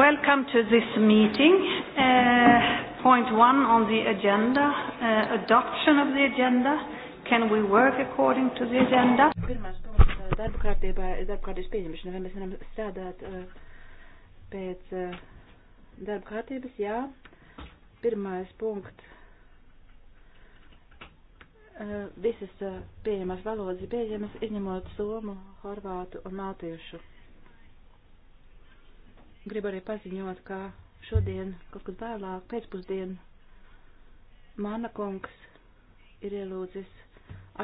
Welcome to this meeting. Uh, point one on the agenda, uh, adoption of the agenda. Can we work according to the agenda? Pirmais punkts uh, darba kārtībā ir darba kārtības pieņemšana. Vai mēs varam strādāt uh, pēc uh, darba kārtības? Jā. Pirmais punkts. Uh, visas uh, pieņemās valodas ir pieņemas, izņemot somu, horvātu un maltiešu Gribu arī paziņot, ka šodien, kaut kad vēlāk, pēcpusdien, mana kungs ir ielūdzis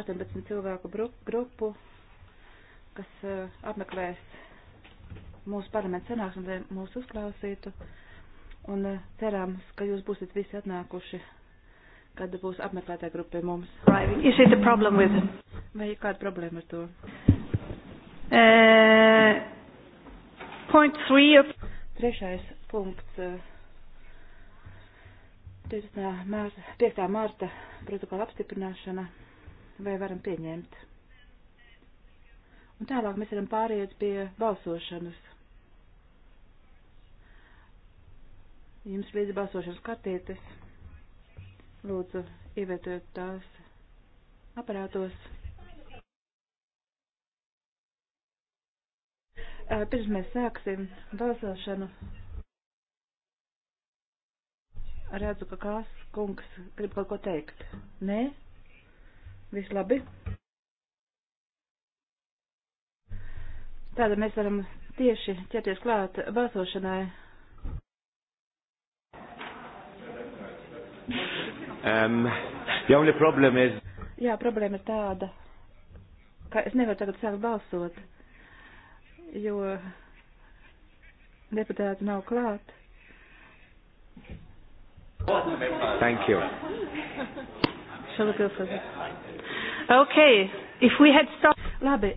18 cilvēku grupu, kas uh, apmeklēs mūsu parlamentu sanāksmi, lai mūs uzklausītu. Un uh, cerams, ka jūs būsiet visi atnākuši, kad būs apmeklētāja grupa pie mums. Right. Vai ir kāda problēma ar to? Uh, point three of Trešais punkts. 20. Mār, 5. mārta protokola apstiprināšana. Vai varam pieņemt? Un tālāk mēs varam pāriet pie balsošanas. Jums līdz balsošanas kartītes. Lūdzu, ievietojot tās aparātos. Eh, pirms mēs sāksim balsošanu, redzu, ka kās kungs grib kaut ko teikt. Nē? Viss labi? Tāda mēs varam tieši ķerties klāt balsošanai. Um, the only problem is... Jā, problēma ir tāda, ka es nevaru tagad sākt balsot jo deputāti nav klāt. Thank you. Shall we go for this? Okay, if we had stopped. Labi,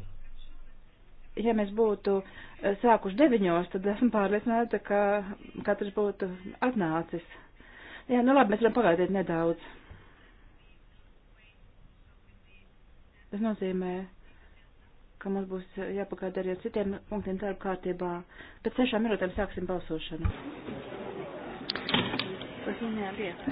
ja mēs būtu eh, sākuši deviņos, tad esmu pārliecināta, ka katrs būtu atnācis. Jā, nu labi, mēs varam pagaidīt nedaudz. Tas nozīmē, ka mums būs eh, jāpagaida arī ar citiem punktiem darba kārtībā. Pēc sešām minūtēm sāksim balsošanu. Tas man jāliek.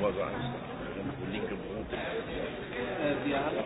was eins. Linke Brot. Wir haben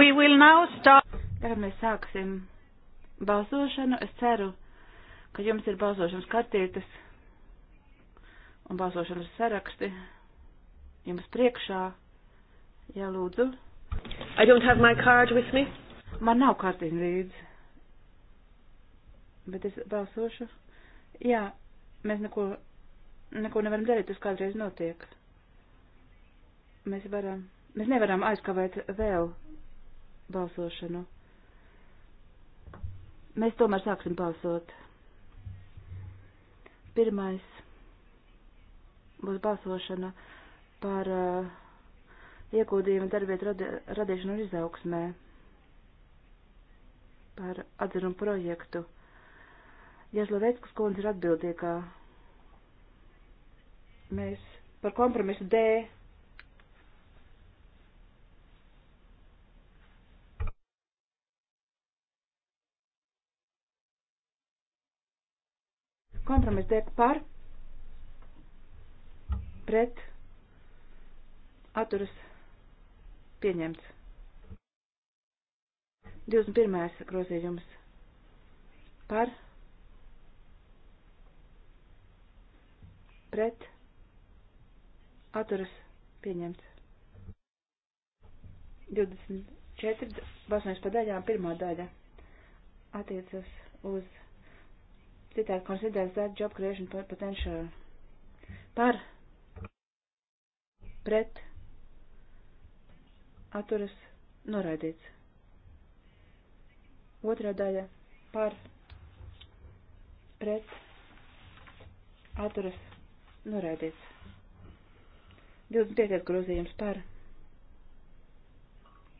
We will now start. Tagad mēs sāksim balsošanu. Es ceru, ka jums ir balsošanas kartītes un balsošanas saraksti jums priekšā. Jā, lūdzu. I don't have my card with me. Man nav kartiņa līdzi. Bet es balsošu. Jā, mēs neko, neko nevaram darīt, tas kādreiz notiek. Mēs varam, mēs nevaram aizkavēt vēl balsošanu. Mēs tomēr sāksim balsot. Pirmais būs balsošana par uh, iegūdījumu darbietu radi radīšanu un izaugsmē, par atzinumu projektu. Jaslovēckas kundze ir atbildīgā. Mēs par kompromisu D Kompromis D par pret atturas pieņemts. 21. grozījums par pret atturas pieņemts. 24. basmēs padaļām pirmā daļa attiecas uz Citādi considers that job creation potential. Par, pret, atturas, noraidīts. Otrā daļa par, pret, atturas, noraidīts. 25. grozījums par,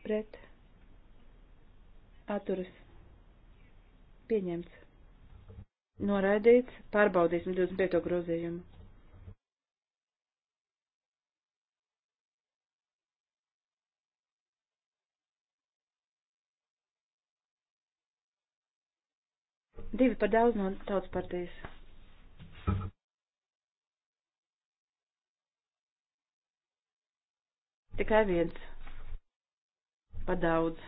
pret, atturas, pieņemts. Noraidīts. Pārbaudīsim 25. grozījumu. Divi par daudz no tautas partijas. Tikai viens. Par daudz.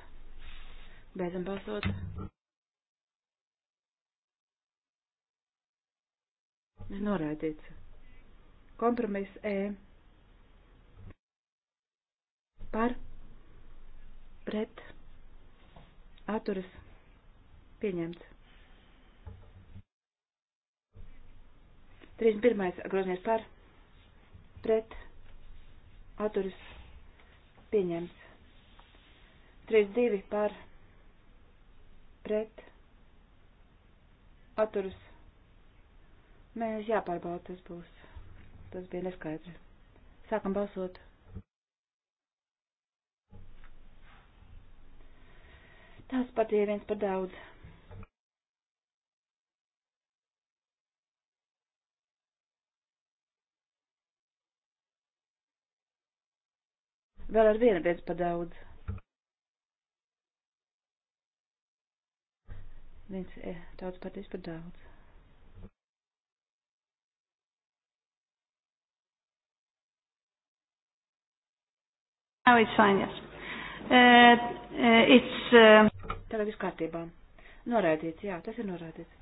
Beidzam balsot. Noraidīts. Kompromiss E. Par. Pret. Atturas. Pieņemts. 31. groznieks par. Pret. Atturas. Pieņemts. 32 par pret atturus Mēs jāpārbauda, tas būs. Tas bija neskaidri. Sākam balsot. Tas pat ir viens par daudz. Vēl ar vienu viens par daudz. Viens, e, daudz patīs par daudz. Now oh, it's fine, yes. Uh, uh, it's, uh... Tagad viss kārtībā. Norādīts, jā, tas ir norādīts.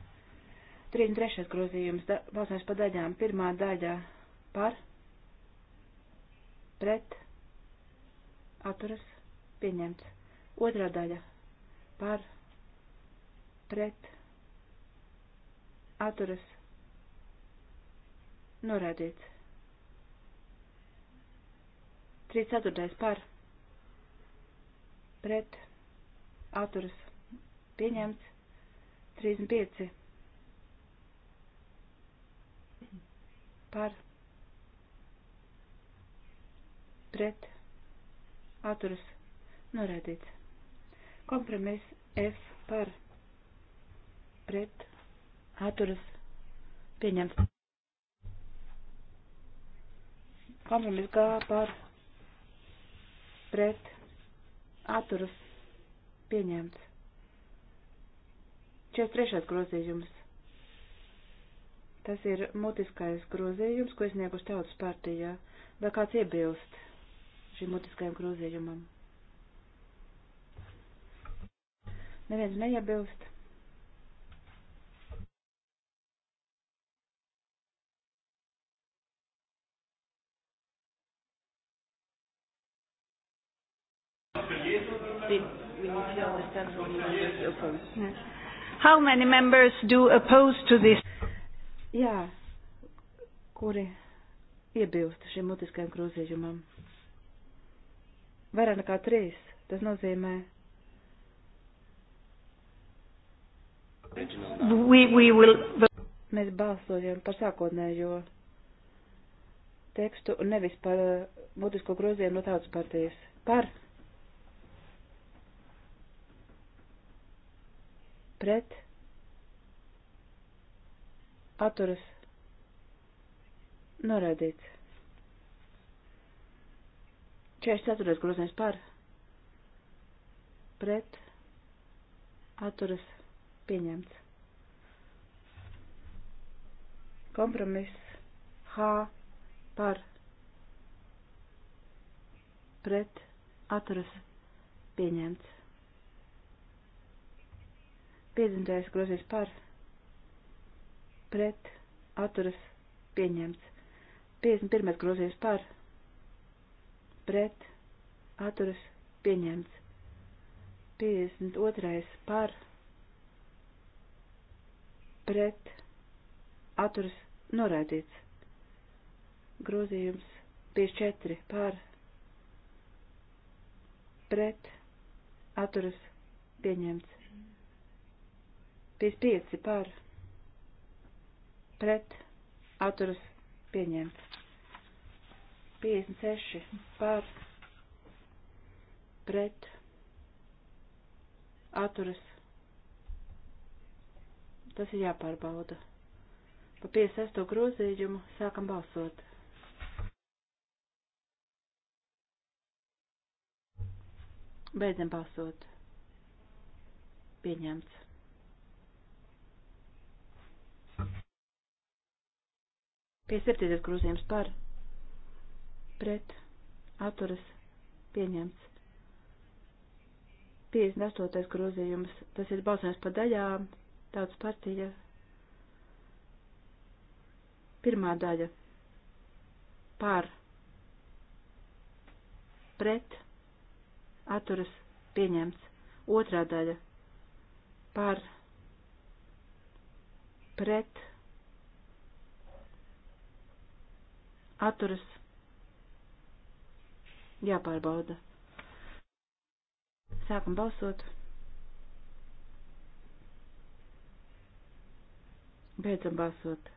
33. grozījums, da, balsojums pa daļām. Pirmā daļa par, pret, atturas, pieņemts. Otrā daļa par, pret, atturas, norādīts. 34. par pret atturas pieņemts 35 par pret atturas norēdīts. Kompromiss F par pret atturas pieņemts. Kompromiss G par pret pret atturas pieņemts. 43. grozījums. Tas ir mutiskais grozījums, ko iznieguši tautas partijā. Vai kāds iebilst šim mutiskajam grozījumam? Neviens neiebilst. bit, we need to understand how many members oppose. Yeah. How many members do oppose to this? Jā, kuri iebilst šim mutiskajam grozījumam. Vairāk nekā trīs, tas nozīmē. We, we will... Mēs balsojam par sākotnējo tekstu un nevis par uh, mutisko grozījumu no tautas partijas. Par pret atturas norādīts. 44. grozījums par pret atturas pieņemts. Kompromiss H par pret atturas pieņemts. 50. grozījums par pret atturas pieņemts. 51. grozījums par pret atturas pieņemts. 52. par pret atturas noraidīts. Grozījums 54 par pret atturas pieņemts. 55 par pret atturas pieņemts. 56 par pret atturas. Tas ir jāpārbauda. Pa 56. grozījumu sākam balsot. Beidzam balsot. Pieņemts. 57. grozījums par pret atturas pieņemts. 58. grozījums, tas ir balsojums pa daļām, tautas partija. Pirmā daļa par pret atturas pieņemts. Otrā daļa par pret atturas jāpārbauda. Sākam balsot. Beidzam balsot.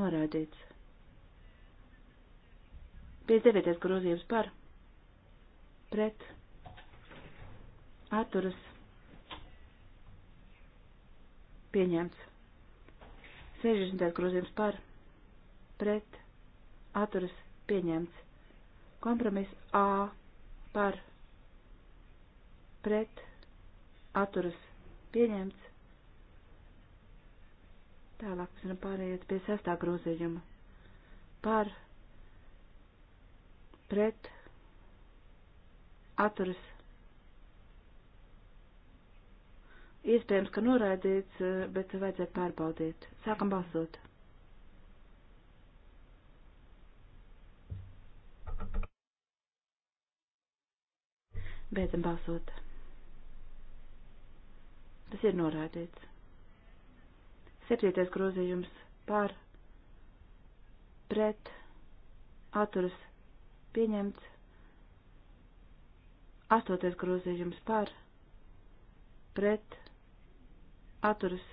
Norādīts. 59. grozījums par pret atturas pieņemts. 60. grozījums par pret pret atturas pieņemts. Kompromiss A par pret atturas pieņemts. Tālāk mēs varam pārējiet pie sestā grozījuma. Par pret atturas. Iespējams, ka noraidīts, bet vajadzētu pārbaudīt. Sākam balsot. Beidzam balsot. Tas ir norādīts. Septītais grozījums par pret atturas pieņemts. Astotais grozījums par pret atturas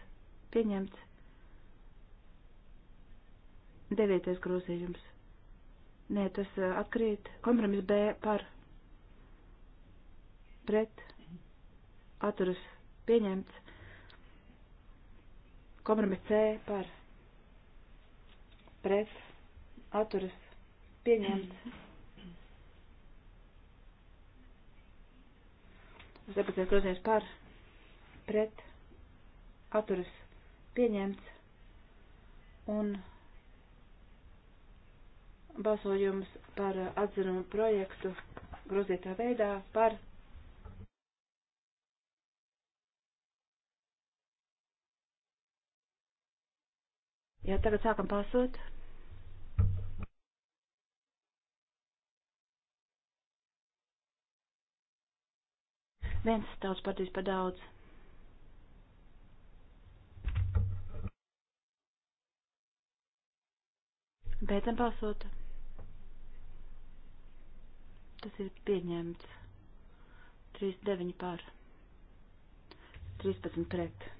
pieņemts. Devītais grozījums. Nē, tas uh, atkrīt. Kompromiss B par pret pret atturas pieņemts. Kompromis C par pret atturas pieņemts. Uz deputēs grozījums par pret atturas pieņemts. Un balsojums par atzinumu projektu grozītā veidā par Jā, tagad sākam balsot. Viens tautas partijas par daudz. Beidzam balsot. Tas ir pieņemts. 39 pār. 13 pret.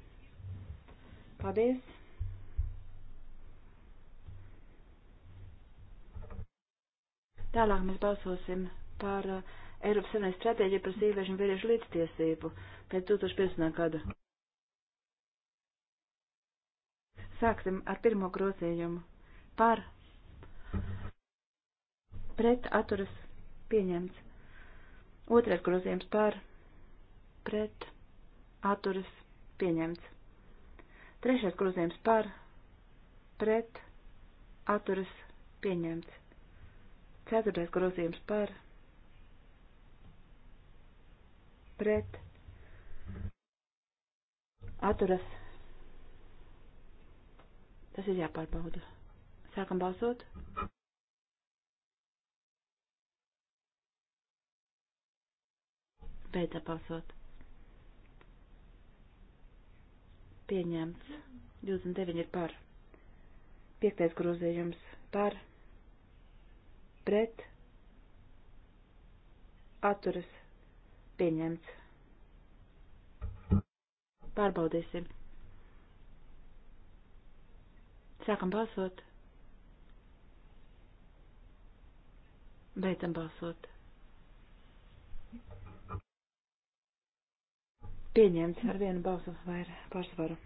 Paldies! Tālāk mēs balsosim par eh, Eiropas Savienības stratēģiju par sīviešu un vīriešu līdztiesību pēc 2015. gada. Sāksim ar pirmo grozījumu par pret atturas pieņemts. Otrais grozījums par pret atturas pieņemts. Trešais grozījums par pret atturas pieņemts. Ceturtais grozījums par pret atturas. Tas ir jāpārbauda. Sākam balsot. Beidzam balsot. Pieņemts. 29 ir par. Piektais grozījums par pret atturas pieņemts. Pārbaudīsim. Sākam balsot. Beidzam balsot. Pieņemts ar vienu balsu vai pārsvaru.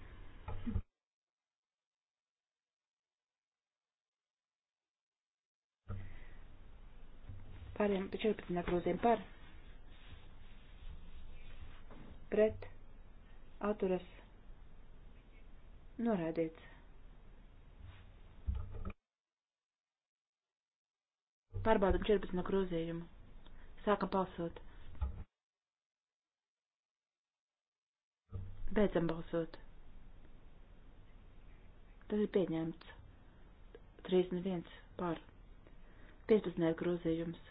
Pāriem pa 14. grozījumu par. Pret. Atturas. Norādīts. Pārbaudam 14. grozījumu. Sākam balsot. Beidzam balsot. Tas ir pieņemts. 31 pār. 15. grozījums.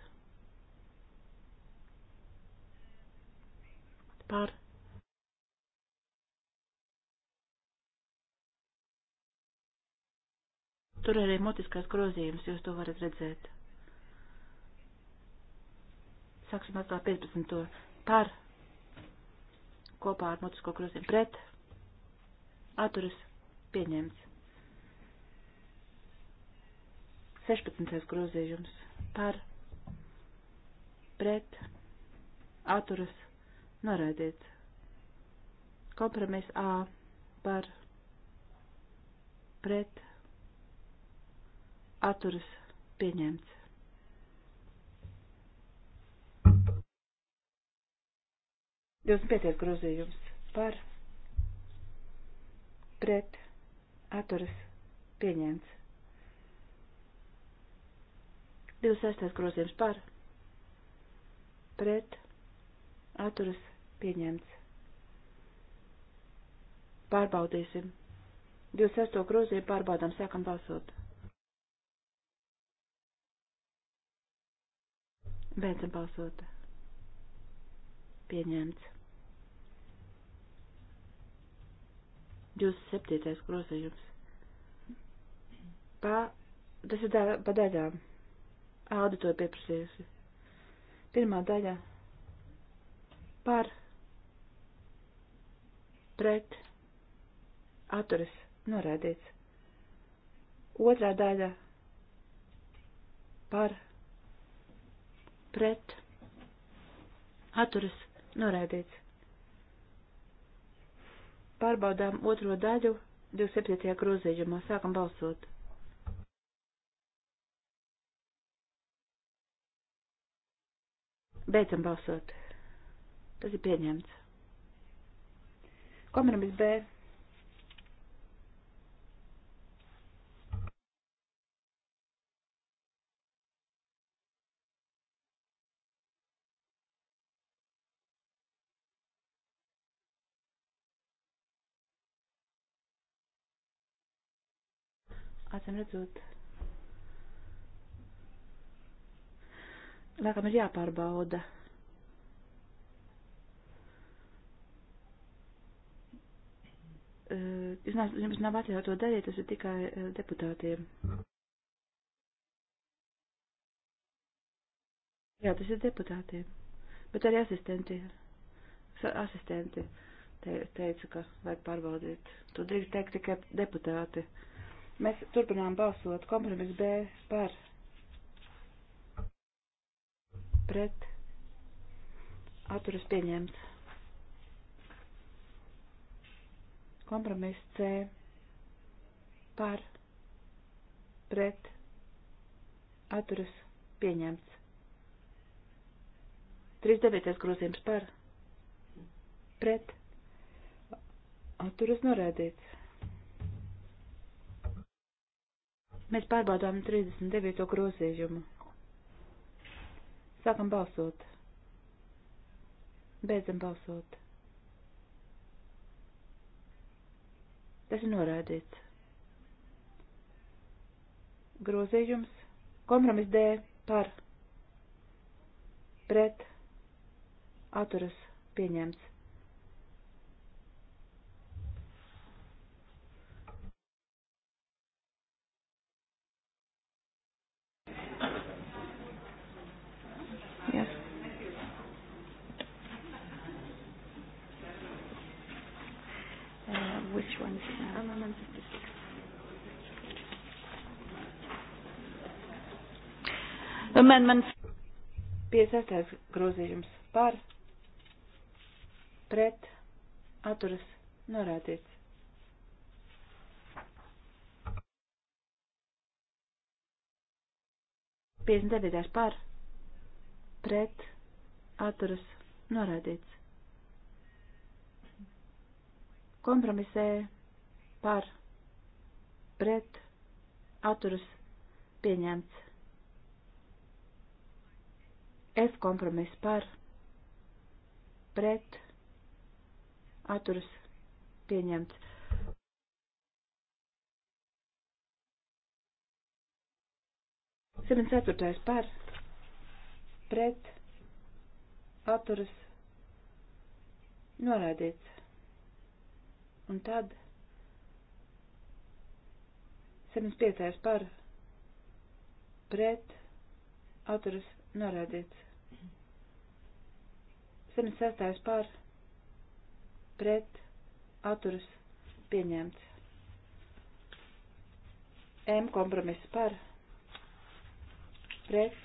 par Tur arī mutiskās grozījums, jūs to varat redzēt. Sāksim atkal 15. par kopā ar mutisko grozījumu pret atturas pieņemts. 16. grozījums par pret atturas Noraidiet. Kompromis A par pret atturas pieņemts. Jūs pietiek grozījums par pret atturas pieņemts. 26. grozījums par pret atturas pieņemts. Pārbaudīsim. 26. grozīju pārbaudām, sākam balsot. Beidzam balsot. Pieņemts. 27. grozījums. Pā, tas ir dā, pa daļām. Āda to ir pieprasījusi. Pirmā daļa par pret atturas noraidīts. Otrā daļa par pret atturas noraidīts. Pārbaudām otro daļu 27. grozījumā. Sākam balsot. Beidzam balsot. Tas ir pieņemts. Kompromiss B. Acīm redzot, laikam ir jāpārbauda. Eh, jūs nav, jums nav atļauts to darīt, tas ir tikai eh, deputātiem. Jā, tas ir deputātiem. Bet arī asistenti. Asistenti te, teica, ka vajag pārbaudīt. To drīkst teikt tikai deputāti. Mēs turpinām balsot kompromisu B par. Pret. Atturas pieņemts. Kompromiss C par pret atturas pieņemts. 39. grozījums par pret atturas norēdīts. Mēs pārbaudām 39. grozījumu. Sākam balsot. Beidzam balsot. Tas ir norādīts. Grozījums. Kompromis D par pret atturas pieņemts. which one is that? Amendment 56. Amendment 56. grozījums par pret atturas norādīts. Piecdesmit devītais par pret atturas norādīts. Kompromisē par pret atturas pieņemts. F kompromiss par pret atturas pieņemts. Simt ceturtais par pret atturas noraidīts un tad 75. par pret atturas norādīts. 76. par pret atturas pieņemts. M kompromiss par pret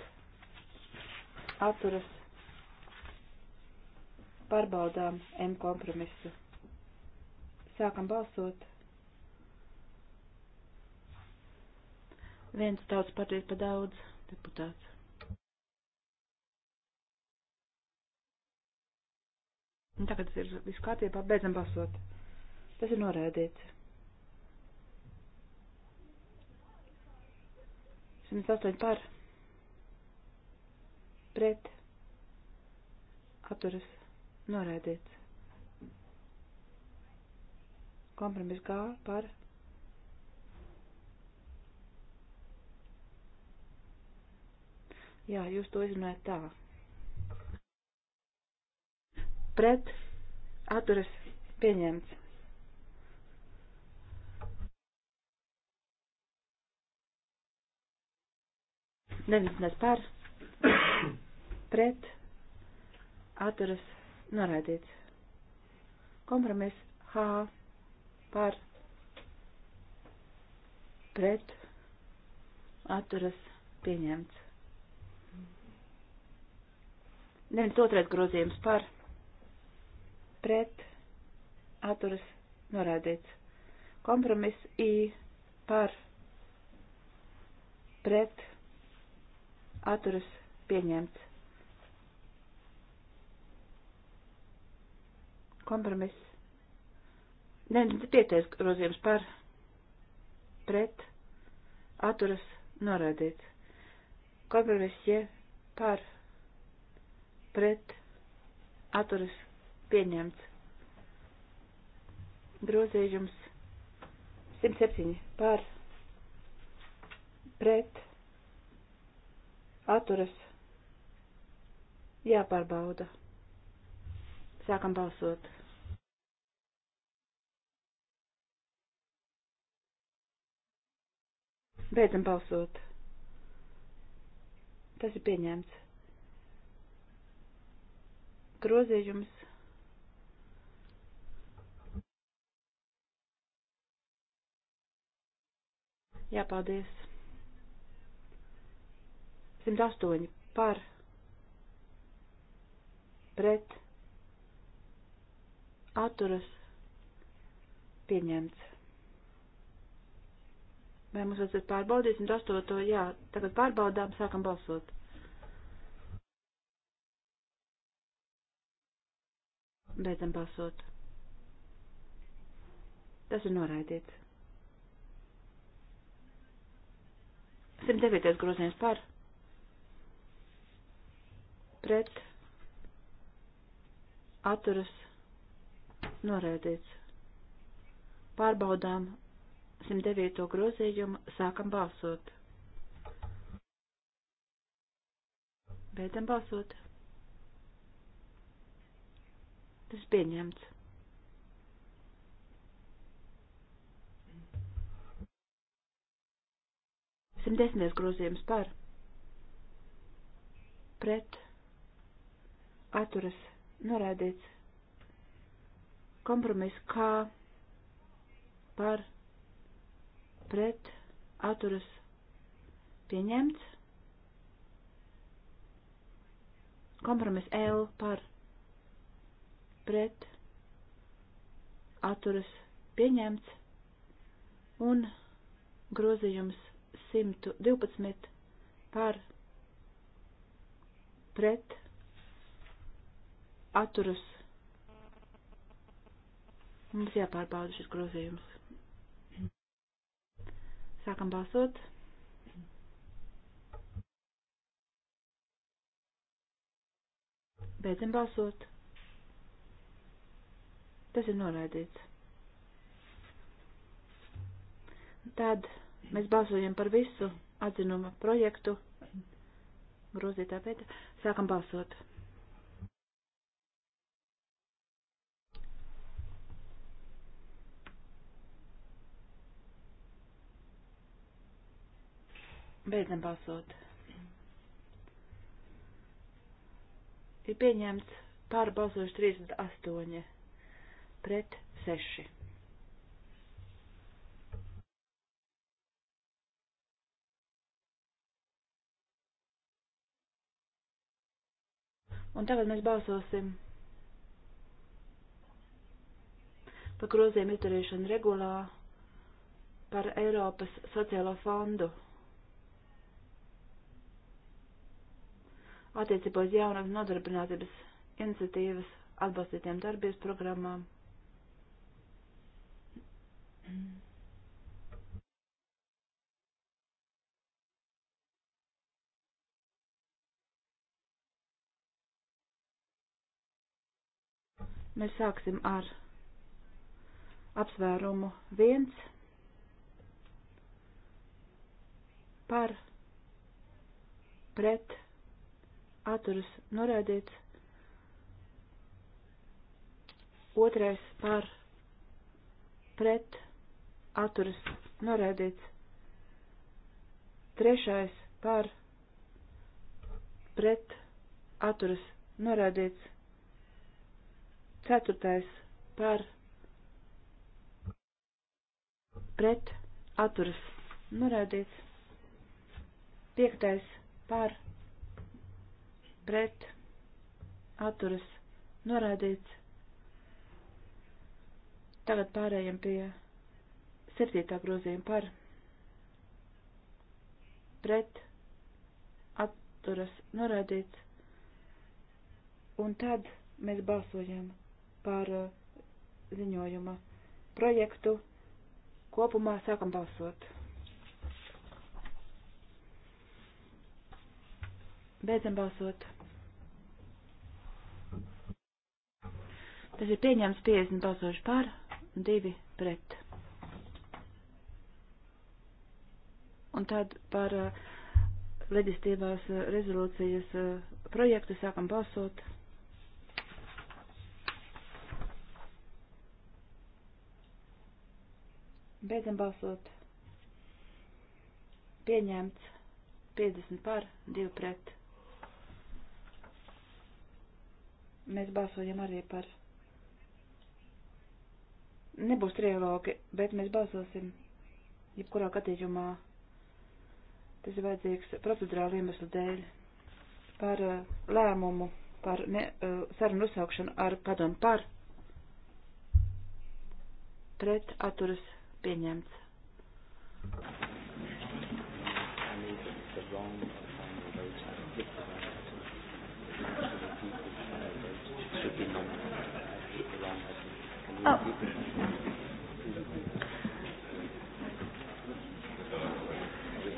atturas pārbaudām M kompromisu. Sākam balsot. Viens tauts partijas pa daudz deputāts. Un tagad ir viss kārtībā, beidzam balsot. Tas ir norēdīts. 108 par. Pret. Atturas. Norēdīts. Kompromis G par Jā, jūs to izrunājat tā. Pret atturas pieņemts. Neviencinās par. Pret atturas norādīts. Kompromiss H par pret atturas pieņemts. 92. grozījums par pret atturas norādīts. Kompromiss I par pret atturas pieņemts. Kompromiss 95. Nu, grozījums par pret atturas norādīts. Kompromiss je par pret atturas pieņemts. Grozījums 107 par pret atturas jāpārbauda. Sākam balsot. Beidzam balsot. Tas ir pieņemts. Grozījums. Jā, paldies. 108 par pret atturas pieņemts. Vai mums tas ir pārbaudīts? Un 8. jā, tagad pārbaudām, sākam balsot. Beidzam balsot. Tas ir noraidīts. 109. grozījums par. Pret. Atturas. Noraidīts. Pārbaudām 109. grozījumu sākam balsot. Beidzam balsot. Tas pieņemts. Simt desmitais grozījums par pret atturas norādīts kompromiss kā par pret atturas pieņemts. Kompromiss L par pret atturas pieņemts. Un grozījums 112 par pret atturas. Mums jāpārbauda šis grozījums. Sākam balsot. Beidzam balsot. Tas ir noraidīts. Tad mēs balsojam par visu atzinuma projektu. Grozītā pēta. Sākam balsot. Beidzam balsot. Ir pieņemts pārbalsojuši 38 pret 6. Un tagad mēs balsosim par grozījumu izdarīšanu regulā par Eiropas sociālo fondu. attiecībā uz jaunas nodarbinātības iniciatīvas atbalstītiem darbības programmām. Mēs sāksim ar apsvērumu viens par pret atturas norādīts. Otrais par pret atturas norādīts. Trešais par pret atturas norādīts. Ceturtais par pret atturas norādīts. Piektais par pret pret atturas norādīts. Tagad pārējiem pie septītā grozījuma par pret atturas norādīts. Un tad mēs balsojam par uh, ziņojuma projektu. Kopumā sākam balsot. Beidzam balsot. Tas ir pieņemts 50 balsoši par, 2 pret. Un tad par uh, leģistīvās uh, rezolūcijas uh, projektu sākam balsot. Beidzam balsot. Pieņemts 50 par, 2 pret. Mēs balsojam arī par Nebūs trilogi, bet mēs balsosim jebkurā gadījumā. Tas ir vajadzīgs procedurāli iemeslu dēļ par uh, lēmumu, par ne, uh, sarunu uzsaukšanu ar padomu par pret atturas pieņemts. Oh.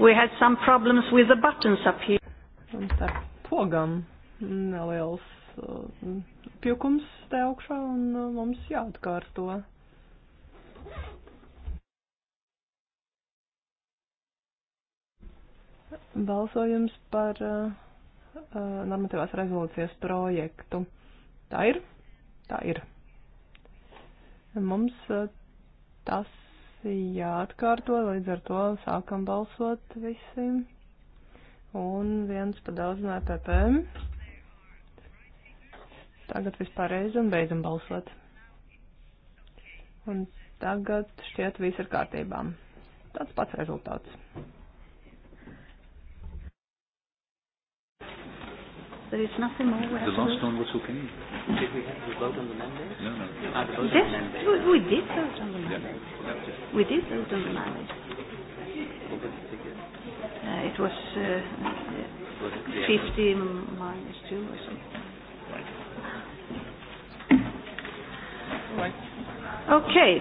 We had some problems with the buttons up here. Un tā pogam neliels uh, pjukums te augšā un uh, mums jāatkārto. Balsojums par uh, uh normatīvās rezolūcijas projektu. Tā ir? Tā ir. Mums eh, tas jāatkārto, līdz ar to sākam balsot visiem. Un viens pa daudz no EPP. Tagad vispārreiz un beidzam balsot. Un tagad šķiet viss ir kārtībā. Tāds pats rezultāts. There is nothing more. We the last to... one was okay. Did we, have, we vote on the mandate? No, no. Ah, we, did, mandate. We, we did vote on the mandate. Yeah. Yeah. We did vote on the mandate. Uh, it was uh, uh 50 minus 2 or something. Right. Right. Okay.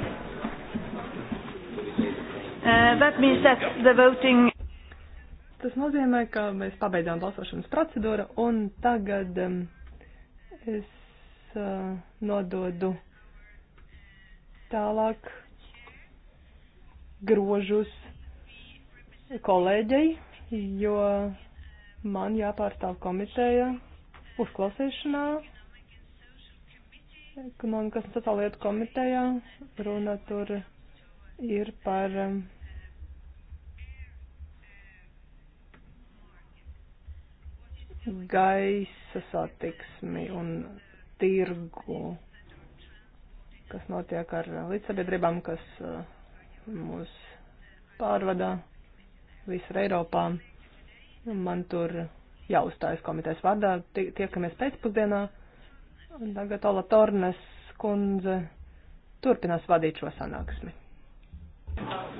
Uh, that means that the voting Tas nozīmē, ka mēs pabeidzām balsošanas procedūru un tagad um, es uh, nododu tālāk grožus kolēģei, jo man jāpārstāv komiteja uzklausīšanā, ekonomikas un sociālietu komitejā. Runa tur ir par. Um, gaisa satiksmi un tirgu, kas notiek ar līdzsabiedrībām, kas uh, mūs pārvada visur Eiropā. Man tur jāuzstājas komitejas vārdā, tiekamies pēcpusdienā. Tagad Ola Tornes kundze turpinās vadīt šo sanāksmi. Thank you.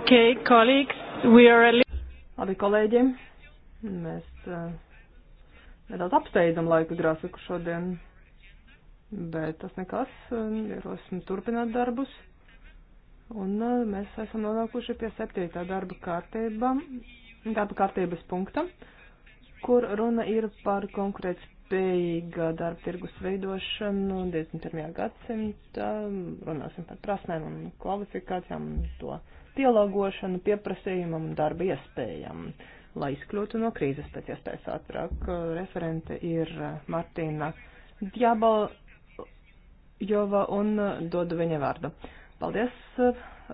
Okay, colleagues, we are a Labi, kolēģi, mēs uh, nedaudz apsteidzam laika grafiku šodien, bet tas nekas, ierosim turpināt darbus. Un uh, mēs esam nonākuši pie septītā darba kārtībā, darba kārtības punkta, kur runa ir par konkrēts ilgspējīga darba tirgus veidošanu 21. gadsimtā, um, runāsim par prasmēm un kvalifikācijām un to pielāgošanu pieprasījumam un darba iespējām, lai izkļūtu no krīzes pēc iespējas ātrāk. Uh, referente ir uh, Martīna Djabaljova un uh, dodu viņa vārdu. Paldies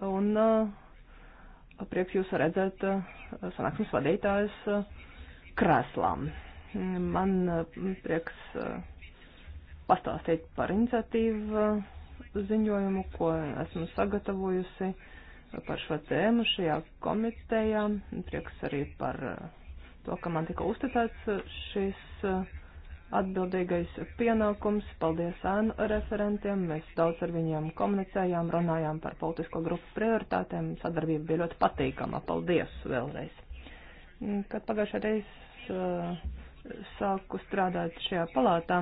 un prieks jūs redzēt sanāksmes vadītājus krēslām. Man mm, prieks eh, pastāstīt par iniciatīvu eh, ziņojumu, ko esmu sagatavojusi eh, par šo tēmu šajā komitejā. Prieks arī par to, ka man tika uzticēts šis atbildīgais pienākums. Paldies ēnu referentiem. Mēs daudz ar viņiem komunicējām, runājām par politisko grupu prioritātēm. Sadarbība bija ļoti patīkama. Paldies vēlreiz. Mm, kad pagājušajā reizē sāku strādāt šajā palātā,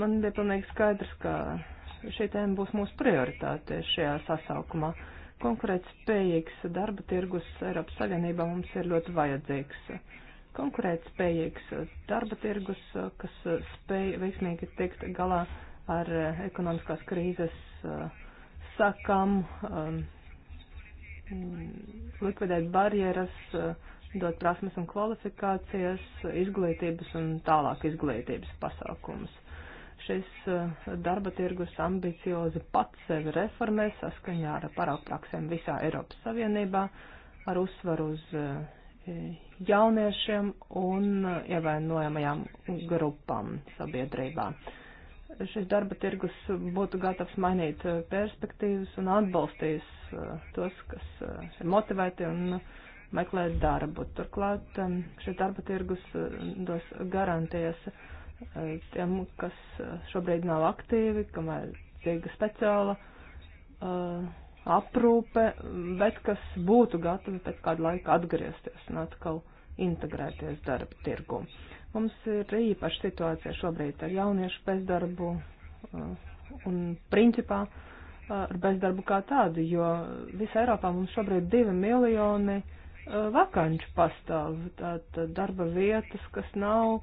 man bija pilnīgi skaidrs, ka šī tēma būs mūsu prioritāte šajā sasaukumā. Konkurēt spējīgs darba tirgus Eiropas Savienībā mums ir ļoti vajadzīgs. Konkurēt spējīgs darba tirgus, kas spēj veiksmīgi tikt galā ar ekonomiskās krīzes sakām, um, likvidēt barjeras, dot prasmes un kvalifikācijas, izglītības un tālāk izglītības pasākumus. Šis uh, darba tirgus ambiciozi pats sevi reformē saskaņā ar paraugpraksēm visā Eiropas Savienībā ar uzsvaru uz uh, jauniešiem un uh, ievainojamajām grupām sabiedrībā. Šis darba tirgus būtu gatavs mainīt perspektīvas un atbalstīs tos, kas ir motivēti un uh, meklēt darbu. Turklāt um, šī darba tirgus uh, dos garantijas uh, tiem, kas uh, šobrīd nav aktīvi, kam vajadzīga speciāla uh, aprūpe, bet kas būtu gatavi pēc kāda laika atgriezties un atkal integrēties darba tirgu. Mums ir īpaša situācija šobrīd ar jauniešu bezdarbu uh, un principā ar bezdarbu kā tādu, jo visā Eiropā mums šobrīd divi miljoni uh, Eh, vakanču pastāv, tātad darba vietas, kas nav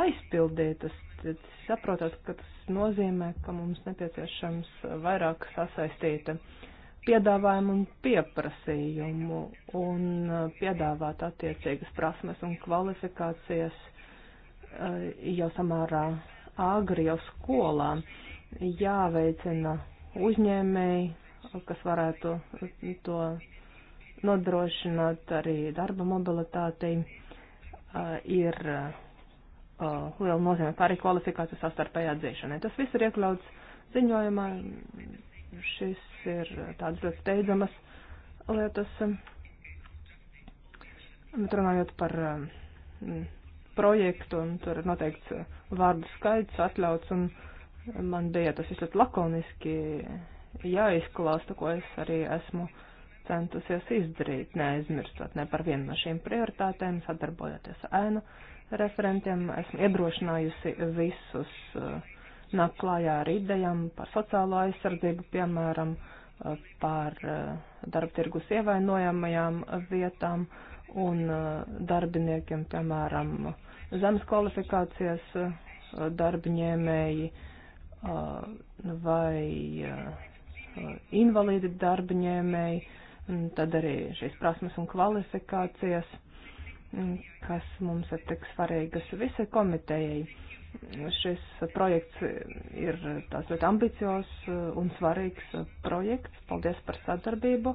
aizpildītas. Tad saprotat, ka tas nozīmē, ka mums nepieciešams vairāk sasaistīta piedāvājumu un pieprasījumu un eh, piedāvāt attiecīgas prasmes un kvalifikācijas eh, jau samārā agri jau skolā jāveicina uzņēmēji, kas varētu to nodrošināt arī darba mobilitātei, ir liela nozīme arī kvalifikācijas sastarpējā atzīšanai. Tas viss ir iekļauts ziņojumā. Šis ir tāds ļoti steidzamas lietas. Bet runājot par projektu, un tur ir noteikts vārdu skaits atļauts, un man bija tas viss ļoti lakoniski jāizklāsta, ko es arī esmu uh, centusies izdarīt, neaizmirstot ne par vienu no šīm prioritātēm, sadarbojoties ēnu referentiem. Esmu iedrošinājusi visus eh, nāk klājā ar idejām par sociālo aizsardzību, piemēram, eh, par eh, darba tirgus ievainojamajām vietām un darbiniekiem, piemēram, zemes kvalifikācijas darbiņēmēji vai invalīdi darbiņēmēji Un tad arī šīs prasmes un kvalifikācijas, kas mums ir tik svarīgas visai komitejai. Šis projekts ir tās ļoti ambicios uh, un svarīgs uh, projekts. Paldies par sadarbību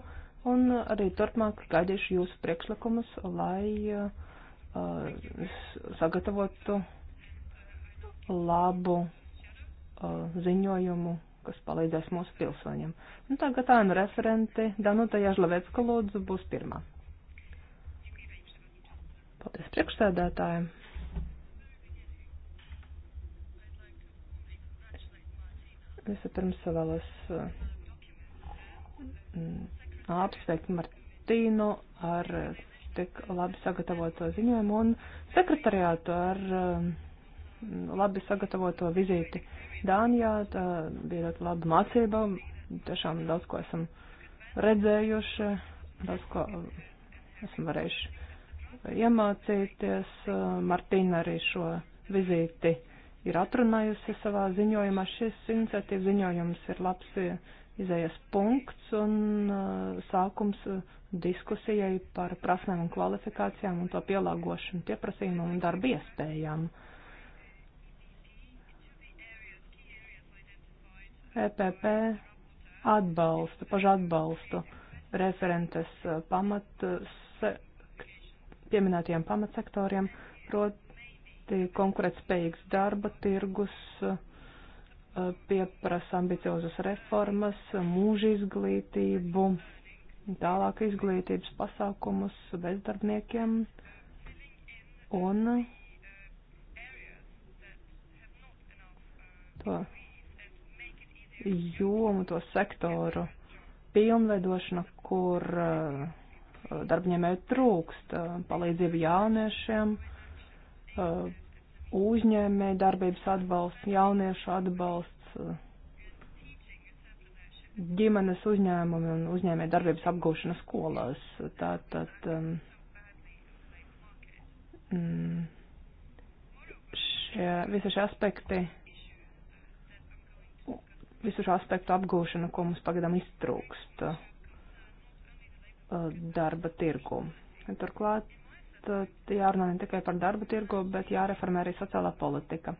un arī turpmāk gaidīšu jūsu priekšlikumus, lai uh, uh sagatavotu labu uh, ziņojumu kas palīdzēs mūsu pilsoņiem. Un nu, tagad tā nu referenti Danuta Jažlavecka lūdzu būs pirmā. Paldies priekšsēdētājiem. Vispirms vēlos uh, apsveikt Martīnu ar tik labi sagatavoto ziņojumu un sekretariātu ar um, labi sagatavoto vizīti Dānijā, tā bija ļoti laba mācība, tiešām daudz ko esam redzējuši, daudz ko um, esam varējuši iemācīties. Uh, Martīna arī šo vizīti ir atrunājusi savā ziņojumā. Šis iniciatīvas ziņojums ir labs uh, izējas punkts un uh, sākums uh, diskusijai par prasmēm un kvalifikācijām un to pielāgošanu pieprasījumam un darba iespējām. Uh, EPP atbalstu, pašu atbalstu referentes eh, pamat, eh, se, pieminētajiem pamatsektoriem, proti konkurētspējīgs darba tirgus, eh, pieprasa ambiciozas reformas, mūža izglītību, tālāk izglītības pasākumus bezdarbniekiem un to jomu, to sektoru pilnveidošana, kur uh, darbņēmēju trūkst, uh, palīdzība jauniešiem, uh, uzņēmēju darbības atbalsts, jauniešu atbalsts, ģimenes uzņēmumi un uzņēmēju darbības apgūšana skolās. Tātad um, mm, šie, visi šie aspekti visu šo aspektu apgūšanu, ko mums pagadam iztrūkst eh, darba tirgu. Turklāt eh, jārunā ne tikai par darba tirgu, bet jāreformē arī sociālā politika.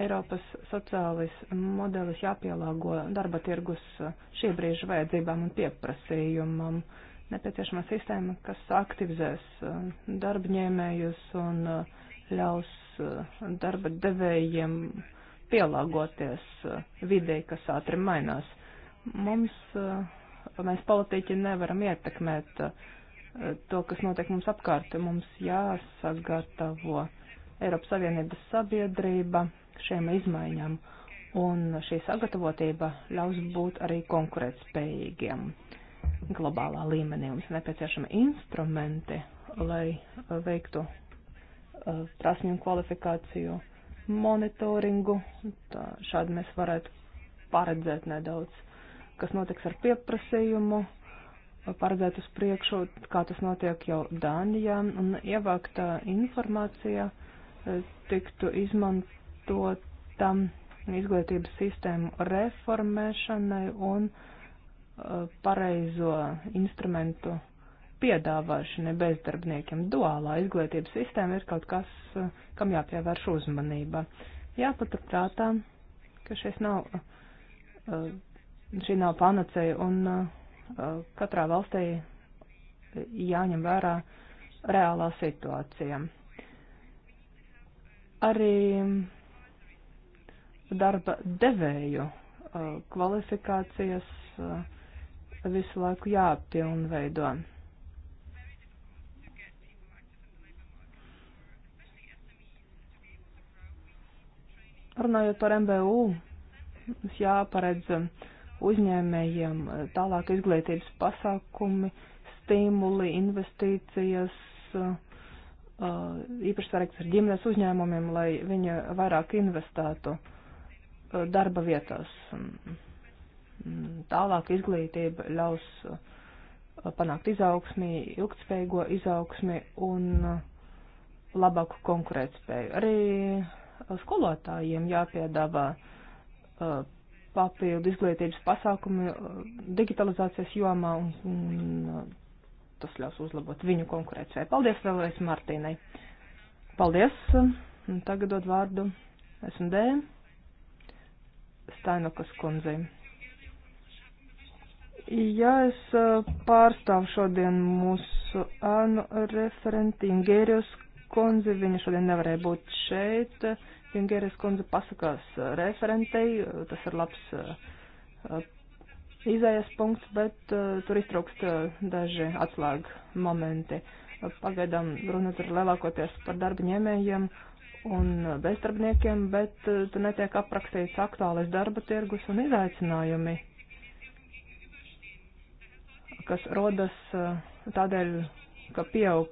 Eiropas sociālais modelis jāpielāgo darba tirgus eh, šī brīža vajadzībām un pieprasījumam. Nepieciešama sistēma, kas aktivizēs darbņēmējus un ļaus darba devējiem uh, pielāgoties eh, videi, kas ātri mainās. Mums, eh, mēs politiķi nevaram ietekmēt eh, to, kas notiek mums apkārt. Mums jāsagatavo Eiropas Savienības sabiedrība šiem izmaiņām, un šī sagatavotība ļaus būt arī konkurētspējīgiem globālā līmenī. Mums nepieciešami instrumenti, lai veiktu prasmju un kvalifikāciju monitoringu. Tā, šādi mēs varētu paredzēt nedaudz, kas notiks ar pieprasījumu, paredzēt uz priekšu, kā tas notiek jau Dānijā, un ievāktā informācija e, tiktu izmantota izglītības sistēmu reformēšanai un e, pareizo instrumentu piedāvāšanai bezdarbniekiem. Duālā izglītības sistēma ir kaut kas, eh, kam jāpievērš uzmanība. Jāpaturprātā, ka šis nav, eh, šī nav panacēja un eh, katrā valstī jāņem vērā reālā situācija. Arī darba devēju kvalifikācijas visu laiku jāpilnveido. Runājot par MBU, mums jāparedz uzņēmējiem tālāk izglītības pasākumi, stimuli, investīcijas, īpaši saraksts ar ģimenes uzņēmumiem, lai viņi vairāk investētu darba vietās. Tālāk izglītība ļaus panākt izaugsmī, ilgtspējīgo izaugsmi un labāku konkurētspēju. Arī skolotājiem jāpiedāvā uh, papildu izglītības pasākumi uh, digitalizācijas jomā, un, un uh, tas ļaus uzlabot viņu konkurētspēju. Paldies vēlreiz Martīnai. Paldies. Tagad dod vārdu SMD Stainokas kundzei. Jā, es pārstāvu šodien mūsu ānu referenti Ingērijus kundzi, viņa šodien nevarēja būt šeit. Jungeres kundze pasakās uh, referentei, uh, tas ir labs uh, izējas punkts, bet tur iztrūkst daži atslēgu momenti. Pagaidām runa ir lielākoties par darba ņēmējiem un bezdarbniekiem, bet tur netiek aprakstīts aktuālais darba tirgus un izaicinājumi, kas rodas tādēļ, ka pieaug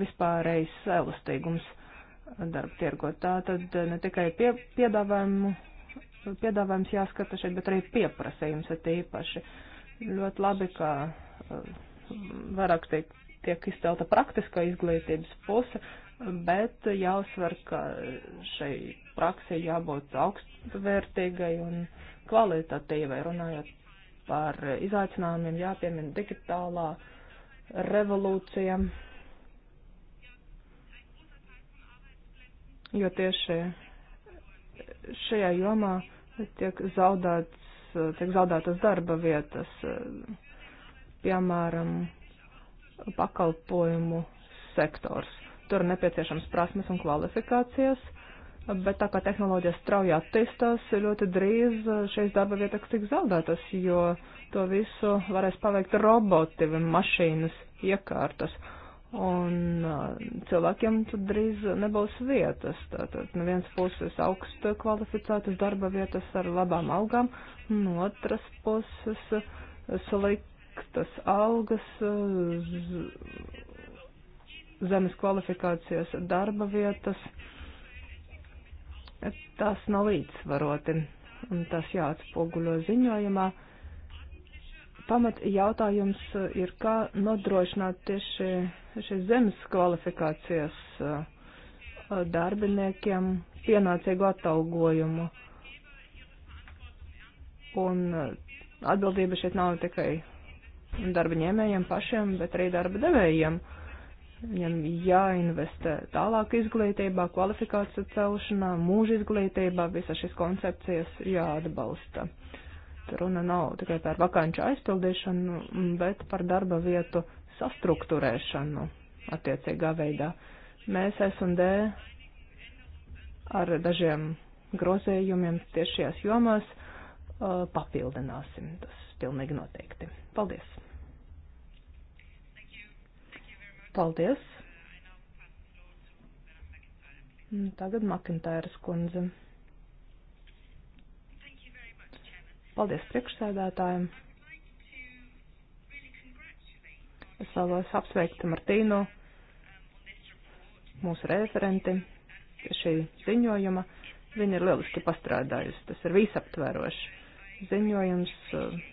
vispārējais elastīgums darba tirgo. Tā tad ne tikai pie, piedāvājumu, piedāvājums jāskata šeit, bet arī pieprasījums ir tīpaši. Ļoti labi, ka uh, vairāk tiek, tiek izcelta praktiskā izglītības puse, bet jāuzsver, ka šai praksē jābūt augstvērtīgai un kvalitatīvai. Runājot par izaicinājumiem, jāpiemina digitālā uh, revolūcija. Jo tieši šajā jomā tiek, zaudāts, tiek zaudētas darba vietas, piemēram, pakalpojumu sektors. Tur nepieciešams prasmes un kvalifikācijas Bet tā kā tehnoloģija strauji attīstās, ļoti drīz eh, šīs darba vietas tiks zaudētas, jo to visu varēs paveikt roboti vai mašīnas iekārtas. Un eh, cilvēkiem tur drīz nebūs vietas. Tātad no vienas puses augstu kvalificētas darba vietas ar labām algām, no otras puses eh, sliktas algas, zemes kvalifikācijas darba vietas tas nav līdzsvaroti, un tas jāatspoguļo ziņojumā. Pamat jautājums ir, kā nodrošināt tieši šīs zemes kvalifikācijas uh, darbiniekiem pienācīgu atalgojumu. Un uh, atbildība šeit nav tikai darba ņēmējiem pašiem, bet arī darba devējiem. Uh, Viņam jāinvestē tālāk izglītībā, kvalifikāciju celšanā, mūža izglītībā, visas šīs koncepcijas jāatbalsta. Runa nav tikai par vakanču aizpildīšanu, bet par darba vietu sastruktūrēšanu attiecīgā veidā. Mēs S&D ar dažiem grozējumiem tieši šajās jomās uh, papildināsim. Tas pilnīgi noteikti. Paldies! Paldies. Tagad Makintāras kundze. Paldies priekšsēdētājiem. Es vēlos apsveikt Martīnu, mūsu referenti, šī ziņojuma. Viņa ir lieliski pastrādājusi. Tas ir visaptverošs ziņojums, eh,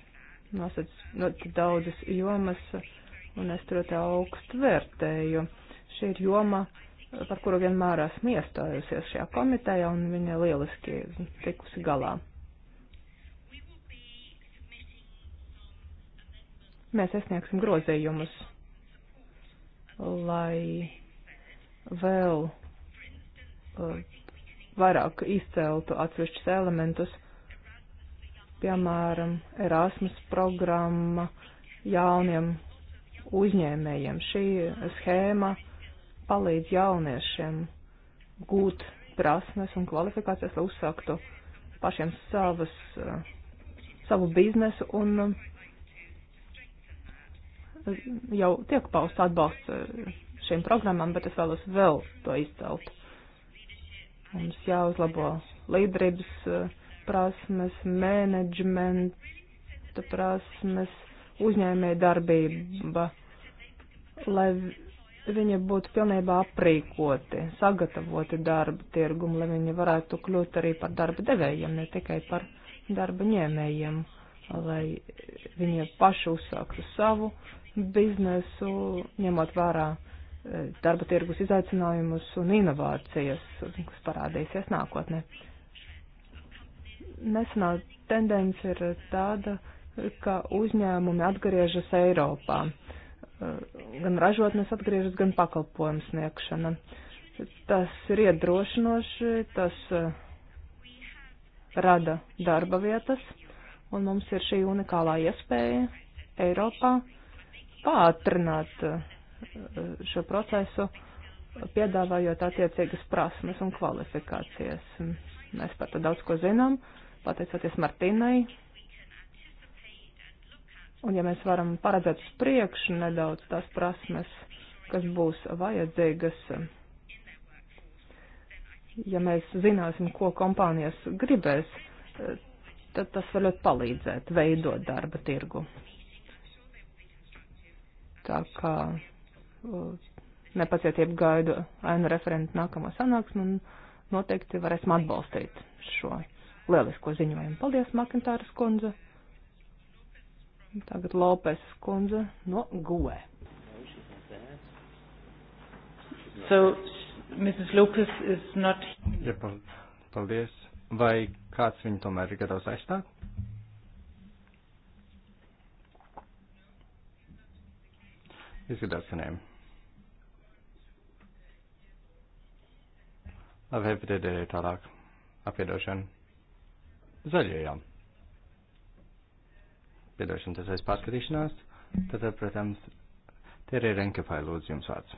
nosacīts ļoti daudzas jomas. Uh, un es ļoti augstu vērtēju. Šī ir joma, par kuru vienmēr esmu iestājusies šajā komitejā, un viņa lieliski tikusi galā. Mēs iesniegsim grozījumus, lai vēl uh, vairāk izceltu atsevišķus elementus, piemēram, Erasmus programma jauniem uzņēmējiem. Šī schēma palīdz jauniešiem gūt prasmes un kvalifikācijas, lai uzsāktu pašiem savas, savu biznesu un eh, jau tiek pausts atbalsts šīm programmām, bet es vēlos vēl to izcelt. Mums jāuzlabo līderības eh, prasmes, menedžmenta prasmes, uzņēmē darbība, lai viņi būtu pilnībā aprīkoti, sagatavoti darba tirgumu, lai viņi varētu kļūt arī par darba devējiem, ne tikai par darba ņēmējiem, lai viņi paši uzsāktu savu biznesu, ņemot vērā e, darba tirgus izaicinājumus un inovācijas, kas parādīsies nākotnē. Nesenā tendence ir tāda, ka uzņēmumi atgriežas Eiropā. Gan ražotnes atgriežas, gan pakalpojums sniegšana. Tas ir iedrošinoši, tas eh, rada darba vietas, un mums ir šī unikālā iespēja Eiropā pātrināt eh, šo procesu, piedāvājot attiecīgas prasmes un kvalifikācijas. Mēs par to daudz ko zinām, pateicoties Martīnai, Un ja mēs varam paredzēt uz priekšu nedaudz tās prasmes, kas būs vajadzīgas, ja mēs zināsim, ko kompānijas gribēs, tad tas var ļoti palīdzēt veidot darba tirgu. Tā kā nepacietību gaidu ainu referentu nākamā sanāksme un noteikti varēsim atbalstīt šo lielisko ziņojumu. Paldies, Makintāras kundze! Tagad Lopes kundze no Gue. So, Mrs. Lopes is not. Ja, paldies. Vai kāds viņu tomēr ir gatavs aizstāt? Izskatās, ka nē. Labi, FDD tālāk. Apiedošana. Zaļajām piedošana tas aiz pārskatīšanās, tad, eh, protams, te ir Renkefai lūdzu jums vārds.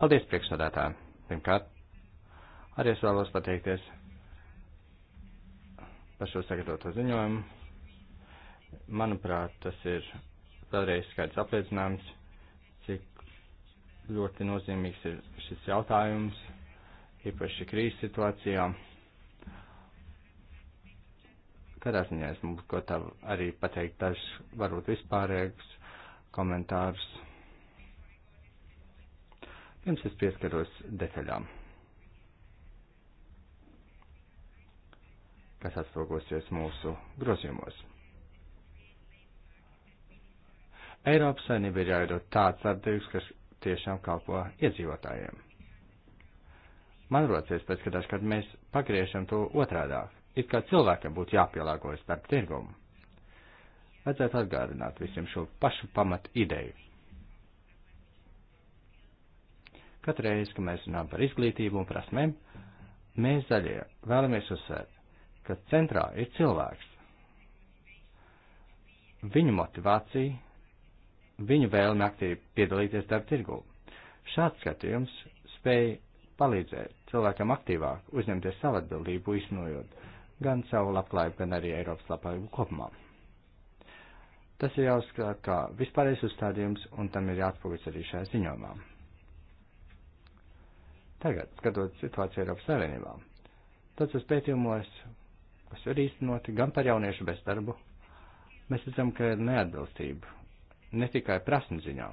Paldies priekšsādātājiem. Pirmkārt, arī es vēlos pateikties par šo sagatavoto ziņojumu. Manuprāt, tas ir vēlreiz skaidrs apliecinājums, cik ļoti nozīmīgs ir šis jautājums, īpaši krīzes situācijā. Kādā ziņā es mums ko tā arī pateikt dažs varbūt vispārējais komentārs. Pirms es pieskaros detaļām, kas atspogosies mūsu grozījumos. Eiropas saimnība ir jāiedod tāds atdevis, kas tiešām kalpo iedzīvotājiem. Man rocies pēc, ka dažkārt mēs pagriežam to otrādāk it kā cilvēkiem būtu jāpielāgojas starp tirgumu. Vajadzētu atgādināt visiem šo pašu pamat ideju. Katru reizi, kad mēs runājam par izglītību un prasmēm, mēs zaļie vēlamies uzsvērt, ka centrā ir cilvēks. Viņu motivācija, viņu vēlme aktīvi piedalīties darba tirgū. Šāds skatījums spēja palīdzēt cilvēkam aktīvāk uzņemties savu atbildību, iznojot gan savu labklājību, gan arī Eiropas labklājību kopumā. Tas ir jāuzskata kā vispārējais uzstādījums, un tam ir jāatpūvis arī šajā ziņojumā. Tagad, skatot situāciju Eiropas Savienībā, tādos pētījumos, kas ir īstenoti gan par jauniešu bezdarbu, mēs redzam, ka ir neatbilstība ne tikai prasmu ziņā,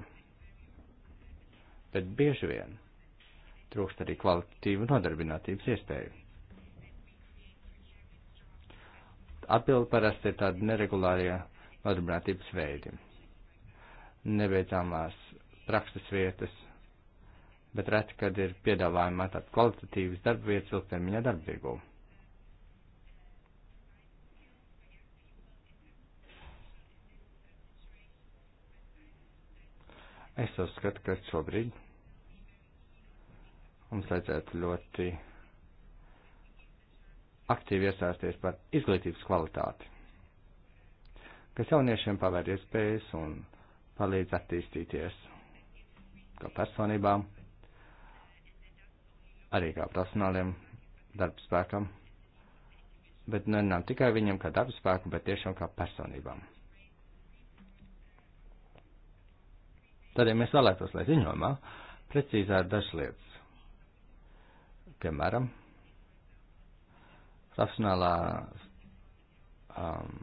bet bieži vien trūkst arī kvalitatīvu nodarbinātības iespēju. Atbildi parasti ir tādi neregulārie nodarbinātības veidi, nebeidzāmās prakses vietas, bet reti, kad ir piedāvājumā tāda kvalitatīvas darba vietas ilgtermiņa darbīgū. Es uzskatu, ka šobrīd mums vajadzētu ļoti aktīvi iesaisties par izglītības kvalitāti, kas jauniešiem pavēr iespējas un palīdz attīstīties kā personībām, arī kā profesionāliem darbspēkam, bet nu, nerunām tikai viņiem kā darbspēku, bet tiešām kā personībām. Tādēļ ja mēs vēlētos, lai ziņojumā precīzētu dažas lietas. Piemēram, profesionālā um,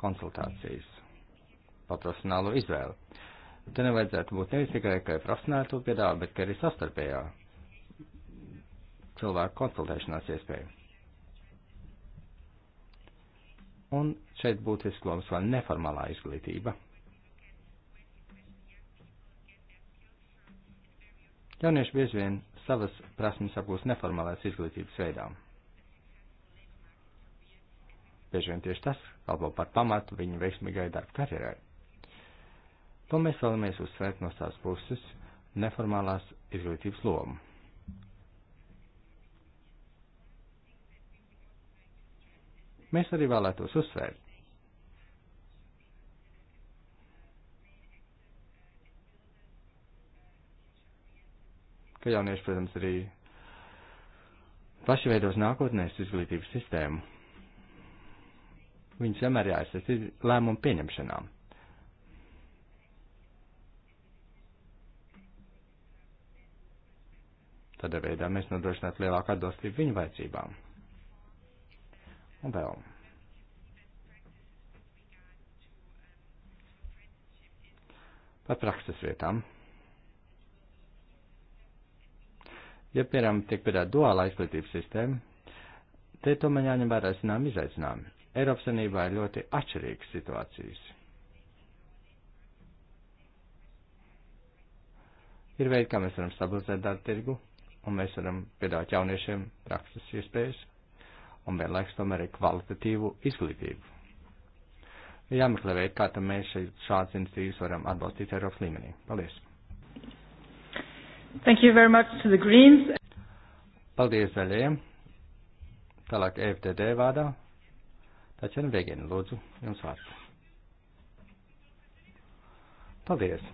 konsultācijas, profesionālu izvēli. Te nevajadzētu būt nevis tikai, ka profesionāli to piedāvā, bet ka arī sastarpējā cilvēku konsultēšanās iespēja. Un šeit būtiski lomas vēl neformālā izglītība. Jaunieši bieži vien savas prasmes apgūst neformālās izglītības veidām. Bieži vien tieši tas kalpo par pamatu viņa veiksmīgai darba karjerai. To mēs vēlamies uzsvērt no savas puses neformālās izglītības lomu. Mēs arī vēlētos uzsvērt, ka jaunieši, protams, arī paši veidos nākotnēs izglītības sistēmu. Viņus vienmēr jāiesaistīt lēmumu pieņemšanām. Tādā veidā mēs nodrošinātu lielāku atbilstību viņu vajadzībām. Un vēl. Par prakses vietām. Ja, piemēram, tiek piedāvāta duāla izglītības sistēma, te tomēr jāņem vērā zinām izaicinājumi. Eiropas Savienībā ir ļoti atšķirīgas situācijas. Ir veidi, kā mēs varam stabilizēt darba tirgu, un mēs varam piedāvāt jauniešiem prakses iespējas, un vienlaiks tomēr ir kvalitatīvu izglītību. Ir jāmeklē veidi, kā tam mēs šādas institīvas varam atbalstīt Eiropas līmenī. Paldies! Thank you very much to the Greens. Paldies zaļajiem. Tālāk e FDD vārdā Tačana Vegena, lūdzu, jums vārds. Paldies!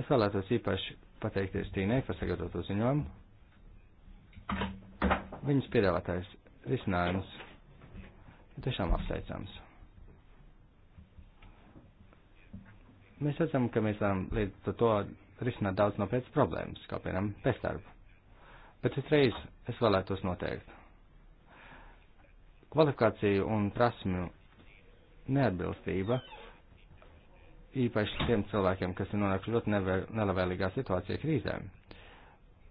Es vēlētos īpaši pateikties Tīnai par sagatavotu ziņojumu. Viņas piedāvātais risinājums ir tiešām apsveicams. Mēs redzam, ka mēs varam līdz to risināt daudz nopietnas problēmas, kā piemēram, bezdarbu. Bet uzreiz es vēlētos noteikt, Kvalifikāciju un prasmu neatbilstība, īpaši tiem cilvēkiem, kas ir nonākuši ļoti nelabvēlīgā situācijā krīzēm,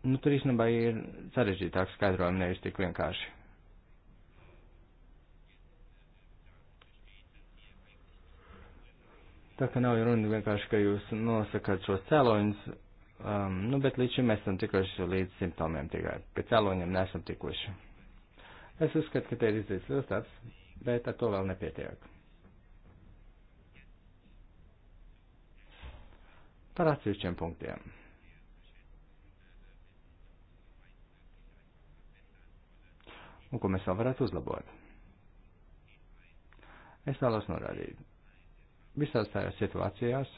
nu, tur īstenībā ir sarežģītāk skaidrojumi nevis tik vienkārši. Tā ka nav runa vienkārši, ka jūs nosakāt šos cēloņus, um, nu, bet līdz šim mēs esam tikuši līdz simptomiem tikai, pie cēloņiem nesam tikuši. Es uzskatu, ka te ir izdarīts liels darbs, bet ar to vēl nepietiek. Par atsevišķiem punktiem. Un ko mēs vēl varētu uzlabot? Es vēlos norādīt. Visās tajās situācijās,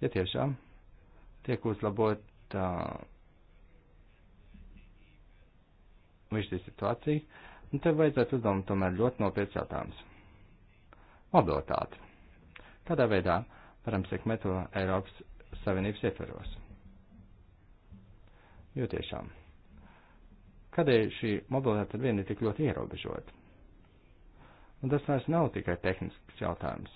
ja tiešām tiek uzlabot tā visu šī situācija, un te vajadzētu uzdomt tomēr ļoti nopietns jautājums. Mobilitāte. Kādā veidā varam sekmēt to Eiropas Savienības ietveros? Jo tiešām, kādēļ šī mobilitāte ar vienu ir tik ļoti ierobežota? Un tas vairs nav tikai tehnisks jautājums.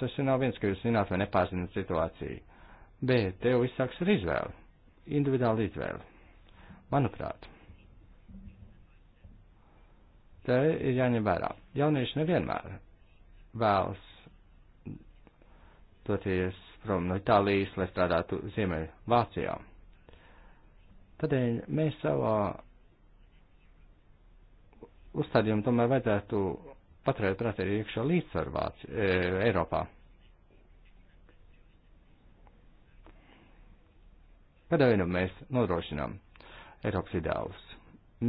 Tas ir nav viens, ka jūs zināt vai nepārzināt situāciju, bet tev viss sāks ar izvēli individuāla izvēle. Manuprāt, te ir jāņem vērā. Jaunieši nevienmēr vēlas doties prom no Itālijas, lai strādātu Ziemeļ Vācijā. Tādēļ mēs savā uzstādījumu tomēr vajadzētu paturēt prātā arī iekšā līdzsvaru e, Eiropā. Kādā veidā nu mēs nodrošinām Eiropas ideālus?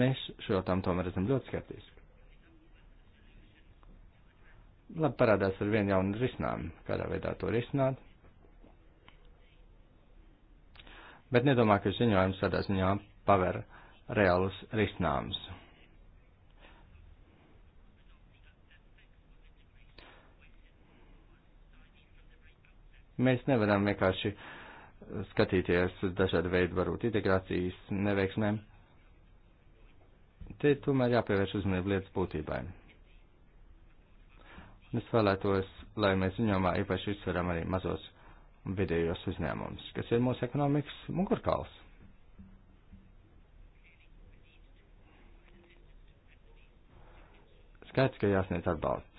Mēs šo jautājumu tomēr esam ļoti skeptiski. Labi, parādās ar vienu jaunu risinājumu, kādā veidā to risināt. Bet nedomā, ka ziņojums tādā ziņā paver reālus risinājumus. Mēs nevaram vienkārši uh, skatīties uz dažādu veidu varbūt integrācijas neveiksmēm. Te tomēr jāpievērš uzmanību lietas būtībai. Un es vēlētos, lai mēs ziņojumā īpaši izsveram arī mazos vidējos uzņēmumus, kas ir mūsu ekonomikas mugurkauls. Skaidrs, ka jāsniedz atbalsts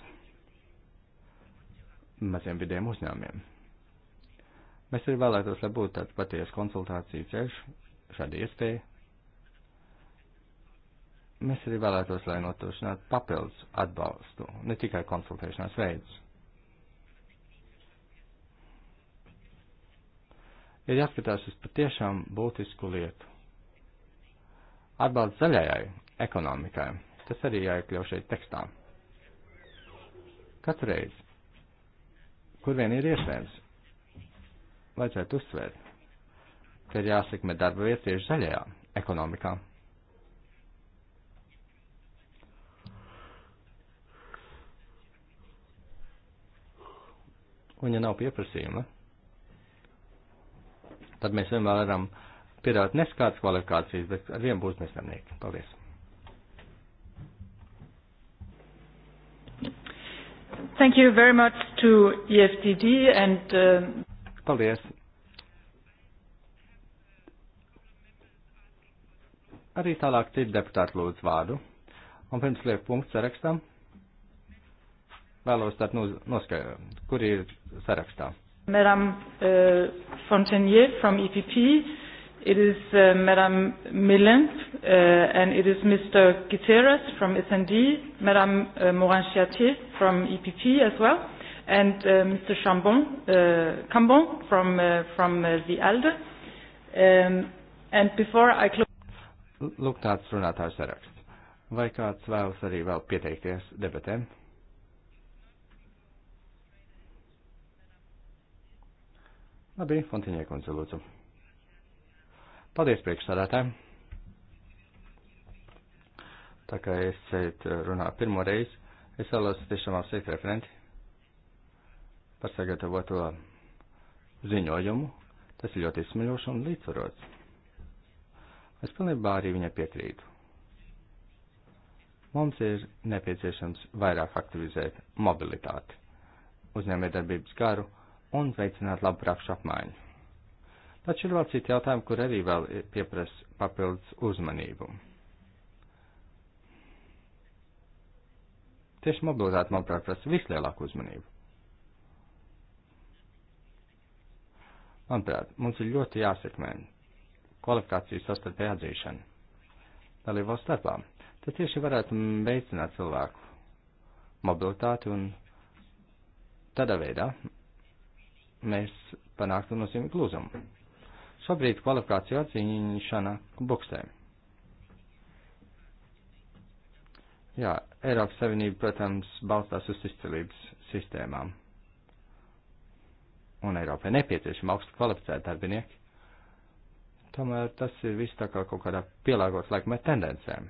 maziem vidējiem uzņēmumiem. Mēs arī vēlētos, lai būtu tāds paties konsultāciju ceļš, šāda iespēja. Mēs arī vēlētos, lai notošanātu papildus atbalstu, ne tikai konsultēšanās veidus. Ir jāskatās uz patiešām būtisku lietu. Atbalsts zaļajai ekonomikai. Tas arī jāiekļauj šeit tekstā. Katru reizi, kur vien ir iespējams, vajadzētu uzsvērt, ka ir jāsekmē darba vietas tieši zaļajā ekonomikā. Un ja nav pieprasījuma, tad mēs vienmēr varam piedāvāt neskādas kvalifikācijas, bet ar vienu būs bezdarbnieki. Paldies! Thank you very much to EFTD and uh, Paldies! Arī tālāk citi deputāti lūdz vārdu. Un pirms liek punktu sarakstam, vēlos tad noskaidrot, kur ir sarakstā. Madame uh, Fontenier from EPP, it is uh, Madame Millen, uh, and it is Mr. Gutierrez from SND, Madame uh, Morin-Chartier from EPP as well and uh, Mr. Chambon, uh, Cambon from, uh, from uh, the ALDE. Um, and before I close... Lūk tāds runātājs saraksts. Vai kāds vēlas arī vēl pieteikties debatēm? Labi, Fontiņie kundze, lūdzu. Paldies priekšsādātājiem. Tā kā es šeit runāju pirmo reizi, es vēlos tiešām apsveikt referenti par sagatavoto ziņojumu. Tas ir ļoti izsmeļošs un līdzsvarots. Es pilnībā arī viņai piekrītu. Mums ir nepieciešams vairāk aktivizēt mobilitāti, uzņēmējdarbības garu un veicināt labu prakšu apmaiņu. Taču ir vēl citi jautājumi, kur arī vēl pieprasa papildus uzmanību. Tieši mobilitāte, manuprāt, prasa vislielāku uzmanību. Manuprāt, mums ir ļoti jāsekmē kvalifikāciju sastarpēja atzīšana dalībvalsts starpā. Tas tieši varētu veicināt cilvēku mobilitāti un tādā veidā mēs panāktu nozīmīgu lūzumu. Šobrīd kvalifikācija atzīšana buksē. Jā, Eiropas Savienība, protams, balstās uz izcilības sistēmām un Eiropai nepieciešami augstu kvalificēti darbinieki, tomēr tas ir viss tā kā kaut kādā pielāgots laikmet tendencēm.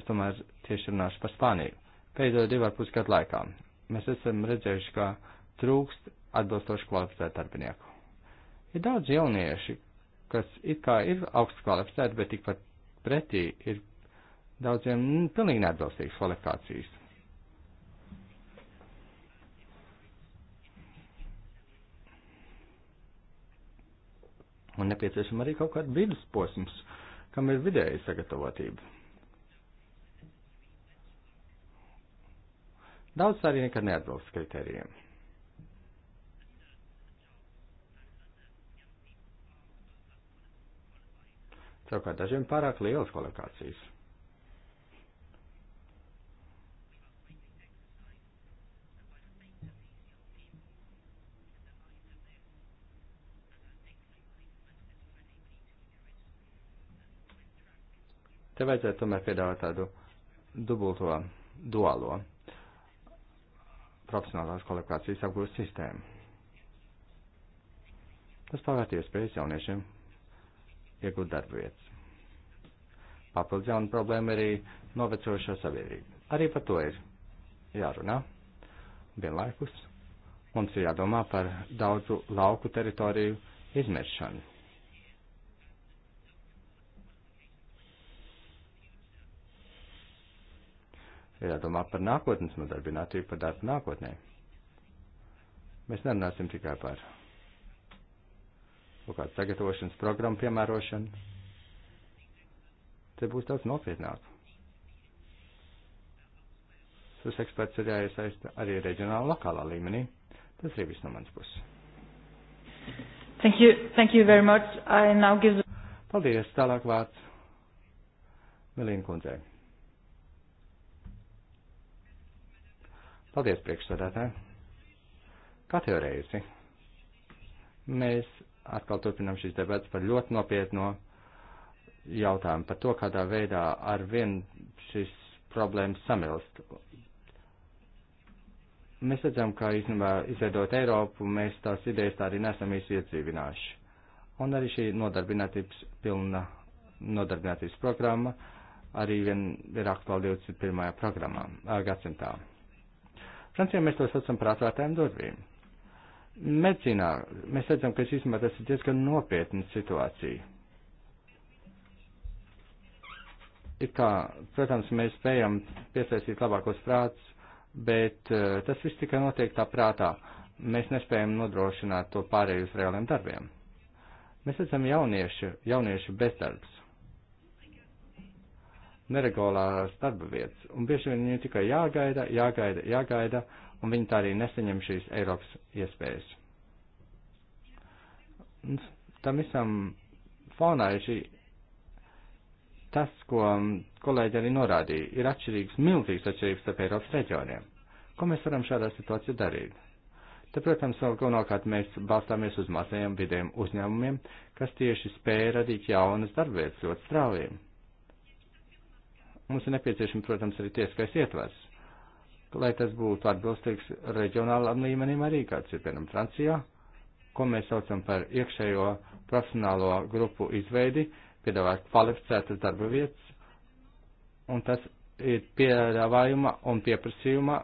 Es tomēr tieši runāšu par Spāniju. Pēdējo divu ar pusgadu laikā mēs esam redzējuši, ka trūkst atbilstoši kvalificētu darbinieku. Ir daudz jaunieši, kas it kā ir augstu kvalificēti, bet tikpat pretī ir daudziem pilnīgi neatbilstīgas kvalifikācijas. Un nepieciešama arī kaut kāda vidusposms, kam ir vidēja sagatavotība. Daudz arī nekad neatbilst kritērijiem. Savukārt dažiem pārāk lielas kolekācijas. Te vajadzētu tomēr piedāvāt tādu dubulto, duālo profesionālās kvalifikācijas apgūst sistēmu. Tas pavērt iespējas jauniešiem iegūt darba vietas. Papildus jauna problēma arī novecojošo sabiedrību. Arī par to ir jārunā. Vienlaikus mums ir jādomā par daudzu lauku teritoriju izmēršanu. ir jādomā par nākotnes nodarbinātību, par darbu nākotnē. Mēs nerunāsim tikai par kaut kādu sagatavošanas programmu piemērošanu. Te būs daudz nopietnāk. Šis eksperts ir jāiesaista arī reģionāla lokālā līmenī. Tas arī viss no manas puses. Thank you, thank you very much. I now give the... Paldies, tālāk vārds Melīna kundzei. Paldies, priekšsādātāji. Katru reizi mēs atkal turpinām šīs debats par ļoti nopietno jautājumu, par to, kādā veidā ar vien šis problēmas samilst. Mēs redzam, ka, īstenībā, izveidot Eiropu, mēs tās idejas tā arī nesam īsti iedzīvinājuši. Un arī šī nodarbinātības pilna nodarbinātības programma arī vien ir aktuāla 21. programmā, gadsimtā. Francijā mēs to saucam par atvērtām durvīm. Medicīnā mēs redzam, ka īstenībā tas ir diezgan nopietna situācija. Ir kā, protams, mēs spējam piesaistīt labākos prātus, bet uh, tas viss tikai notiek tā prātā. Mēs nespējam nodrošināt to pārējus reāliem darbiem. Mēs redzam jaunieši, jaunieši bezdarbs neregulārās darba vietas, un bieži vien viņi tikai jāgaida, jāgaida, jāgaida, un viņi tā arī nesaņem šīs Eiropas iespējas. Un tam visam fonā ir šī, tas, ko kolēģi arī norādīja, ir atšķirīgs, milzīgs atšķirības starp Eiropas reģioniem. Ko mēs varam šādā situācijā darīt? Te, protams, vēl galvenokārt mēs balstāmies uz mazajiem vidiem uzņēmumiem, kas tieši spēja radīt jaunas darbvietas ļoti strāviem mums ir nepieciešams, protams, arī tieskais ietvers, lai tas būtu atbilstīgs reģionālam līmenim arī, kāds ir, piemēram, Francijā, ko mēs saucam par iekšējo profesionālo grupu izveidi, piedāvāt kvalificētas darba vietas, un tas ir piedāvājuma un pieprasījuma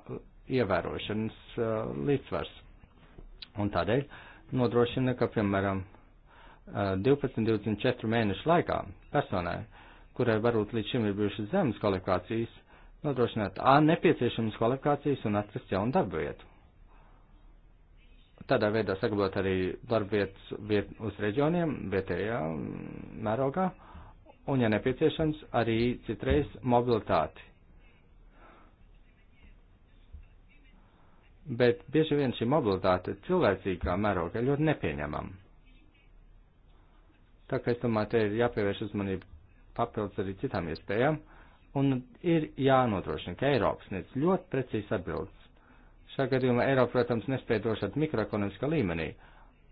ievērošanas uh, līdzsvars. Un tādēļ nodrošina, ka, piemēram, 12-24 uh, mēnešu laikā personai uh, kurai varbūt līdz šim ir bijušas zemes kvalifikācijas, nodrošināt A nepieciešamas kvalifikācijas un atrast jaunu darbu vietu. Tādā veidā saglabāt arī darba vietas viet, uz reģioniem, vietējā mērogā, un, ja nepieciešams, arī citreiz mobilitāti. Bet bieži vien šī mobilitāte cilvēcīgā mērogā ir ļoti nepieņemama. Tā kā es domāju, te ir jāpievērš uzmanība papildus arī citām iespējām, un ir jānodrošina, ka Eiropas sniedz ļoti precīzi atbildes. Šajā gadījumā Eiropa, protams, nespēja došat mikroekonomiskā līmenī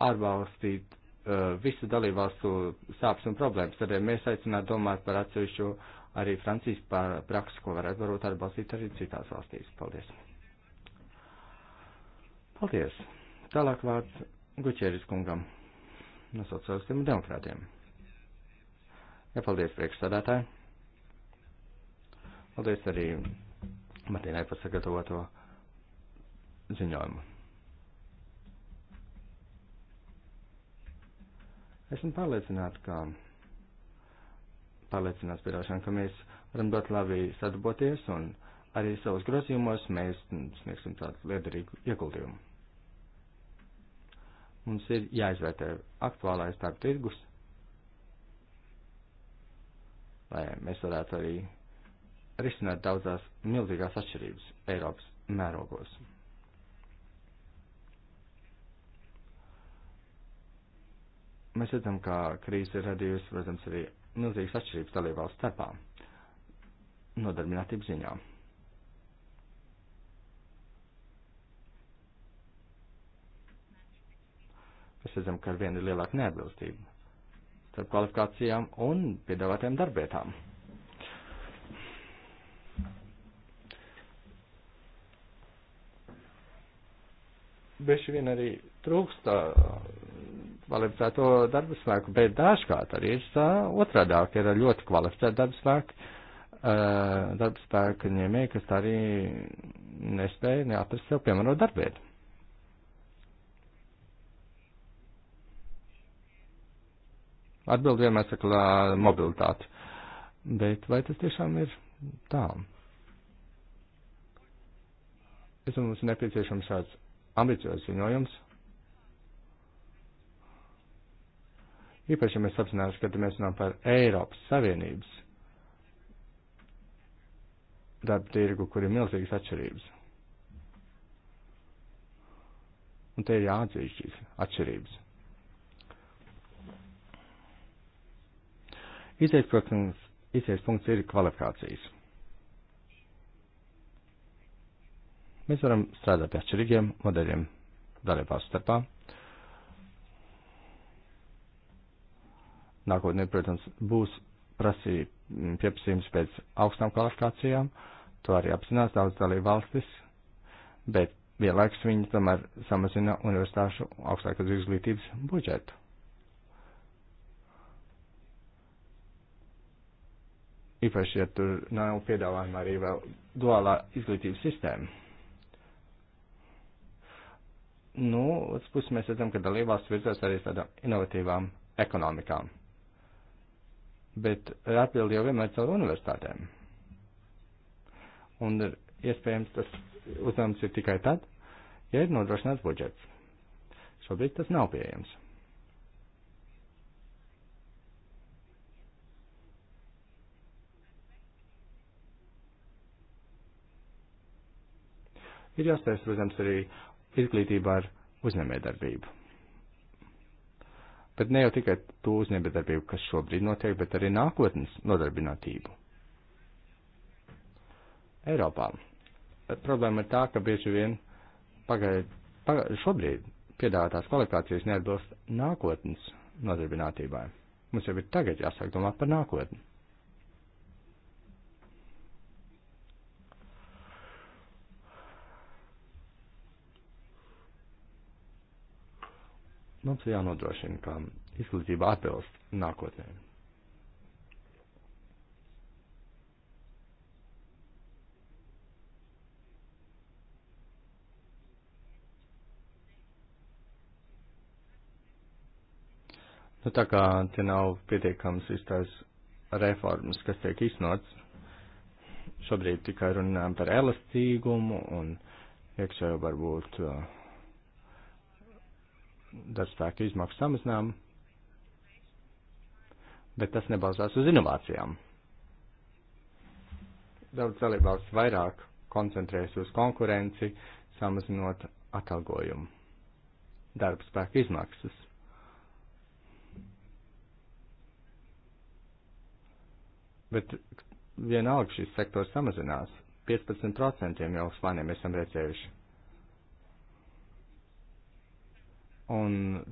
atbalstīt uh, visu dalībvalstu sāpes un problēmas, tad ja mēs aicinātu domāt par atsevišķu arī Francijas par praksu, ko varētu varbūt atbalstīt arī citās valstīs. Paldies! Paldies! Tālāk vārds Guķēris kungam no sociālistiem un demokrātiem. Ja, paldies priekšstādātāji. Paldies arī Matīnai par sagatavoto ziņojumu. Esmu pārliecināts, ka pārliecināts pirošana, ka mēs varam dot labi sadarboties un arī savus grozījumos mēs sniegsim tādu liederīgu ieguldījumu. Mums ir jāizvērtē aktuālais darba tirgus lai mēs varētu arī risināt daudzās milzīgās atšķirības Eiropas mērogos. Mēs redzam, ka krīze ir radījusi, protams, arī milzīgas atšķirības dalībvalstu starpā nodarbinātības ziņā. Mēs redzam, ka ar vienu ir lielāka neatbilstība starp kvalifikācijām un piedāvātajām darbvietām. bieži vien arī trūkst kvalificēto darba spēku, bet dažkārt arī ir otrādāk, ir ļoti kvalificēti darba spēki, darba spēka ņēmēji, kas arī nespēja neatrast sev piemērot darbvietu. Atbildi vienmēr saka lā, mobilitāti. Bet vai tas tiešām ir tā? Es domāju, mums ir nepieciešams šāds ambiciozs ziņojums. Īpaši, ja mēs apzināmies, ka mēs runājam par Eiropas Savienības darba tirgu, kur ir milzīgas atšķirības. Un te ir jāatzīst šīs atšķirības. Izējas punkts, izējas punkts ir kvalifikācijas. Mēs varam strādāt pie atšķirīgiem modeļiem dalībās starpā. Nākotnē, protams, būs prasīt pieprasījums pēc augstām kvalifikācijām, to arī apzinās daudz dalību valstis, bet vienlaikus viņi tomēr samazina universitāšu augstākās izglītības budžetu. īpaši, ja tur nav piedāvājuma arī vēl duālā izglītības sistēma. Nu, otrs puses mēs redzam, ka dalībvalsts virzās arī tādām inovatīvām ekonomikām. Bet atbildi jau vienmēr caur universitātēm. Un iespējams tas uzdevums ir tikai tad, ja ir nodrošināts budžets. Šobrīd tas nav pieejams. ir jāstāsta, protams, arī izglītība ar uzņēmējdarbību. Bet ne jau tikai to uzņēmējdarbību, kas šobrīd notiek, bet arī nākotnes nodarbinātību. Eiropā problēma ir tā, ka bieži vien pagaid, pagaid, šobrīd piedāvātās kvalifikācijas neatbilst nākotnes nodarbinātībai. Mums jau ir tagad jāsāk domāt par nākotni. Mums ir jānodrošina, ka izglītība atbilst nākotnē. Nu, tā kā te nav pietiekams iztās reformas, kas tiek iznots, šobrīd tikai runājam par elastīgumu un iekšējo varbūt uh, darbspēka izmaksu samazinājumu, bet tas nebalstās uz inovācijām. Daudz dalībvalsts vairāk koncentrējas uz konkurenci, samazinot atalgojumu, darbspēka izmaksas. Bet vienalga šis sektors samazinās. 15% jau slāniem esam redzējuši. un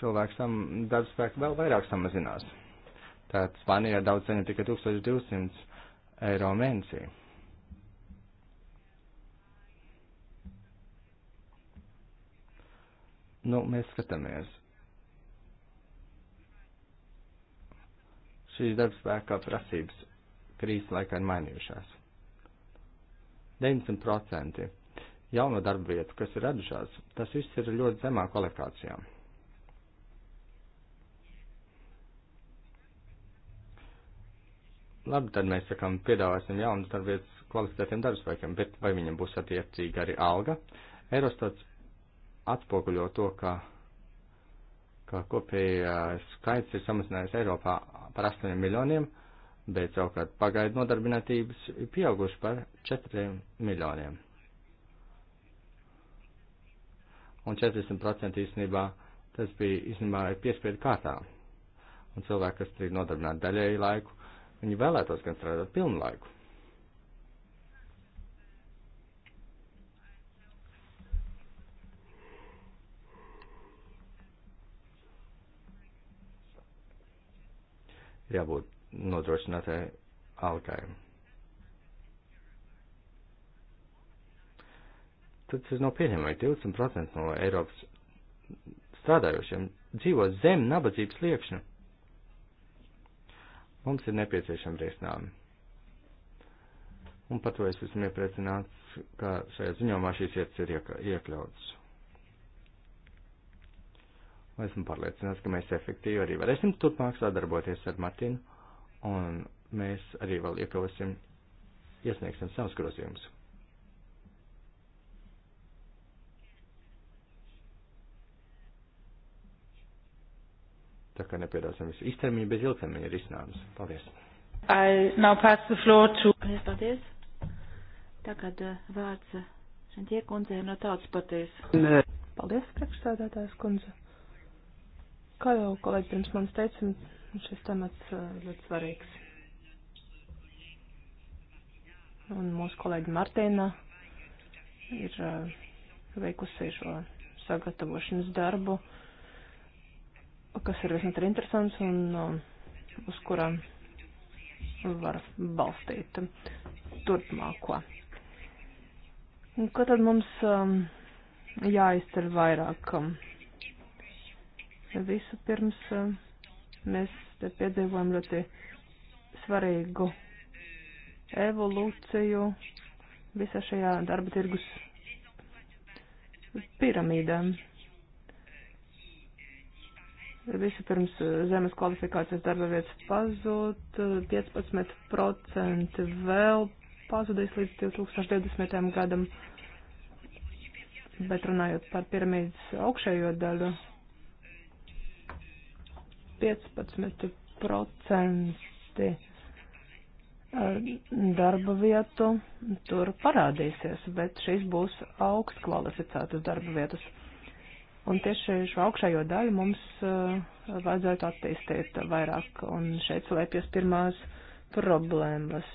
cilvēks tam darba spēku vēl vairāk samazinās. Tātad Spānijā daudz ceņa tikai 1200 eiro mēnesī. Nu, mēs skatāmies. Šīs darbspēkā prasības krīzes laikā ir mainījušās. 90% jauno darba vietu, kas ir radušās, tas viss ir ļoti zemā kvalifikācijā. Labi, tad mēs sakām, piedāvāsim jaunas darba vietas kvalificētiem darbspēkiem, bet vai viņam būs attiecīga arī alga? Eurostats atspoguļo to, ka, ka kopējā skaits ir samazinājies Eiropā par 8 miljoniem, bet savukārt pagaidu nodarbinātības ir pieauguši par 4 miljoniem. un 40% īstenībā tas bija īstenībā piespiedu kārtā. Un cilvēki, kas ir nodarbināti daļēju laiku, viņi vēlētos gan strādāt pilnu laiku. Jābūt nodrošinātai algai. tad tas nav pieņemami. 20% no Eiropas strādājošiem dzīvo zem nabadzības liekšņa. Mums ir nepieciešami risinājumi. Un par to es esmu iepriecināts, ka šajā ziņojumā šīs vietas ir iekļautas. Esmu pārliecināts, ka mēs efektīvi arī varēsim turpmāk sadarboties ar Martinu, un mēs arī vēl iekļausim, iesniegsim savus grozījumus. Tā kā nepiedāsim visu īstermiņu bez ilgtermiņa risinājums. Paldies. To... Paldies. Tagad eh, vārds eh, Šentie kundzei no tautas paties. Nē. Paldies, priekšstādātājs kundze. Kā jau kolēģi pirms manis teica, šis temats eh, ļoti svarīgs. Un mūsu kolēģi Martīna ir veikusi šo sagatavošanas darbu. Uh, kas ir visnotaļ interesants un um, uz kurām var balstīt turpmāko. Ko tad mums um, jāizcer vairāk? Um, visu pirms um, mēs te piedzīvojam ļoti svarīgu evolūciju visā šajā darba tirgus piramīdām Vispirms eh, zemes kvalifikācijas darba vietas pazūd, 15% eh, vēl pazudīs līdz 2020. gadam. Bet runājot par piramīdas augšējo daļu, 15% eh, darba vietu tur parādīsies, bet šīs būs augst kvalificētas darba vietas Un tieši šo augšējo daļu mums eh, vajadzētu attīstīt vairāk, un šeit slēpjas pirmās problēmas.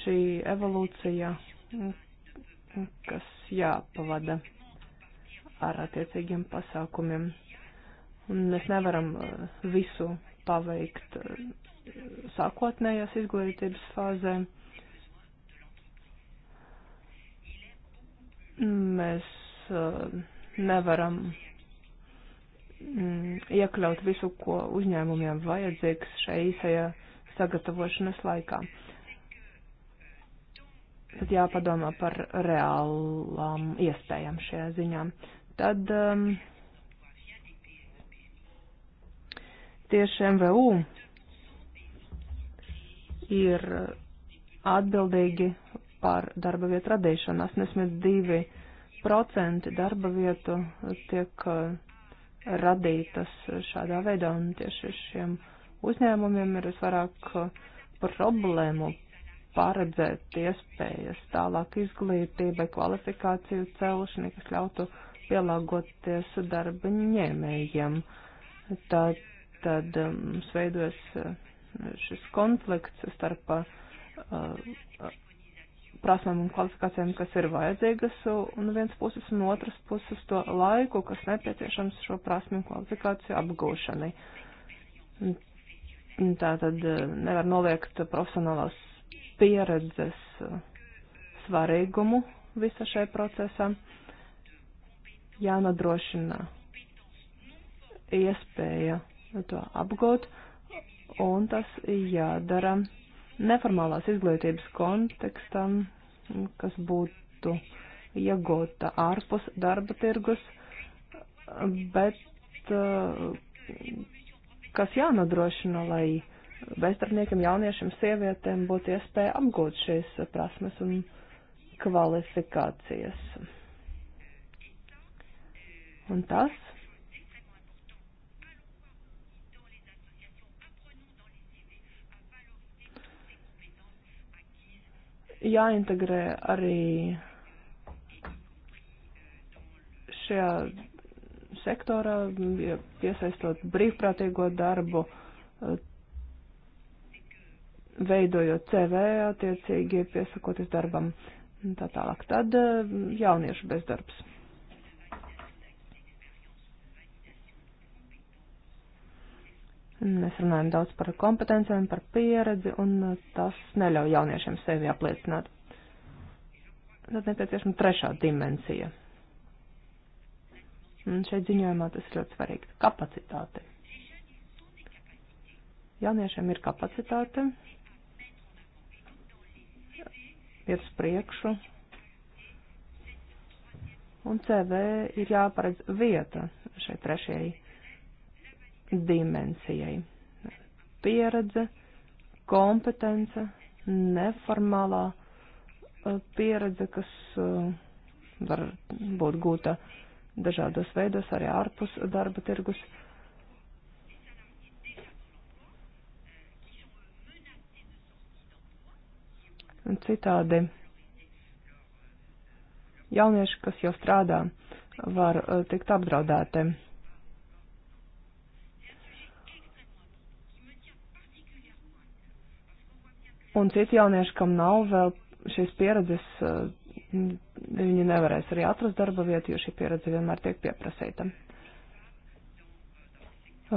Šī evolūcija, kas jāpavada ar attiecīgiem pasākumiem, un mēs nevaram eh, visu paveikt eh, sākotnējās izglītības fāzē. Mēs Uh, nevaram mm, iekļaut visu, ko uzņēmumiem vajadzīgs šai īsajā sagatavošanas laikā. Tad jāpadomā par reālām iespējām šajā ziņā. Tad um, tieši MVU ir atbildīgi par darba vietu radīšanu. 82 5% darba vietu tiek eh, radītas šādā veidā, un tieši šiem uzņēmumiem ir visvairāk eh, problēmu paredzēt iespējas tālāk izglītībai, kvalifikāciju celšanai, kas ļautu pielāgoties darba ņēmējiem. Tad, tad eh, mums veidojas šis konflikts starp uh, prasmēm un kvalifikācijām, kas ir vajadzīgas, un viens puses, un otras puses to laiku, kas nepieciešams šo prasmju un kvalifikāciju apgūšanai. Tā tad e, nevar noliegt profesionālās pieredzes e, svarīgumu visā šajā procesā. Jānodrošina iespēja to apgūt, un tas jādara neformālās izglītības kontekstam, kas būtu iegūta ārpus darba tirgus, bet eh, kas jānodrošina, lai bezdarbniekiem, jauniešiem, sievietēm būtu iespēja apgūt šīs prasmes un kvalifikācijas. Un tas jāintegrē arī šajā sektorā, piesaistot brīvprātīgo darbu, veidojot CV attiecīgi, piesakoties darbam tā tālāk. Tad eh, jauniešu bezdarbs. Mēs runājam daudz par kompetencijām, par pieredzi, un uh, tas neļauj jauniešiem sevi apliecināt. Tad nepieciešama trešā dimensija. Un šeit ziņojumā tas ir ļoti svarīgi - kapacitāte. Jauniešiem ir kapacitāte iet uz priekšu, un CV ir jāparedz vieta šai trešajai dimensijai. Pieredze, kompetence, neformālā eh, pieredze, kas eh, var būt gūta dažādos veidos arī ārpus darba tirgus. Un citādi jaunieši, kas jau strādā, var eh, tikt apdraudēti Un citi jaunieši, kam nav vēl šīs pieredzes, eh, viņi nevarēs arī atrast darba vietu, jo šī pieredze vienmēr tiek pieprasīta.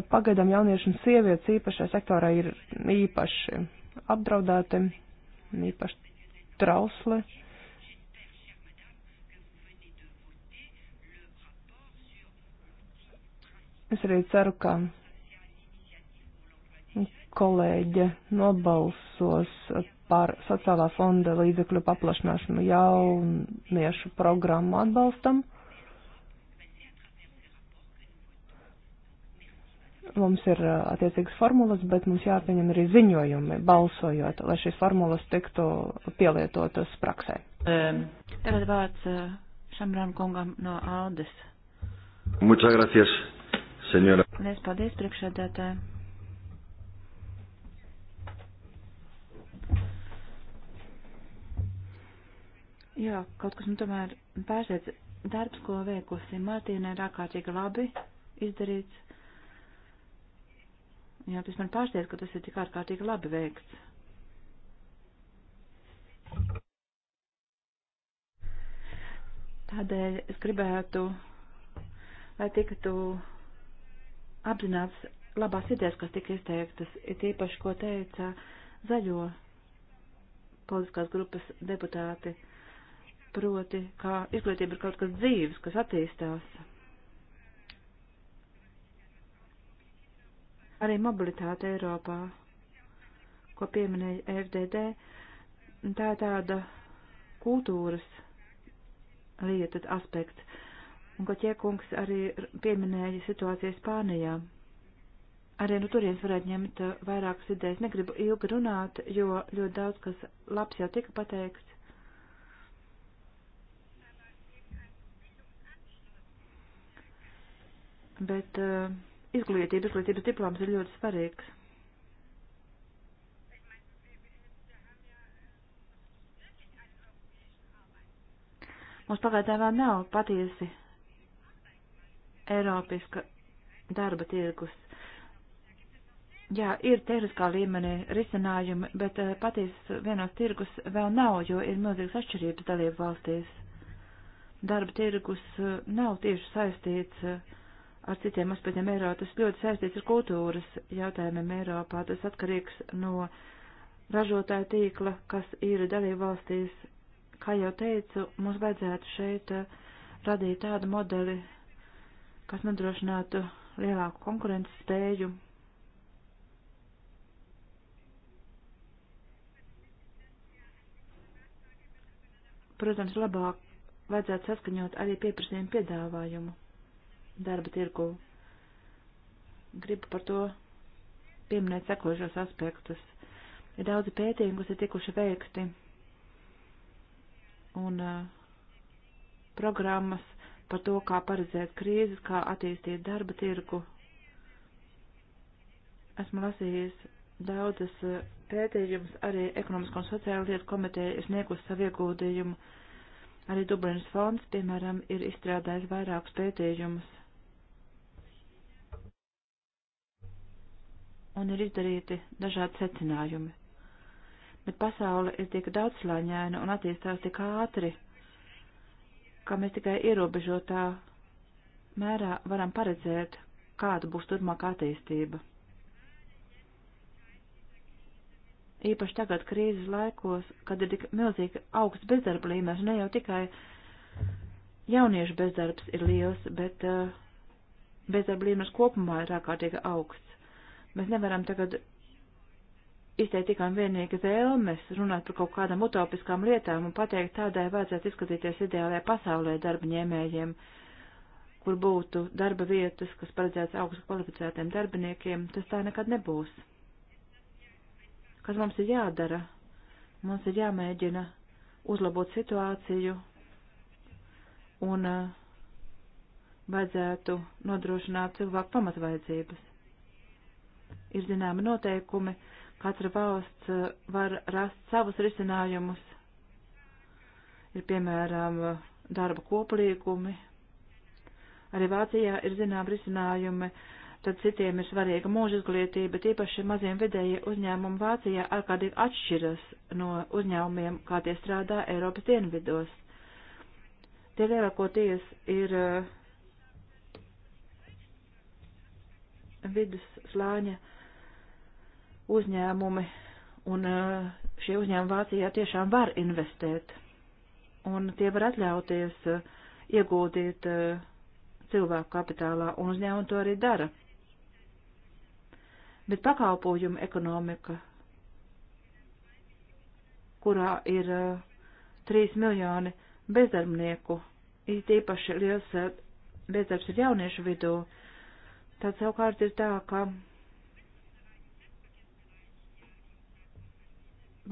Pagaidām jaunieši un sievietes īpašajā sektorā ir īpaši apdraudēti, īpaši trausli. Es arī ceru, ka kolēģe nobalsos par sociālā fonda līdzekļu paplašināšanu jauniešu programmu atbalstam. Mums ir attiecīgas formulas, bet mums jāpieņem arī ziņojumi, balsojot, lai šīs formulas tiktu pielietotas praksē. Tagad vārds Šamram kungam no Aldes. Muchas gracias, senora. Paldies, priekšsēdētāji. Jā, kaut kas man tomēr pārsteidz. Darbs, ko veikusi Martīna, ir ārkārtīgi labi izdarīts. Jā, tas man pārsteidz, ka tas ir tik ārkārtīgi labi veikts. Tādēļ es gribētu, lai tiktu apzināts labās idejas, kas tika izteiktas, ir tīpaši, ko teica zaļo politiskās grupas deputāti proti, kā izglītība ir kaut kas dzīves, kas attīstās. Arī mobilitāte Eiropā, ko pieminēja FDD, tā ir tāda kultūras lieta aspekts, un ka ķiekungs arī pieminēja situāciju Spānijā. Arī nu turienes varētu ņemt uh, vairākas idejas. Negribu ilgi runāt, jo ļoti daudz kas labs jau tika pateikts bet uh, izglītība, izglītības diploms ir ļoti svarīgs. Mums pagaidām vēl nav patiesi Eiropiska darba tirgus. Jā, ir teoriskā līmenī risinājumi, bet uh, eh, patiesi vienos tirgus vēl nav, jo ir milzīgas atšķirības dalību valstīs. Darba tirgus uh, nav tieši saistīts uh, ar citiem aspektiem Eiropā. Tas ļoti saistīts ar kultūras jautājumiem Eiropā. Tas atkarīgs no ražotāja tīkla, kas ir dalība valstīs. Kā jau teicu, mums vajadzētu šeit eh, radīt tādu modeli, kas nodrošinātu lielāku konkurences spēju. Protams, labāk vajadzētu saskaņot arī pieprasījumu piedāvājumu darba tirgu. Gribu par to pieminēt sekošos aspektus. Ir daudzi pētījumi, kas ir tikuši veikti, un uh, programmas par to, kā paredzēt krīzes, kā attīstīt darba tirgu. Esmu lasījis daudzas pētījumus, arī ekonomisko un sociālo lietu komiteja ir sniegusi savu ieguldījumu. Arī Dublinas fonds, piemēram, ir izstrādājis vairākus pētījumus un ir izdarīti dažādi secinājumi. Bet pasaule ir tik daudzslāņaina un attīstās tik ātri, ka mēs tikai ierobežotā mērā varam paredzēt, kāda būs turpmāk attīstība. Īpaši tagad krīzes laikos, kad ir tik milzīgi augsts bezdarba līmenis, ne jau tikai jauniešu bezdarbs ir liels, bet uh, bezdarba līmenis kopumā ir ārkārtīgi augsts. Mēs nevaram tagad izteikt tikai un vienīgi vēlmes runāt par kaut kādām utopiskām lietām un pateikt tādai vajadzētu izskatīties ideālajā pasaulē darba ņēmējiem, kur būtu darba vietas, kas paredzētas augstu kvalificētiem darbiniekiem, tas tā nekad nebūs. Kas mums ir jādara? Mums ir jāmēģina uzlabot situāciju un uh, vajadzētu nodrošināt cilvēku pamatvaidzības ir zināmi noteikumi, katra valsts uh, var rast savus risinājumus. Ir piemēram darba koplīgumi. Arī Vācijā ir zināmi risinājumi, tad citiem ir svarīga mūža izglītība, bet īpaši maziem vidējie uzņēmumi Vācijā ārkārtīgi atšķiras no uzņēmumiem, kā tie strādā Eiropas dienvidos. Tie lielākoties ir uh, vidus slāņa uzņēmumi, un eh, šie uzņēmumi Vācijā tiešām var investēt, un tie var atļauties eh, iegūtīt eh, cilvēku kapitālā, un uzņēmumi to arī dara. Bet pakalpojumu ekonomika, kurā ir 3 miljoni bezdarbnieku, īpaši liels bezdarbs ir jauniešu vidū, Tad savukārt ir tā, ka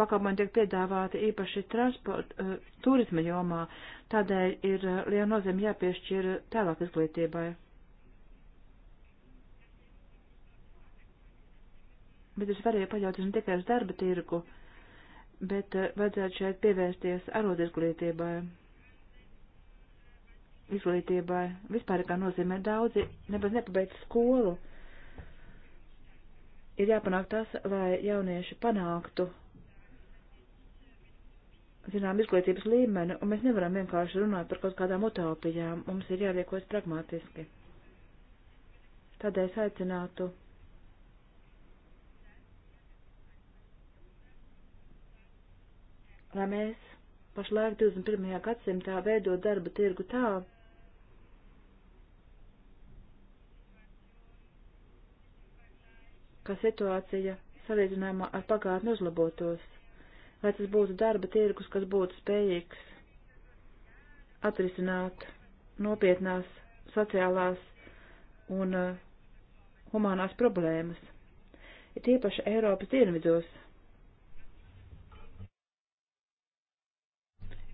pakalpojumi tiek piedāvāti īpaši transporta, eh, turisma jomā, tādēļ ir eh, liela nozīme jāpiešķir tālāk izglītībai. Bet ir svarīgi paļauties ne tikai uz darba tirgu, bet eh, vajadzētu šeit pievērsties arotizglītībai izglītībai. Vispār kā nozīmē daudzi, nebaz nepabeidz skolu. Ir jāpanāk tas, lai jaunieši panāktu, zinām, izglītības līmeni, un mēs nevaram vienkārši runāt par kaut kādām utopijām. Mums ir jārīkojas pragmatiski. Tādēļ es aicinātu. Lai mēs pašlaik 21. gadsimtā veidot darba tirgu tā, ka situācija salīdzinājumā ar pagātni uzlabotos, lai tas būtu darba tirgus, kas būtu spējīgs atrisināt nopietnās sociālās un uh, humanās problēmas, ir tīpaši Eiropas dienvidos.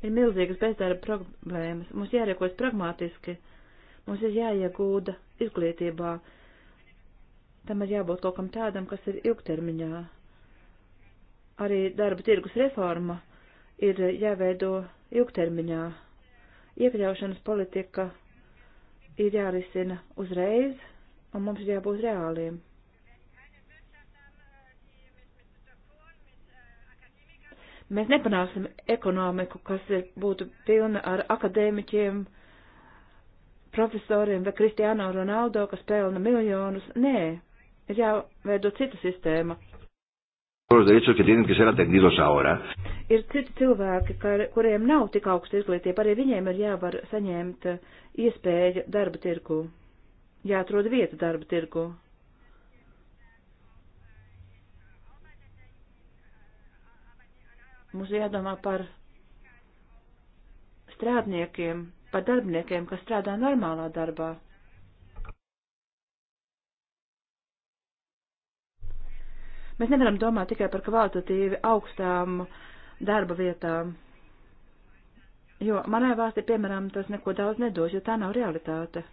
Ir milzīgas bezdarba problēmas, mums jārīkos pragmatiski, mums ir jāiegūda izglītībā, uh, Tam ir jābūt kaut kam tādam, kas ir ilgtermiņā. Arī darba tirgus reforma ir jāveido ilgtermiņā. Iekļaušanas politika ir jārisina uzreiz, un mums ir jābūt reāliem. Mēs nepanāksim ekonomiku, kas ir, būtu pilna ar akadēmiķiem, profesoriem vai Kristiāno Ronaldo, kas pelna miljonus. Nē, ir jāveido cita sistēma. Ir citi cilvēki, kar, kuriem nav tik augsta izglītība, arī viņiem ir jāvar saņemt eh, iespēju darba tirgu, jāatrod vieta darba tirgu. Mums jādomā par strādniekiem, par darbiniekiem, kas strādā normālā darbā. Mēs nevaram domāt tikai par kvalitatīvi augstām darba vietām. Jo manai valstī, piemēram, tas neko daudz nedos, jo tā nav realitāte.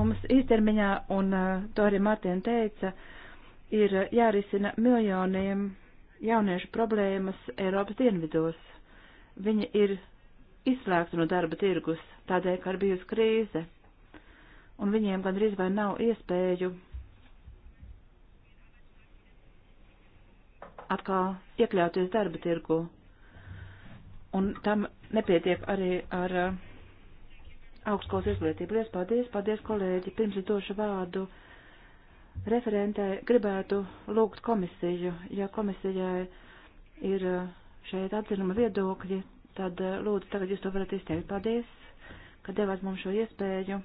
Mums īstermiņā, un to arī Martina teica, ir jārisina miljoniem jauniešu problēmas Eiropas dienvidos. Viņi ir izslēgti no darba tirgus, tādēļ, ka ir bijusi krīze un viņiem gandrīz vai nav iespēju atkal iekļauties darba tirgu. Un tam nepietiek arī ar uh, augstskolas izglītību. Lies paldies, paldies kolēģi. Pirms es došu vārdu referentē, gribētu lūgt komisiju. Ja komisijai ir uh, šeit atzinuma viedokļi, tad uh, lūdzu tagad jūs to varat izteikt. Paldies, ka devāt mums šo iespēju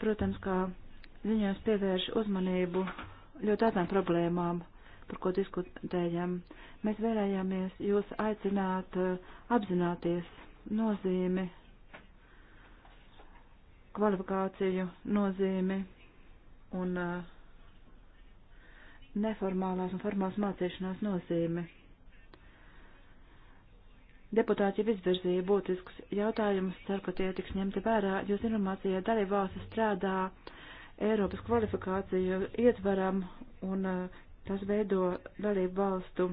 Protams, kā ziņojums pievērš uzmanību ļoti tādām problēmām, par ko diskutējam. Mēs vēlējāmies jūs aicināt eh, apzināties nozīmi, kvalifikāciju nozīmi un eh, neformālās un formālās mācīšanās nozīmi. Deputāti jau izvirzīja būtisks jautājums, ceru, ka tie tiks ņemti vērā, jo informācija dalībvalstis strādā Eiropas kvalifikāciju ietvaram un eh, tas veido dalībvalstu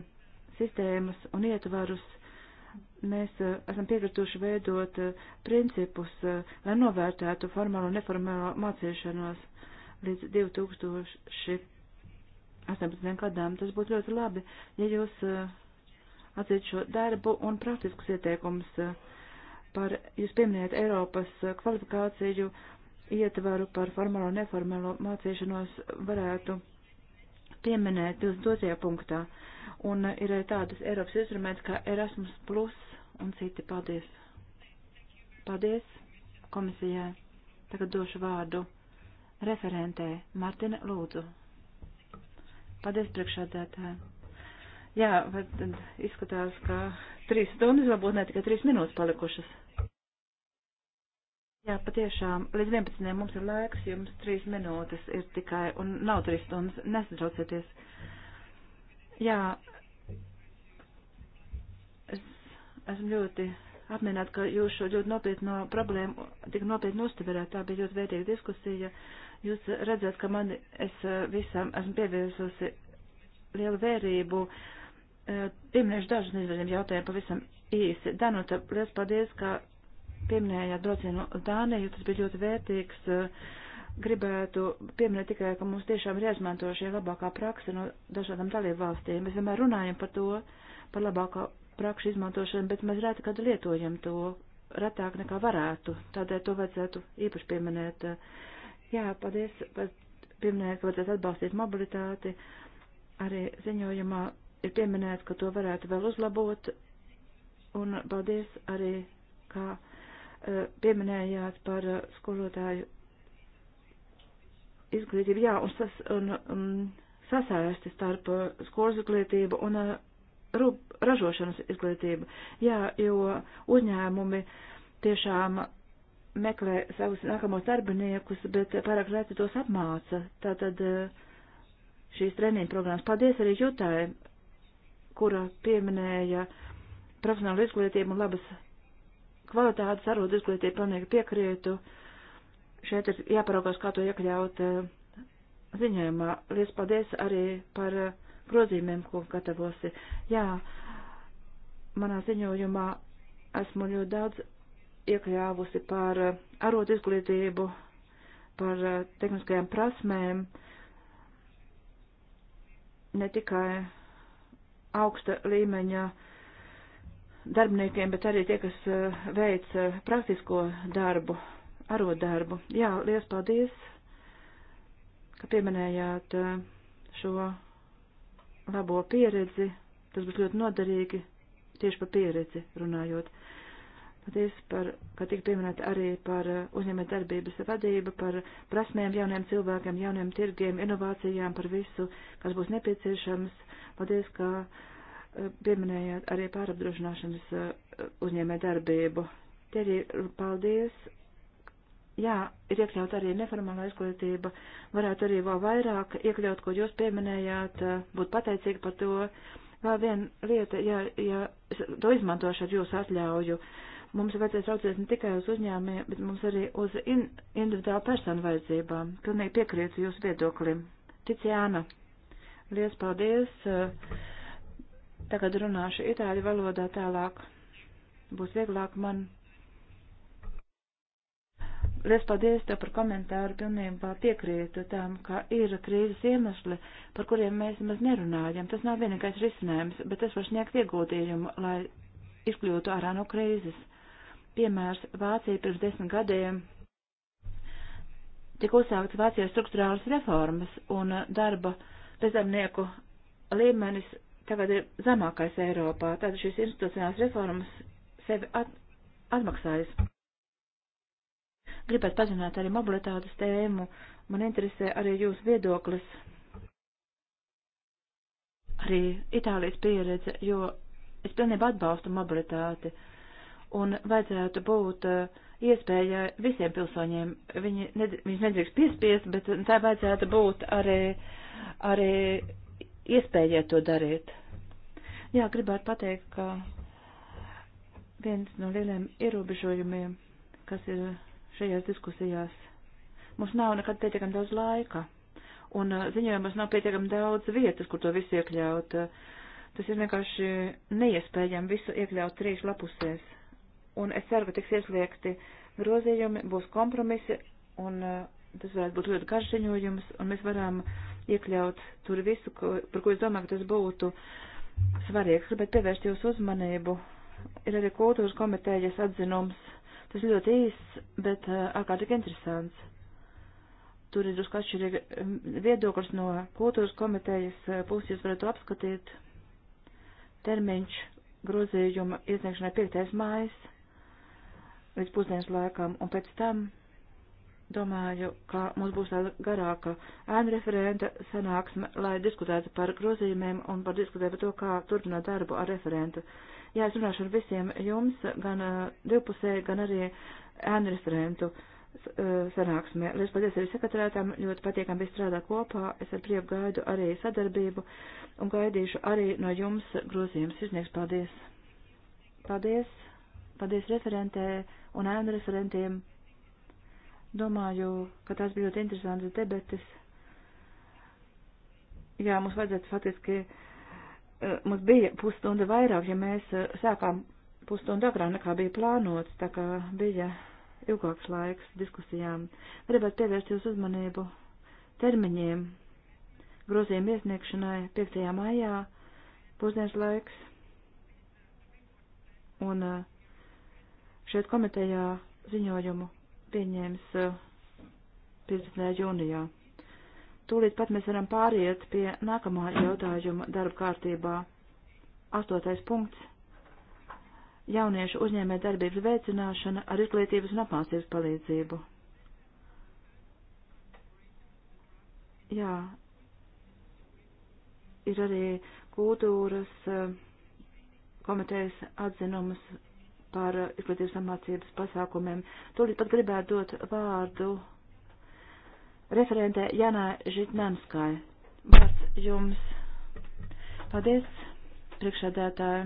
sistēmas un ietvarus. Mēs eh, esam piekrituši veidot eh, principus, lai novērtētu formālo un neformālo mācīšanos līdz 2018. gadām. Tas būtu ļoti labi, ja jūs atzīt šo darbu un praktiskus ieteikumus eh, par, jūs pieminējat Eiropas eh, kvalifikāciju ietvaru par formālo un neformālo mācīšanos varētu pieminēt 22. punktā. Un eh, ir arī tādas Eiropas instruments kā Erasmus Plus un citi. Paldies! Paldies komisijai! Tagad došu vārdu referentē Martina Lūdzu. Paldies priekšādētāji! Jā, bet izskatās, ka trīs stundas, varbūt ne tikai trīs minūtes palikušas. Jā, patiešām, līdz 11. mums ir laiks, jums trīs minūtes ir tikai, un nav trīs stundas, nesadraucieties. Jā, es esmu ļoti apmienāt, ka jūs šo ļoti nopietno problēmu tik nopietni uztverāt. Tā bija ļoti vērtīga diskusija. Jūs redzat, ka man es eh, visam esmu pievērsusi lielu vērību pieminēšu dažus nezvaļiem jautājumu pavisam īsi. Danuta, liels paldies, ka pieminējāt braucienu Dāniju, tas bija ļoti vērtīgs. Eh, gribētu pieminēt tikai, ka mums tiešām ir jāizmanto šie labākā praksa no dažādām dalību valstīm. Mēs vienmēr runājam par to, par labākā prakšu izmantošanu, bet mēs reti kad lietojam to, retāk nekā varētu. Tādēļ to vajadzētu īpaši pieminēt. Jā, paldies, pieminēt, ka vajadzētu atbalstīt mobilitāti. Arī ziņojumā ir pieminēts, ka to varētu vēl uzlabot, un paldies arī, kā e, pieminējāt par e, skolotāju izglītību, jā, un, sas, un um, sasaisti starp e, skolas izglītību un rūp, ražošanas izglītību. Jā, jo uzņēmumi tiešām meklē savus nākamos darbiniekus, bet pārāk reti tos apmāca. Tātad šīs treniņu programmas. Paldies arī Jutai kura pieminēja profesionālu izglītību un labas kvalitātes arodu izglītību, pilnīgi piekrītu. Šeit ir jāparaugās, kā to iekļaut eh, ziņojumā. Lies paldies arī par eh, grozījumiem, ko gatavosi. Jā, manā ziņojumā esmu ļoti daudz iekļāvusi par eh, arodu izglītību, par tehniskajām prasmēm, ne tikai augsta līmeņa darbiniekiem, bet arī tie, kas eh, veic eh, praktisko darbu, arodarbu. Jā, liels paldies, ka pieminējāt eh, šo labo pieredzi. Tas būs ļoti noderīgi tieši par pieredzi runājot. Paldies par, ka tik pieminēt arī par uh, uzņēmēt darbības vadību, par prasmēm jauniem cilvēkiem, jauniem tirgiem, inovācijām, par visu, kas būs nepieciešams. Paldies, ka uh, pieminējāt arī pārapdrošināšanas uh, uzņēmē darbību. Te arī paldies. Jā, ir iekļaut arī neformālā izglītība. Varētu arī vēl vairāk iekļaut, ko jūs pieminējāt, būt pateicīgi par to. Vēl viena lieta, ja, ja to izmantošu ar jūsu atļauju. Uh, Mums vajadzēs raudzīties ne tikai uz uzņēmumiem, bet mums arī uz in individuālu personu vajadzībām. Pilnīgi piekrītu jūsu viedoklim. Ticiāna, liels paldies. Tagad runāšu itāļu valodā tālāk. Būs vieglāk man. Liels paldies tev par komentāru, pilnībā piekrītu tam, ka ir krīzes iemesli, par kuriem mēs maz nerunājam. Tas nav vienīgais risinājums, bet tas var sniegt ieguldījumu, lai izkļūtu ārā no krīzes piemērs Vācija pirms desmit gadiem. Tik uzsākts Vācijā struktūrālas reformas un uh, darba bezdarbnieku līmenis tagad ir zemākais Eiropā. Tātad šīs institucionālās reformas sevi at atmaksājas. Gribētu pazināt arī mobilitātes tēmu. Man interesē arī jūsu viedoklis. Arī Itālijas pieredze, jo es pilnībā atbalstu mobilitāti. Uh, un vajadzētu būt eh, iespēja visiem pilsoņiem. Viņi ned, viņš nedrīkst piespiest, bet tā vajadzētu būt arī, arī iespējai to darīt. Jā, gribētu pateikt, ka viens no lieliem ierobežojumiem, kas ir šajās diskusijās, mums nav nekad pietiekami daudz laika, un eh, ziņojumos nav pietiekami daudz vietas, kur to visu iekļaut. Eh, tas ir vienkārši neiespējami visu iekļaut trīs lapusēs un es ceru, ka tiks iesliegti grozījumi, būs kompromisi, un eh, tas varētu būt ļoti garš ziņojums, un mēs varam iekļaut tur visu, ko, par ko es domāju, ka tas būtu svarīgs. Gribētu pievērst jūsu uzmanību. Ir arī kultūras komitejas atzinums. Tas ļoti īss, bet eh, ārkārtīgi interesants. Tur ir drusku atšķirīgi eh, viedoklis no kultūras komitejas puses, jūs varat to apskatīt. Termiņš grozījuma iesniegšanai 5. mājas līdz pusdienas laikam, un pēc tam domāju, ka mums būs tāda garāka ēnu referenta sanāksme, lai diskutētu par grozījumiem un par diskutēt par to, kā turpināt darbu ar referentu. Jā, es runāšu ar visiem jums, gan uh, divpusēji, gan arī ēnu referentu uh, sanāksmē. Lielas paldies arī sekretārētām, ļoti patīkami bija strādāt kopā, es ar prieku gaidu arī sadarbību un gaidīšu arī no jums grozījums. Izniegs paldies! Paldies! Paldies referentē! un ēnu referentiem. Domāju, ka tās bija ļoti interesantas debetes. Jā, mums vajadzētu faktiski, eh, mums bija pusstunda vairāk, ja mēs eh, sākām pusstundu agrāk nekā bija plānots, tā kā bija ilgāks laiks diskusijām. Gribētu pievērst jūs uzmanību termiņiem. Grozījuma iesniegšanai 5. maijā pusdienas laiks. Un uh, šeit komitejā ziņojumu pieņēmis 15. Eh, jūnijā. Tūlīt pat mēs varam pāriet pie nākamā jautājuma darba kārtībā. Astotais punkts - jauniešu uzņēmē darbības veicināšana ar izglītības un apmācības palīdzību. Jā, ir arī kultūras eh, komitejas atzinums par izglītības samācības pasākumiem. Tūlīt pat gribētu dot vārdu referentē Janā Žitnanskai. Vārds jums. Paldies, priekšādētāji.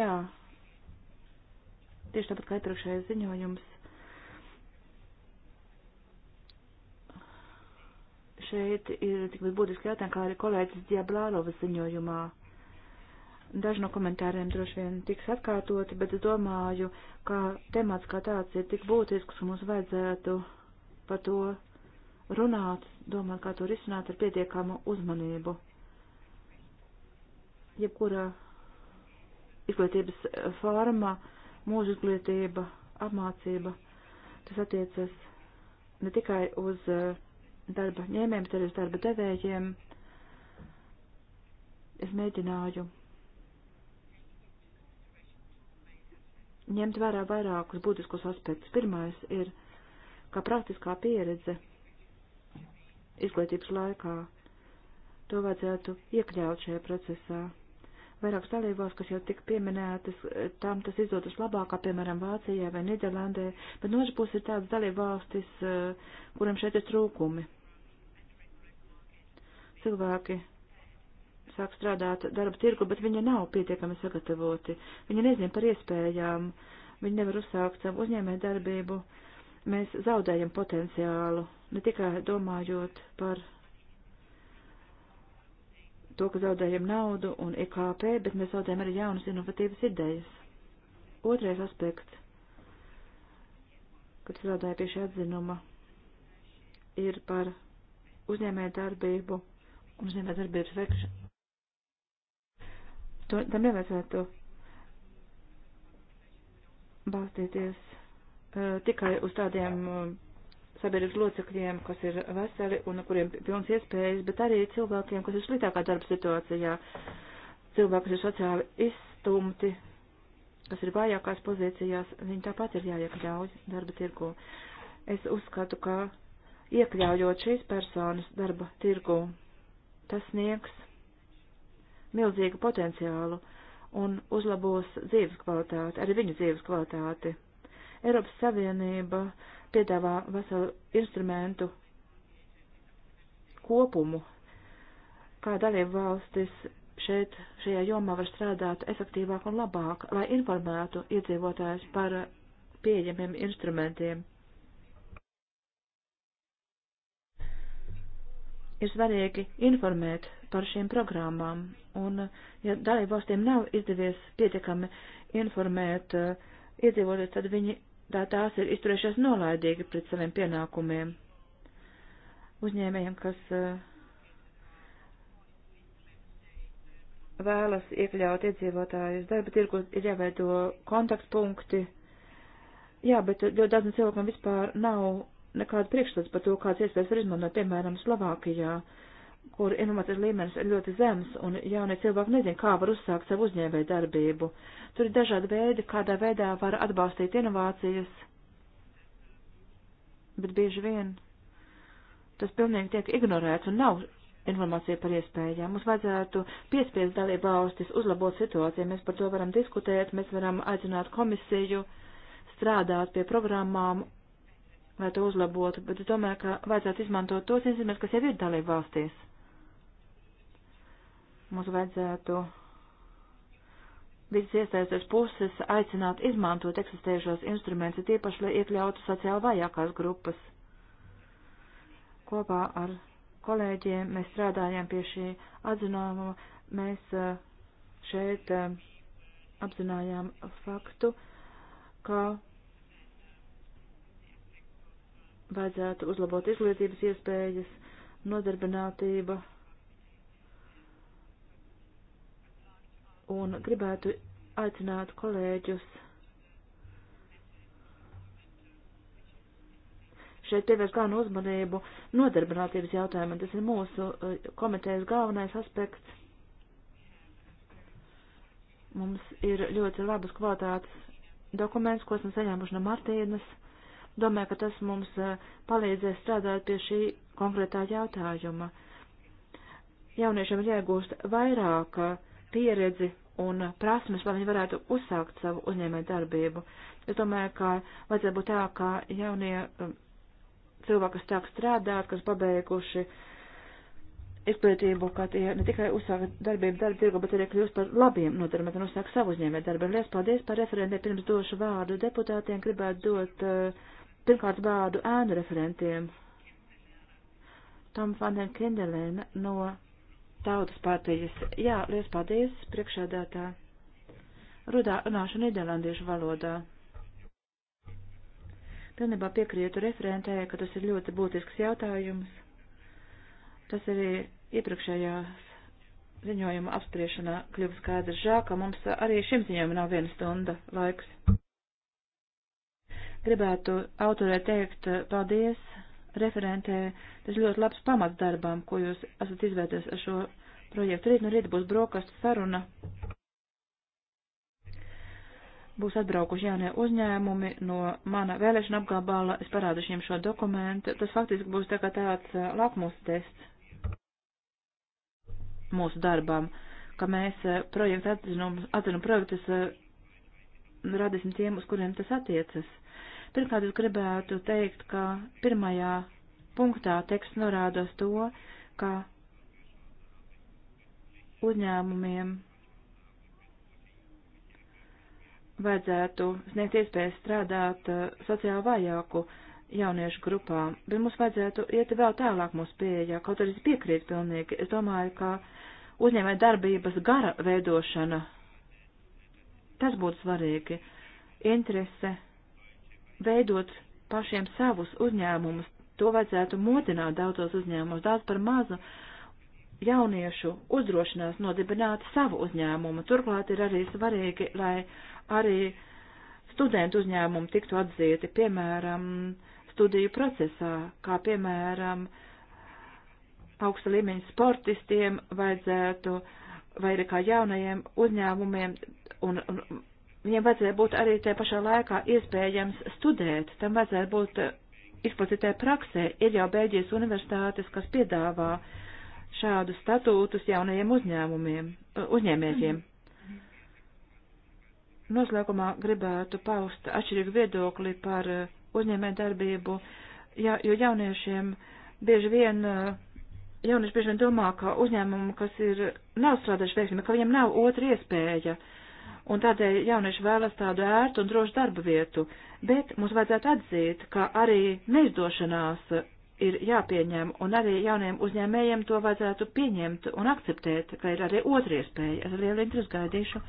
Jā, tieši tāpat kā iepriekšējais ziņojums. Šeit ir tik būtiski jautājumi, kā arī kolēģis Diablālovas ziņojumā. Daži no komentāriem droši vien tiks atkārtoti, bet es domāju, ka temats kā tāds ir tik būtisks, ka mums vajadzētu par to runāt, domāt, kā to risināt ar pietiekamu uzmanību. Jebkura izglītības forma, mūža izglītība, apmācība, tas attiecas ne tikai uz eh, darba ņēmējiem, bet arī uz darba devējiem. Es mēģināju ņemt vērā vairākus būtiskus aspektus. Pirmais ir, kā praktiskā pieredze izglītības laikā, to vajadzētu iekļaut šajā procesā. Vairākas dalībās, kas jau tika pieminētas, tam tas izdodas labāk, kā piemēram Vācijā vai Nīderlandē, bet no otras puses ir tādas dalībvalstis, kuriem šeit ir trūkumi. Cilvēki sāk strādāt darba tirgu, bet viņi nav pietiekami sagatavoti. Viņi nezin par iespējām, viņi nevar uzsākt savu uzņēmē darbību. Mēs zaudējam potenciālu, ne tikai domājot par to, ka zaudējam naudu un IKP, e bet mēs zaudējam arī jaunas inovatīvas idejas. Otrais aspekts, kad strādāju pie šī atzinuma, ir par uzņēmē darbību un uzņēmē darbības veikšanu to, tam nevajadzētu balstīties uh, tikai uz tādiem uh, sabiedrības locekļiem, kas ir veseli un kuriem pilns iespējas, bet arī cilvēkiem, kas ir sliktākā darba situācijā, cilvēki, kas ir sociāli izstumti, kas ir vājākās pozīcijās, viņi tāpat ir jāiekļauj darba tirgu. Es uzskatu, ka iekļaujot šīs personas darba tirgu, tas sniegs milzīgu potenciālu un uzlabos dzīves kvalitāti, arī viņu dzīves kvalitāti. Eiropas Savienība piedāvā veselu instrumentu kopumu, kā dalību valstis šeit šajā jomā var strādāt efektīvāk un labāk, lai informētu iedzīvotājus par pieejamiem instrumentiem. Ir svarīgi informēt par šīm programmām. Un, ja dalību valstīm nav izdevies pietiekami informēt uh, eh, iedzīvotājus, tad viņi tā tās ir izturējušies nolaidīgi pret saviem pienākumiem. Uzņēmējiem, kas uh, vēlas iekļaut iedzīvotājus darba tirgu, ir jāveido kontaktpunkti. Jā, bet ļoti daudziem cilvēkiem vispār nav nekāda priekšstats par to, kādas iespējas var izmantot, piemēram, Slovākijā. Uh, kur inovācijas līmenis ir ļoti zems un jaunie cilvēki nezin, kā var uzsākt savu uzņēmēju darbību. Tur ir dažādi veidi, kādā veidā var atbalstīt inovācijas, bet bieži vien tas pilnīgi tiek ignorēts un nav informācija par iespējām. Mums vajadzētu piespiest dalību valstis uzlabot situāciju, mēs par to varam diskutēt, mēs varam aicināt komisiju strādāt pie programmām, lai to uzlabotu, bet es domāju, ka vajadzētu izmantot tos instrumentus, kas jau ir dalību valstīs Mums vajadzētu visas iesaistītās puses aicināt izmantot eksistējušos instrumentus, tīpaši, lai iekļautu sociāli vajākās grupas. Kopā ar kolēģiem mēs strādājam pie šī atzinājuma, mēs eh, šeit eh, apzinājām faktu, ka vajadzētu uzlabot izglītības iespējas, nodarbinātība un gribētu aicināt kolēģus šeit pievērst galvenu uzmanību nodarbinātības jautājumam. Tas ir mūsu eh, komitejas galvenais aspekts. Mums ir ļoti labas kvalitātes dokuments, ko esam saņēmuši no Martīnas. Domāju, ka tas mums eh, palīdzēs strādāt pie šī konkrētā jautājuma. Jauniešiem ir jāiegūst vairāk uh, pieredzi un prasmes, lai viņi varētu uzsākt savu uzņēmēju darbību. Es domāju, ka vajadzētu būt tā, ka jaunie um, cilvēki, kas sāk strādāt, kas pabeiguši izglītību, ka tie ne tikai uzsāk darbību darba tirgu, bet arī kļūst par labiem nodarbiem un uzsāk savu uzņēmēju darbiem. Lies paldies par referentiem. Pirms došu vārdu deputātiem, gribētu dot uh, pirmkārt vārdu ēnu referentiem. Tom van den Kindelēna no tautas partijas. Jā, liels paldies, priekšādātā. Rudā runāšu nīderlandiešu valodā. Pilnībā piekrietu referentē, ka tas ir ļoti būtisks jautājums. Tas arī iepriekšējās ziņojuma apspriešanā kļuva skaidrs žā, ka mums arī šim ziņojumam nav viena stunda laiks. Gribētu autorē teikt paldies referentē. Tas ļoti labs pamats darbām, ko jūs esat izvērtējis ar šo projektu. Rīt no rīta būs brokastu saruna. Būs atbraukuši jaunie uzņēmumi no mana vēlēšana apgabala. Es parādīšu jums šo dokumentu. Tas faktiski būs tā kā tāds lakmus tests mūsu darbam, ka mēs projektu atzinumu, atzinumu projektus radīsim tiem, uz kuriem tas attiecas. Pirmkārt, es gribētu teikt, ka pirmajā punktā teksts norāda uz to, ka uzņēmumiem vajadzētu sniegt iespēju strādāt eh, sociāli vājāku jauniešu grupām, bet mums vajadzētu iet vēl tālāk mūsu pieejā, kaut arī es piekrītu pilnīgi. Es domāju, ka uzņēmē darbības gara veidošana, tas būtu svarīgi, interese veidot pašiem savus uzņēmumus. To vajadzētu modināt daudzos uzņēmumos. Daudz par mazu jauniešu uzdrošinās nodibināt savu uzņēmumu. Turklāt ir arī svarīgi, lai arī studentu uzņēmumi tiktu atzīti, piemēram, studiju procesā, kā piemēram, augsta līmeņa sportistiem vajadzētu, vai arī kā jaunajiem uzņēmumiem un, un viņiem vajadzēja būt arī tajā pašā laikā iespējams studēt, tam vajadzēja būt eh, izplatītē praksē. Ir jau Bēļģijas universitātes, kas piedāvā šādu statūtus jaunajiem uzņēmumiem, eh, uzņēmējiem. Noslēgumā gribētu paust atšķirīgu viedokli par eh, uzņēmē darbību, ja, jo jauniešiem bieži vien, jaunieši bieži vien domā, ka uzņēmumi, kas ir, nav strādājuši veiksmi, ka viņiem nav otra iespēja. Uh, un tādēļ jaunieši vēlas tādu ērtu un drošu darba vietu, bet mums vajadzētu atzīt, ka arī neizdošanās ir jāpieņem, un arī jauniem uzņēmējiem to vajadzētu pieņemt un akceptēt, ka ir arī otra iespēja. Es ar lielu interesi gaidīšu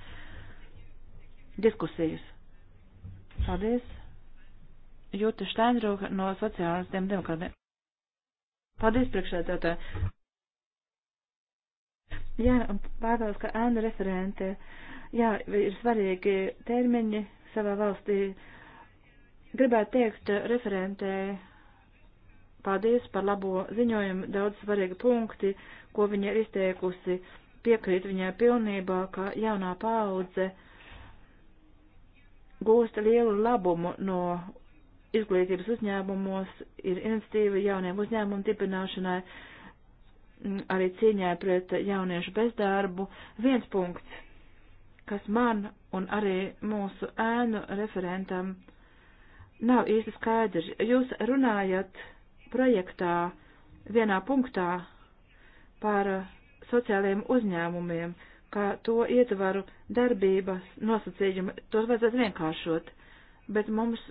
diskusijas. Paldies. Jūta Steinrūka no sociālistiem demokrātiem. Paldies, priekšsēdētāji. Jā, un pārvēlas, ka ēna referente. Uh, Jā, ir svarīgi termiņi savā valstī. Gribētu teikt referentē paldies par labo ziņojumu, daudz svarīgi punkti, ko viņa ir izteikusi. Piekrīt viņai pilnībā, ka jaunā paudze gūst lielu labumu no izglītības uzņēmumos, ir inicitīva jauniem uzņēmumu dibināšanai, arī cīņai pret jauniešu bezdarbu. Viens punkts kas man un arī mūsu ēnu referentam nav īsti skaidrs. Jūs runājat projektā vienā punktā par sociālajiem uzņēmumiem, kā to ietvaru darbības nosacījumi, tos vajadzētu vienkāršot, bet mums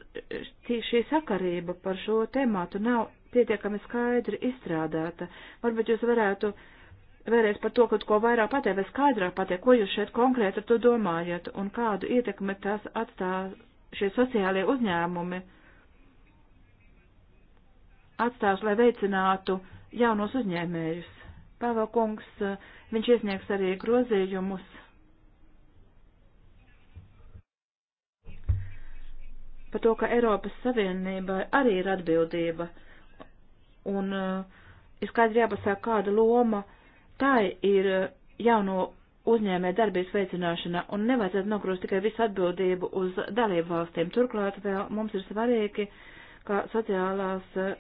šī sakarība par šo tēmātu nav pietiekami skaidri izstrādāta. Varbūt jūs varētu uh, vēlreiz par to kaut ko vairāk pateikt, vai skaidrāk pateikt, ko jūs šeit konkrēti ar to domājat un kādu ietekmi tas atstā šie sociālie uzņēmumi atstās, lai veicinātu jaunos uzņēmējus. Pāvēkungs, viņš iesniegs arī grozījumus. Par to, ka Eiropas Savienībai arī ir atbildība un uh, ir skaidri jāpasaka, kāda loma uh, Tā ir eh, jauno uzņēmē darbības veicināšana un nevajadzētu nokrust tikai visu atbildību uz dalību valstīm. Turklāt vēl mums ir svarīgi, ka sociālās eh,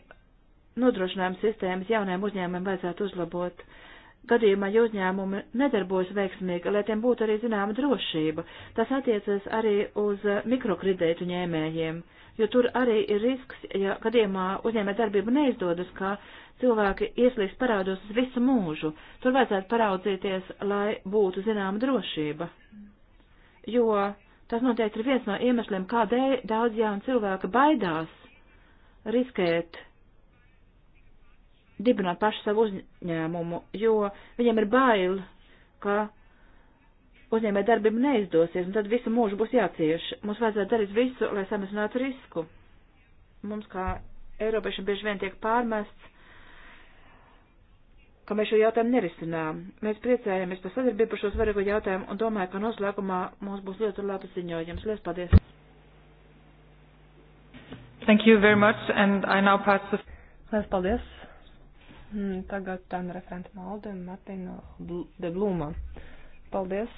nodrošinājuma sistēmas jauniem uzņēmumiem vajadzētu uzlabot. Gadījumā, ja uzņēmumi nedarbojas veiksmīgi, lai tiem būtu arī zināma drošība, tas attiecas arī uz eh, mikrokredītu ņēmējiem, jo tur arī ir risks, ja gadījumā uzņēmē darbība neizdodas, ka cilvēki ieslīgs parādos uz visu mūžu. Tur vajadzētu paraudzīties, lai būtu zināma drošība. Jo tas noteikti ir viens no iemesliem, kādēļ daudz jaunu cilvēku baidās riskēt dibināt pašu savu uzņēmumu, jo viņiem ir bail, ka uzņēmē darbība neizdosies, un tad visu mūžu būs jācieš. Mums vajadzētu darīt visu, lai samazinātu risku. Mums kā Eiropiešiem bieži vien tiek pārmests, ka mēs šo jautājumu nerisinām. Mēs priecājamies par sadarbību par šo svarīgo jautājumu un domāju, ka noslēgumā mums būs ļoti labi ziņojums. Lielas paldies! Thank you very much and I now pass the... Lielas paldies! Mm, tagad tam referenta malde Martina de Blūma. Paldies!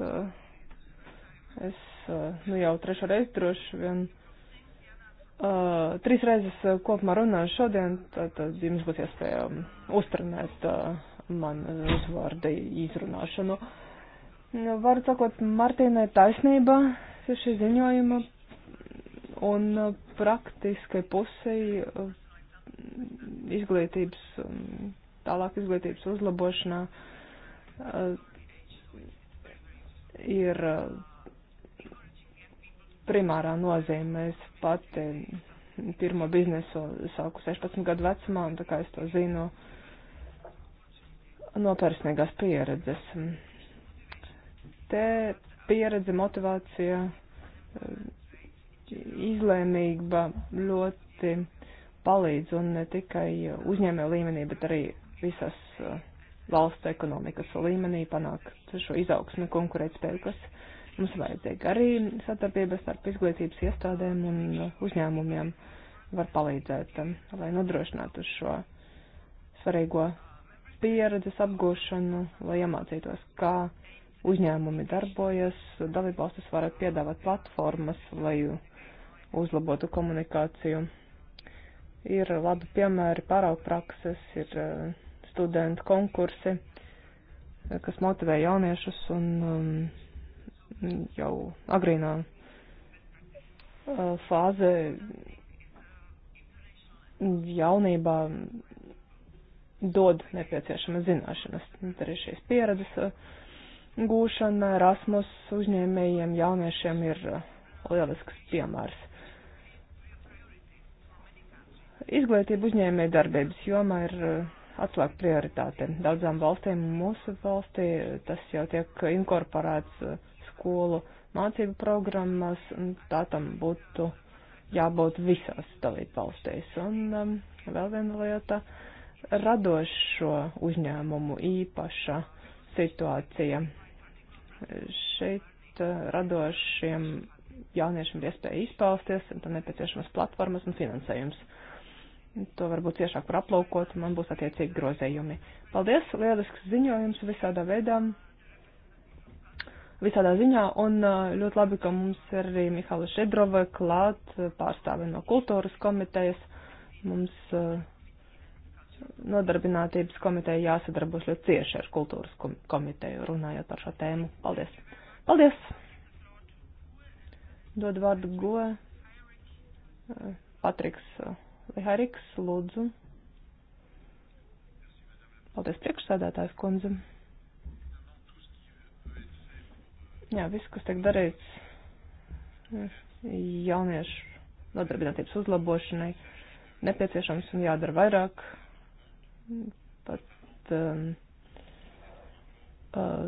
Uh, es uh, nu jau trešo reizi droši vien Uh, trīs reizes uh, kopumā runāju šodien, tad, tad jums būs iespēja um, uztrenēt uh, man uh, uzvārdu izrunāšanu. Nu, varu sakot, Martīnai taisnība šī ziņojuma un uh, praktiskai pusei izglītības, um, tālāk izglītības uzlabošanā ir primārā nozīmē. Es pati mm, pirmo biznesu sāku 16 gadu vecumā, un tā kā es to zinu no personīgās pieredzes. Te pieredze, motivācija, izlēmība ļoti palīdz un ne tikai uzņēmē līmenī, bet arī visas uh, valsts ekonomikas līmenī panākt šo izaugsmu konkurētspēju, kas Mums vajadzīga arī sadarbība starp izglītības iestādēm un uzņēmumiem var palīdzēt, um, lai nodrošinātu šo svarīgo pieredzes apgūšanu, lai iemācītos, kā uzņēmumi darbojas. Dalībvalstis varētu piedāvāt platformas, lai uzlabotu komunikāciju. Ir labi piemēri pāraugprakses, ir uh, studentu konkursi, kas motivē jauniešus un um, jau agrīnā fāze jaunībā dod nepieciešamas zināšanas. Tad arī šīs pieredzes gūšana Erasmus uzņēmējiem, jauniešiem ir lielisks piemērs. Izglītība uzņēmēja darbības jomā ir atslēga prioritāte. Daudzām valstīm, mūsu valstī, tas jau tiek inkorporēts skolu mācību programmas, un tā tam būtu jābūt visās dalībvalstīs. Un um, vēl viena lieta - radošo uzņēmumu īpaša situācija. Šeit uh, radošiem jauniešiem ir iespēja izpausties, un tam nepieciešamas platformas un finansējums. To varbūt ciešāk var aplaukot, un man būs attiecīgi grozējumi. Paldies, lielisks ziņojums visādā veidā visādā ziņā, un ļoti labi, ka mums ir arī Mihāla Šedrova klāt, pārstāve no kultūras komitejas. Mums nodarbinātības komiteja jāsadarbos ļoti cieši ar kultūras komiteju runājot par šo tēmu. Paldies! Paldies! Dod vārdu go. Patriks Lihariks, lūdzu. Paldies priekšsēdētājs kundzim. Jā, viss, kas tiek darīts jauniešu nodarbinātības uzlabošanai, nepieciešams un jādara vairāk. Pat um, uh,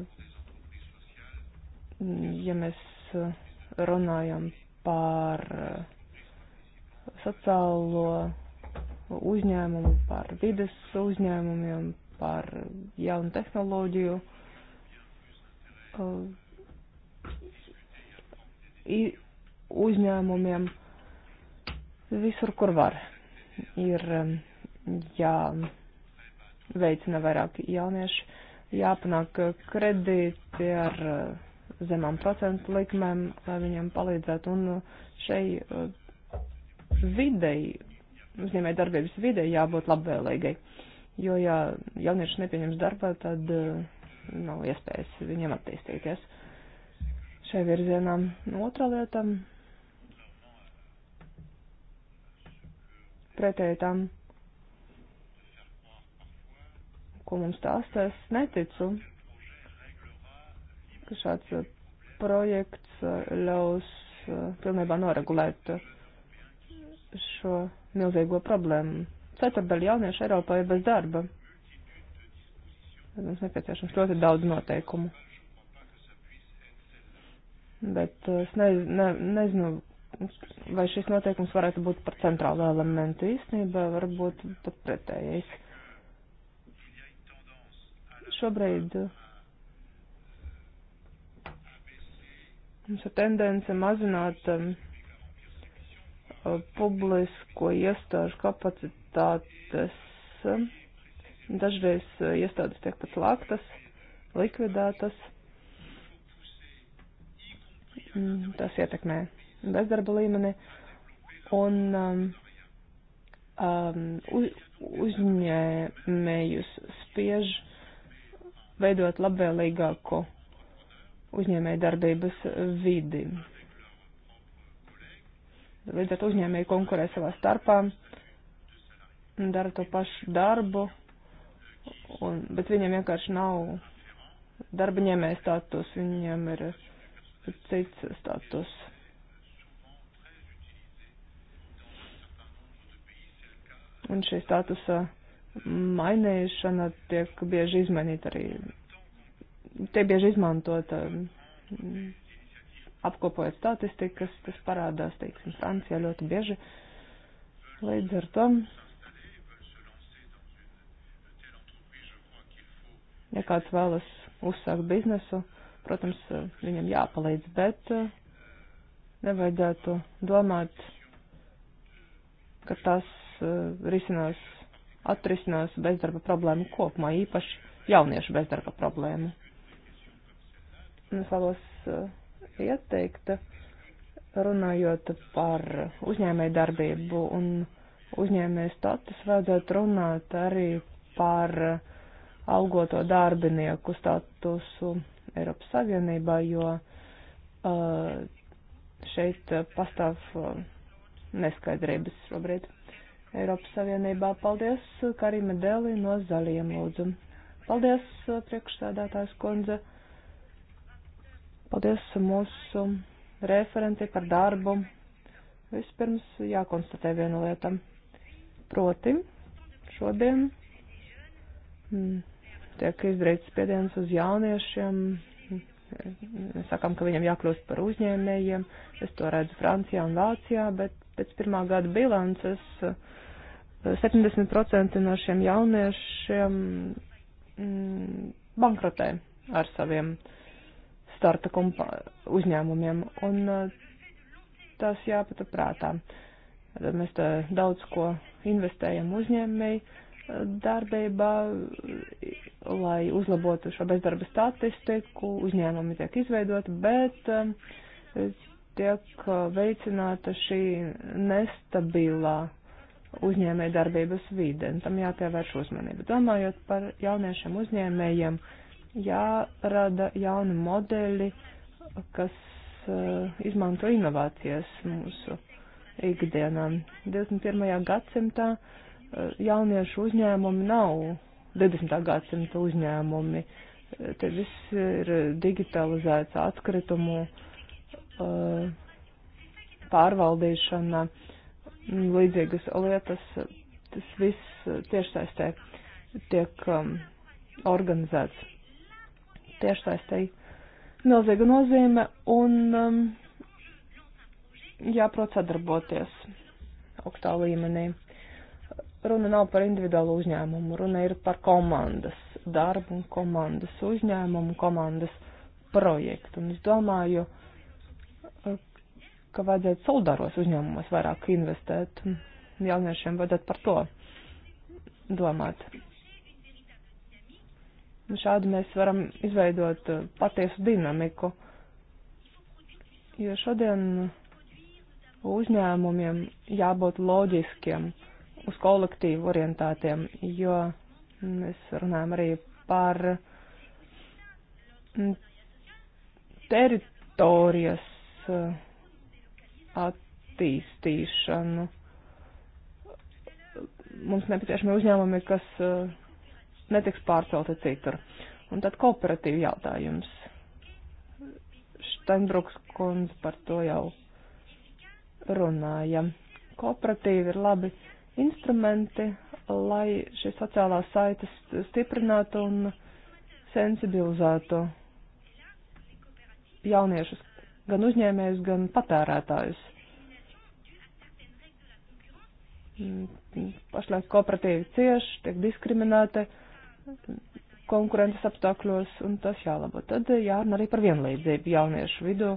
ja mēs uh, runājam par uh, sociālo uzņēmumu, par vides uzņēmumiem, par jaunu tehnoloģiju, uh, uzņēmumiem visur, kur var. Ir um, jāveicina vairāk jauniešu, jāpanāk kredīti ar uh, zemām procentu likmēm, lai viņiem palīdzētu. Un uh, šai uh, videi, uzņēmē darbības videi jābūt labvēlīgai. Jo, ja jaunieši nepieņems darbā, tad nav iespējas viņiem attīstīties. Uh, šai virzienā. Otra lieta - pretēji tam, ko mums stāsta, es neticu, ka šāds uh, projekts uh, ļaus uh, pilnībā noregulēt šo milzīgo problēmu. Ceturdaļa jauniešu Eiropā ir bez darba. Mums nepieciešams ļoti daudz noteikumu bet uh, es ne, ne, nezinu, vai šis noteikums varētu būt par centrālo elementu īstenībā, varbūt pat pretējais. Šobrīd uh, mums ir tendence mazināt um, uh, publisko iestāžu kapacitātes. Um, dažreiz iestādes tiek pat lāktas, likvidētas. Tas ietekmē bezdarba līmeni un um, uz, um, uzņēmējus spiež veidot labvēlīgāku uzņēmēju darbības vidi. Līdz ar to uzņēmēji konkurē savā starpā, dara to pašu darbu, un, bet viņiem vienkārši nav darba ņēmēja status, viņiem ir uh, cits status. Un šī statusa mainīšana tiek bieži izmainīta arī, tiek bieži izmantota apkopojot statistikas, tas parādās, teiksim, Francijā ļoti bieži. Līdz ar to, ja kāds vēlas uzsākt biznesu, Protams, eh, viņam jāpalīdz, bet eh, nevajadzētu domāt, ka tas eh, risinās, atrisinās bezdarba problēmu kopumā, īpaši jauniešu bezdarba problēmu. Un es vēlos ieteikt, runājot par uzņēmēju darbību un uzņēmēju status, vajadzētu runāt arī par algoto darbinieku statusu Eiropas Savienībā, jo uh, šeit pastāv uh, neskaidrības šobrīd. Eiropas Savienībā paldies Karima Deli no Zaļiem lūdzu. Paldies priekšsēdētājs kundze. Paldies mūsu referenti par darbu. Vispirms jākonstatē viena lieta. Proti, šodien mm, tiek izdarīts spiediens uz jauniešiem. Mēs sakām, ka viņam jākļūst par uzņēmējiem. Es to redzu Francijā un Vācijā, bet pēc pirmā gada bilances 70% eh, no šiem jauniešiem mm, bankrotē ar saviem starta kumpa uzņēmumiem. Un eh, tas jāpata prātā. Tad mēs tā daudz ko investējam uzņēmēji darbība, lai uzlabotu šo bezdarba statistiku. Uzņēmumi tiek izveidoti, bet um, tiek uh, veicināta šī nestabilā uzņēmēja darbības vide, un tam jāpievērš uzmanība. Domājot par jauniešiem uzņēmējiem, jārada jauni modeļi, kas uh, izmanto inovācijas mūsu ikdienām. 21. gadsimtā uh, jauniešu uzņēmumi nav 20. gadsimta uzņēmumi. Te viss ir digitalizēts atkritumu eh, pārvaldīšana, līdzīgas lietas, tas viss tiešsaistē tiek um, organizēts. Tiešsaistē milzīga nozīme un um, jāprot sadarboties augstā līmenī runa nav par individuālu uzņēmumu, runa ir par komandas darbu un komandas uzņēmumu, komandas projektu. Un es domāju, eh, ka vajadzētu solidāros uzņēmumos vairāk investēt. Jauniešiem vajadzētu par to domāt. Un nu, šādi mēs varam izveidot eh, patiesu dinamiku, jo šodien uzņēmumiem jābūt loģiskiem uz kolektīvu orientētiem, jo mēs runājam arī par teritorijas uh, attīstīšanu. Mums nepieciešami uzņēmumi, kas uh, netiks pārcelti citur. Un tad kooperatīvi jautājums. Štenbruks kundze par to jau runāja. Kooperatīvi ir labi instrumenti, lai šīs sociālās saites stiprinātu un sensibilizētu jauniešus, gan uzņēmējus, gan patērētājus. Pašlaik kooperatīvi cieši, tiek diskriminēti konkurences apstākļos, un tas jālabo. Tad jārunā arī par vienlīdzību jauniešu vidū.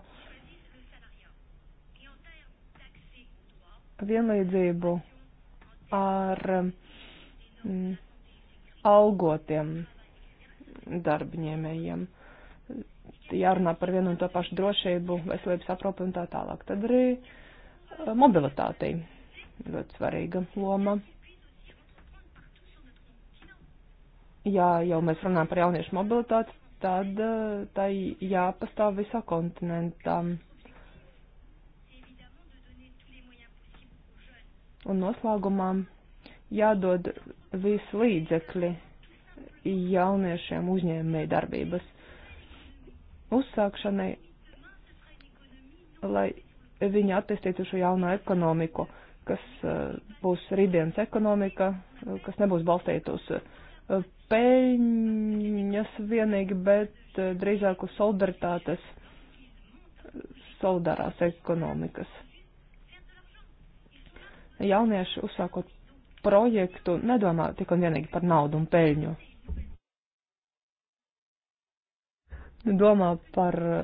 Vienlīdzību ar mm, algotiem darbņēmējiem. Jārunā par vienu un to pašu drošību, veselības aprūpi un tā tālāk. Tad arī eh, mobilitātei ļoti svarīga loma. Ja jau mēs runājam par jauniešu mobilitāti, tad eh, tai jāpastāv visā kontinentā. Um, Un noslēgumā jādod visi līdzekļi jauniešiem uzņēmēju darbības uzsākšanai, lai viņi attīstītu šo jauno ekonomiku, kas eh, būs rītdienas ekonomika, eh, kas nebūs balstīta uz eh, peļņas vienīgi, bet drīzāk uz solidaritātes, solidārās ekonomikas jaunieši uzsākot projektu nedomā tik un vienīgi par naudu un peļņu. Domā par uh,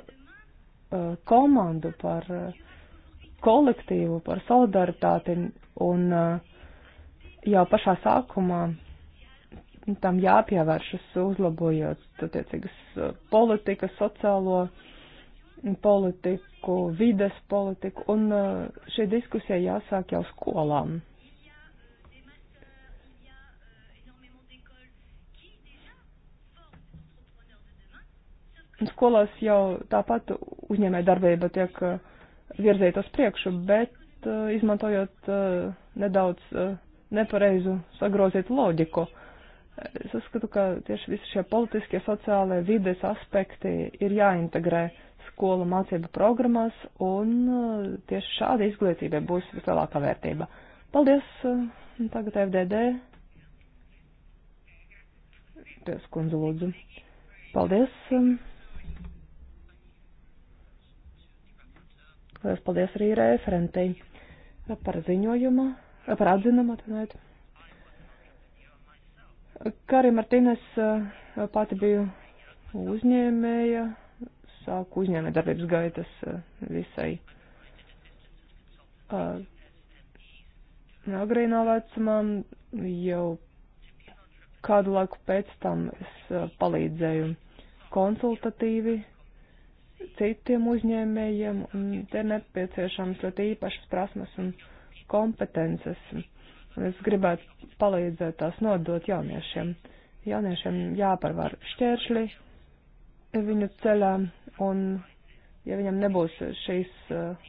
komandu, par uh, kolektīvu, par solidaritāti un uh, jau pašā sākumā tam jāpievēršas uzlabojot attiecīgas uh, politikas, sociālo uh, politiku, vides politiku, un uh, šī diskusija jāsāk jau skolām. Skolās jau tāpat uzņēmē darbība tiek uh, virzīta uz priekšu, bet uh, izmantojot nedaudz nepareizu sagrozītu loģiku. Es uzskatu, ka tieši visi šie politiskie, sociālie, vides aspekti ir jāintegrē skolu mācību programmās, un uh, tieši šāda izglītība būs vislielākā vērtība. Paldies! Uh, tagad FDD. Pies kundze lūdzu. Paldies! Um, Lielas paldies arī referentei par ziņojumu, par atzinumu, atvinēt. Karim Martīnes uh, pati biju uzņēmēja sāku uzņēmē darbības gaitas eh, visai eh, agrīnā vecumā. Jau kādu laiku pēc tam es eh, palīdzēju konsultatīvi citiem uzņēmējiem, un te ir nepieciešams ļoti īpašas prasmes un kompetences. Un es gribētu palīdzēt tās nodot jauniešiem. Jauniešiem jāparvar šķēršļi, uh, viņu ceļā, un ja viņam nebūs šīs eh,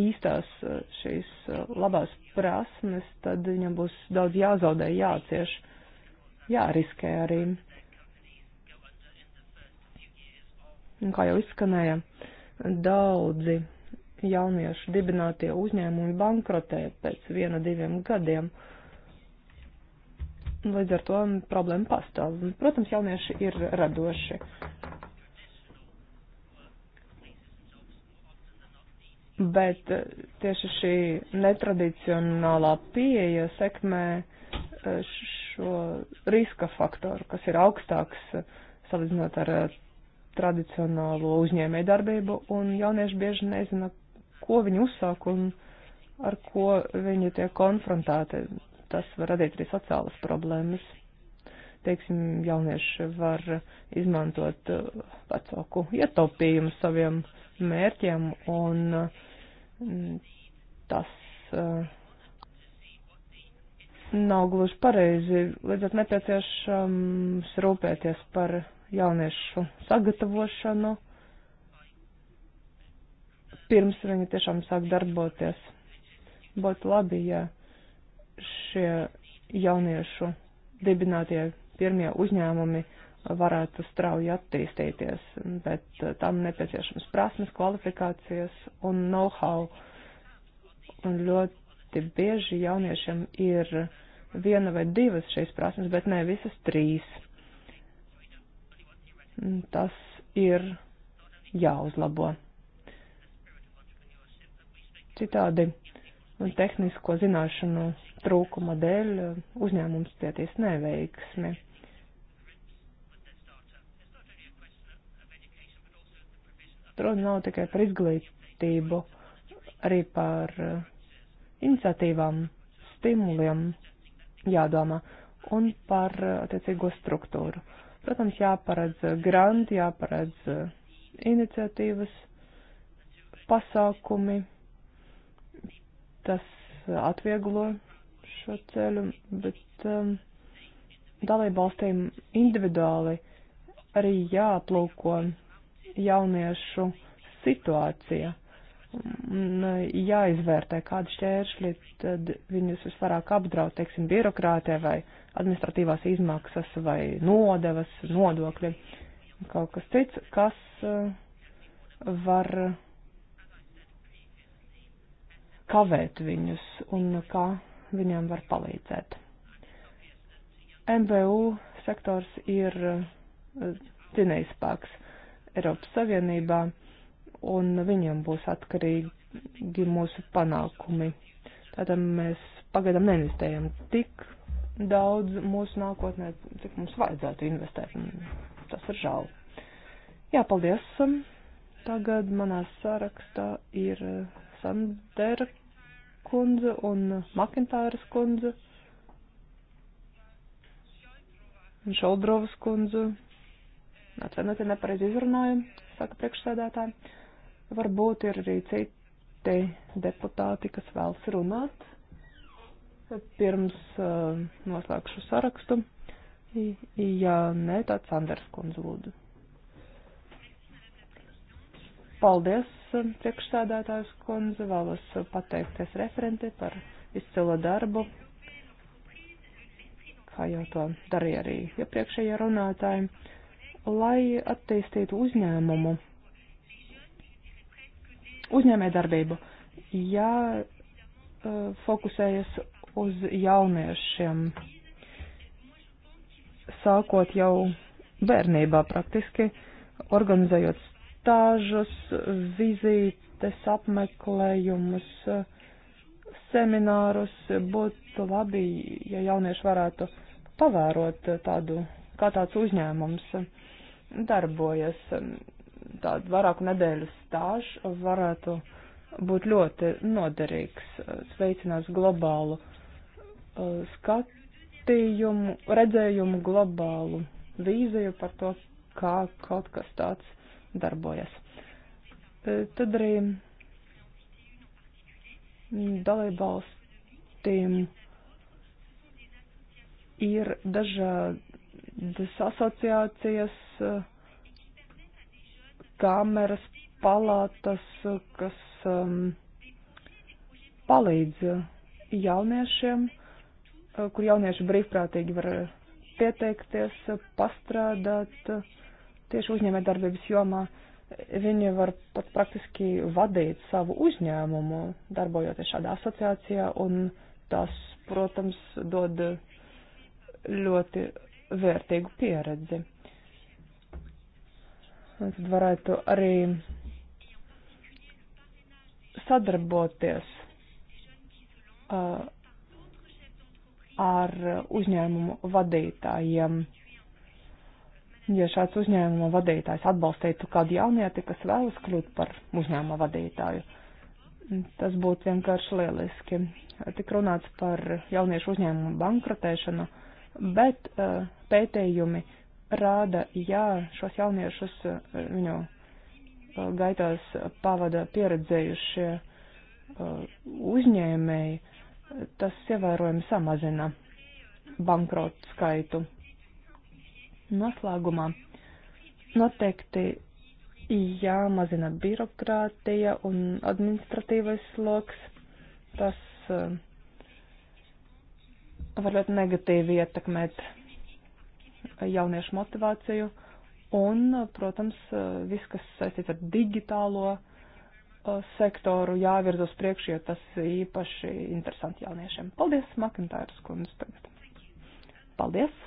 īstās, eh, šīs eh, labās prasmes, tad viņam būs daudz jāzaudē, jācieš, jāriskē arī. Un kā jau izskanēja, daudzi jauniešu dibinātie uzņēmumi bankrotē pēc viena, diviem gadiem. Līdz ar to problēma pastāv. Protams, jaunieši ir radoši bet eh, tieši šī netradicionālā pieeja sekmē eh, šo riska faktoru, kas ir augstāks eh, salīdzinot ar tradicionālo uzņēmēju darbību, un jaunieši bieži nezina, ko viņi uzsāk un ar ko viņi tiek konfrontēti. Tas var radīt arī sociālas problēmas. Teiksim, jaunieši var izmantot vecāku ietaupījumu saviem mērķiem un uh, Mm, tas uh, nav gluži pareizi, līdz ar nepieciešams rūpēties par jauniešu sagatavošanu, pirms viņi tiešām sāk darboties. Būtu labi, ja šie jauniešu dibinātie pirmie uzņēmumi varētu strauji attīstīties, bet eh, tam nepieciešams prasmes, kvalifikācijas un know-how. Un ļoti bieži jauniešiem ir viena vai divas šīs prasmes, bet ne visas trīs. Tas ir jāuzlabo. Citādi un tehnisko zināšanu trūkuma dēļ uzņēmums cietīs neveiksmi Runa nav tikai par izglītību, arī par eh, iniciatīvām, stimuliem jādomā un par eh, attiecīgo struktūru. Protams, jāparedz granti, jāparedz eh, iniciatīvas, pasākumi. Tas atvieglo šo ceļu, bet um, dalībvalstīm individuāli arī jāaplūko jauniešu situācija. Un e, jāizvērtē, kādi šķēršļi tad viņus visvairāk apdraud, teiksim, birokrātē vai administratīvās izmaksas vai nodevas, nodokļi, kaut kas cits, kas e, var kavēt viņus un kā viņiem var palīdzēt. MBU sektors ir cinējspēks. E, uh, Eiropas Savienībā, un viņiem būs atkarīgi mūsu panākumi. Tātad mēs pagaidām neinvestējam tik daudz mūsu nākotnē, cik mums vajadzētu investēt, un tas ir žēl. Jā, paldies! Tagad manā sarakstā ir Sandera kundze un Makintāras kundze un Šoldrovas kundze. Atvainojiet, ja nepareizi izrunāju, saka priekšsēdētāji. Varbūt ir arī citi deputāti, kas vēlas runāt. Pirms uh, noslēgšu sarakstu. Ja nē, tad Sanders kundze lūdzu. Paldies, priekšsēdētājs kundze, vēlos pateikties referenti par izcilo darbu, kā jau to darīja arī iepriekšējie runātāji lai attīstītu uzņēmumu, uzņēmē darbību. Ja uh, fokusējas uz jauniešiem, sākot jau bērnībā praktiski, organizējot stāžus, vizītes, apmeklējumus, seminārus. Būtu labi, ja jaunieši varētu pavērot tādu, kā tāds uzņēmums darbojas. Um, Tāda vairāku nedēļu stāžu varētu būt ļoti noderīgs, uh, sveicinās globālu uh, skatījumu, redzējumu, globālu vīziju par to, kā kaut kas tāds darbojas. Uh, tad arī dalībvalstīm ir dažādi tas asociācijas, eh, kameras, palātas, eh, kas um, palīdz eh, jauniešiem, kur jaunieši brīvprātīgi var pieteikties, pastrādāt tieši uzņēmē darbības jomā. Viņi var pat praktiski vadīt savu uzņēmumu, darbojoties šādā asociācijā, un tas, protams, dod ļoti vērtīgu pieredzi. Un tad varētu arī sadarboties uh, ar uzņēmumu vadītājiem. Ja šāds uzņēmuma vadītājs atbalstītu kādu jaunieti, kas vēlas kļūt par uzņēmuma vadītāju, tas būtu vienkārši lieliski. Tik runāts par jauniešu uzņēmumu bankrotēšanu. Uh, bet eh, pētījumi rāda, ja šos jauniešus eh, viņu eh, gaitās pavada pieredzējušie uzņēmēji, tas ievērojami samazina bankrotu skaitu. Noslēgumā noteikti jāmazina birokrātija un administratīvais sloks. Tas uh, var ļoti negatīvi ietekmēt jauniešu motivāciju un, protams, viss, kas saistīts ar digitālo uh, sektoru jāvirz uz priekšu, jo tas īpaši interesanti jauniešiem. Paldies, Makintārs kundze, tagad. Paldies!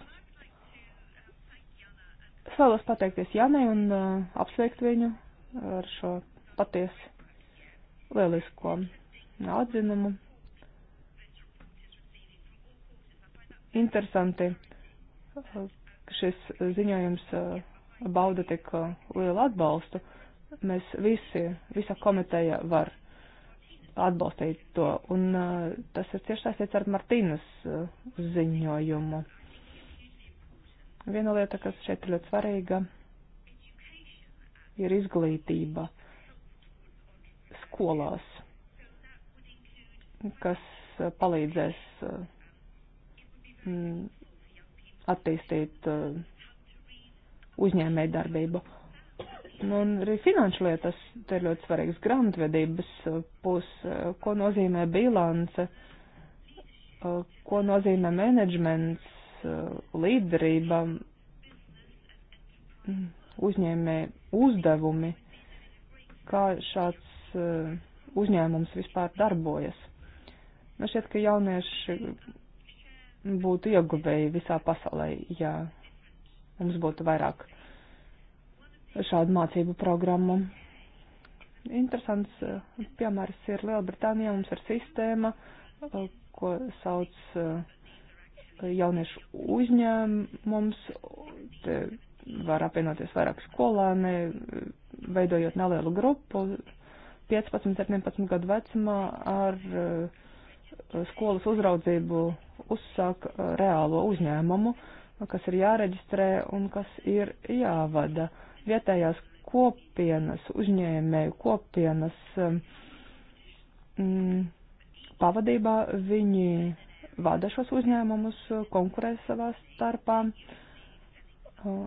Es vēlos pateikties Janai un uh, apsveikt viņu ar šo patiesi lielisko atzinumu. Interesanti, šis ziņojums uh, bauda tik uh, lielu atbalstu. Mēs visi, visa komiteja var atbalstīt to, un uh, tas ir tieši saistīts ar Martīnas ziņojumu. Viena lieta, kas šeit ir ļoti svarīga, ir izglītība skolās, kas palīdzēs Mm, attīstīt uh, uzņēmēju darbību. Nu, un arī finanšu lietas, te ir ļoti svarīgs grāmatvedības uh, puse, uh, ko nozīmē bilance, ko nozīmē menedžments, līderība, mm, uzņēmē uzdevumi, kā šāds uzņēmums vispār darbojas. Man šķiet, ka jaunieši būtu ieguvēji visā pasaulē, ja mums būtu vairāk šādu mācību programmu. Interesants eh, piemērs ir Lielbritānijā. Mums ir sistēma, eh, ko sauc eh, jauniešu uzņēmums. Te var apvienoties vairāk skolāni, veidojot nelielu grupu 15-17 gadu vecumā ar skolas uzraudzību uzsāk uh, reālo uzņēmumu, kas ir jāreģistrē un kas ir jāvada. Vietējās kopienas, uzņēmēju kopienas um, mm, pavadībā viņi vada šos uzņēmumus, konkurē savā starpā. Uh,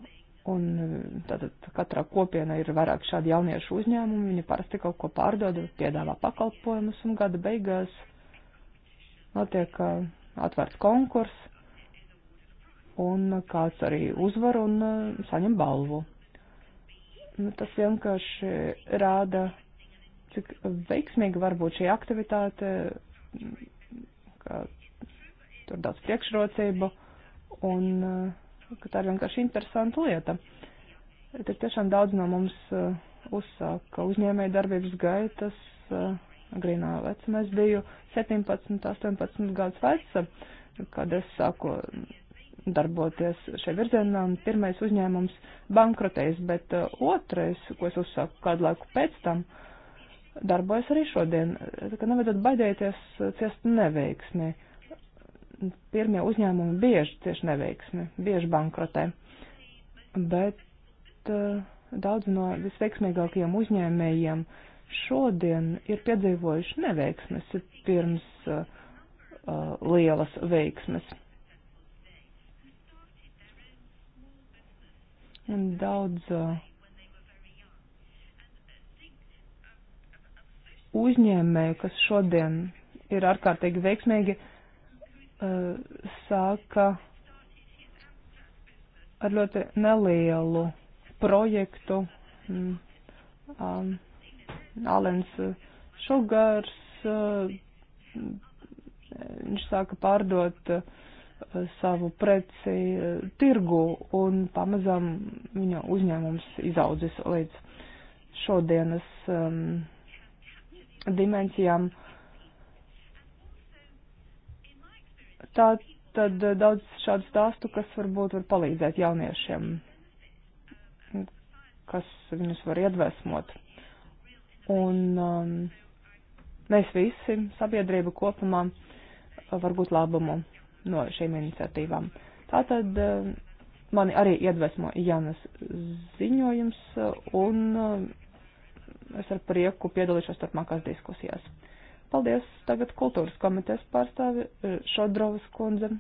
un uh, tātad katrā kopiena ir vairāk šādi jauniešu uzņēmumi, viņi parasti kaut ko pārdod, piedāvā pakalpojumus un gada beigās notiek atvērts konkurss, un kāds arī uzvar un uh, saņem balvu. Nu, tas vienkārši rāda, cik veiksmīga var būt šī aktivitāte, ka tur daudz priekšrocību un uh, ka tā ir vienkārši interesanta lieta. Tad tiešām daudz no mums uh, uzsāka uzņēmēja darbības gaitas. Uh, agrīnā vecumā. Es biju 17, 18 gadus vecs, kad es sāku darboties šajā virzienā. Pirmais uzņēmums bankrotējis, bet uh, otrais, ko es uzsāku kādu laiku pēc tam, darbojas arī šodien. Tā kā nevajadzētu baidēties uh, ciest neveiksmi. Pirmie uzņēmumi bieži cieši neveiksmi, bieži bankrotē. Bet uh, daudz no visveiksmīgākajiem uzņēmējiem uh, šodien ir piedzīvojuši neveiksmes pirms uh, uh, lielas veiksmes. Un daudz uh, uzņēmēju, kas šodien ir ārkārtīgi veiksmīgi, uh, sāka ar ļoti nelielu projektu. Mm, um, um, Alens uh, Šugars, uh, viņš sāka pārdot uh, savu preci tirgu un pamazām viņa uzņēmums izaudzis līdz šodienas um, dimensijām. Tā tad daudz šādu stāstu, kas varbūt var palīdzēt jauniešiem, kas viņus var iedvesmot. Un um, mēs visi, sabiedrība kopumā, var būt labumu no šīm iniciatīvām. Tātad um, mani arī iedvesmo Janas ziņojums, un um, es ar prieku piedalīšos turpmākās diskusijās. Paldies! Tagad kultūras komitejas pārstāvi uh, Šodrovas kundze.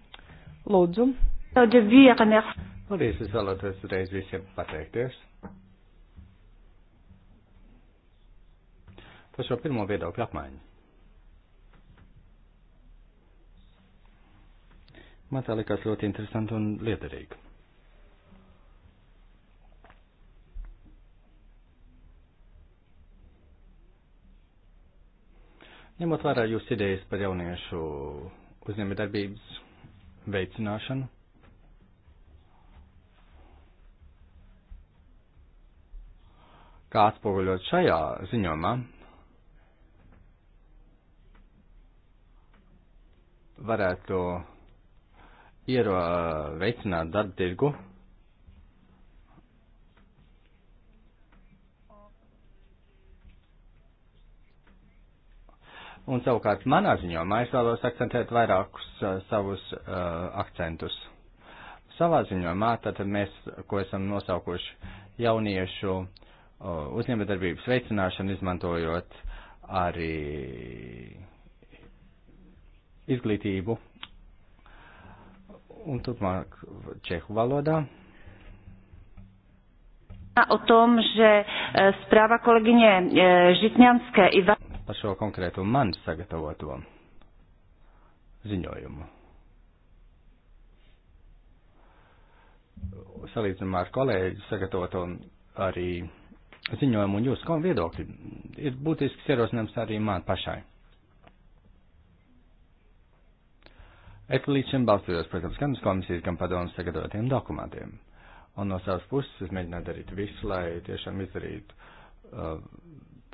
Lūdzu! Paldies! Es vēlētos reiz visiem pateikties. par šo pirmo viedokļu apmaiņu. Man tā likās ļoti interesanti un liederīgi. Ņemot vērā jūsu idejas par jauniešu uzņēmējdarbības veicināšanu, kā atspoguļot šajā ziņojumā, varētu iero, veicināt darba tirgu. Un savukārt manā ziņojumā es vēlos akcentēt vairākus uh, savus uh, akcentus. Savā ziņojumā tātad mēs, ko esam nosaukuši jauniešu uh, uzņēmējdarbības veicināšanu, izmantojot arī izglītību un turpmāk čehu valodā. O tom, že e, správa kolegyne Žitňanské i Par šo konkrētu man sagatavoto ziņojumu. Salīdzinām ar kolēģi sagatavoto arī ziņojumu un jūsu viedokļi ir būtisks ierosinājums arī man pašai. Es līdz šim balstījos, protams, gan uz komisijas, gan padomus sagatavotiem dokumentiem. Un no savas puses es mēģināju darīt visu, lai tiešām izdarītu uh,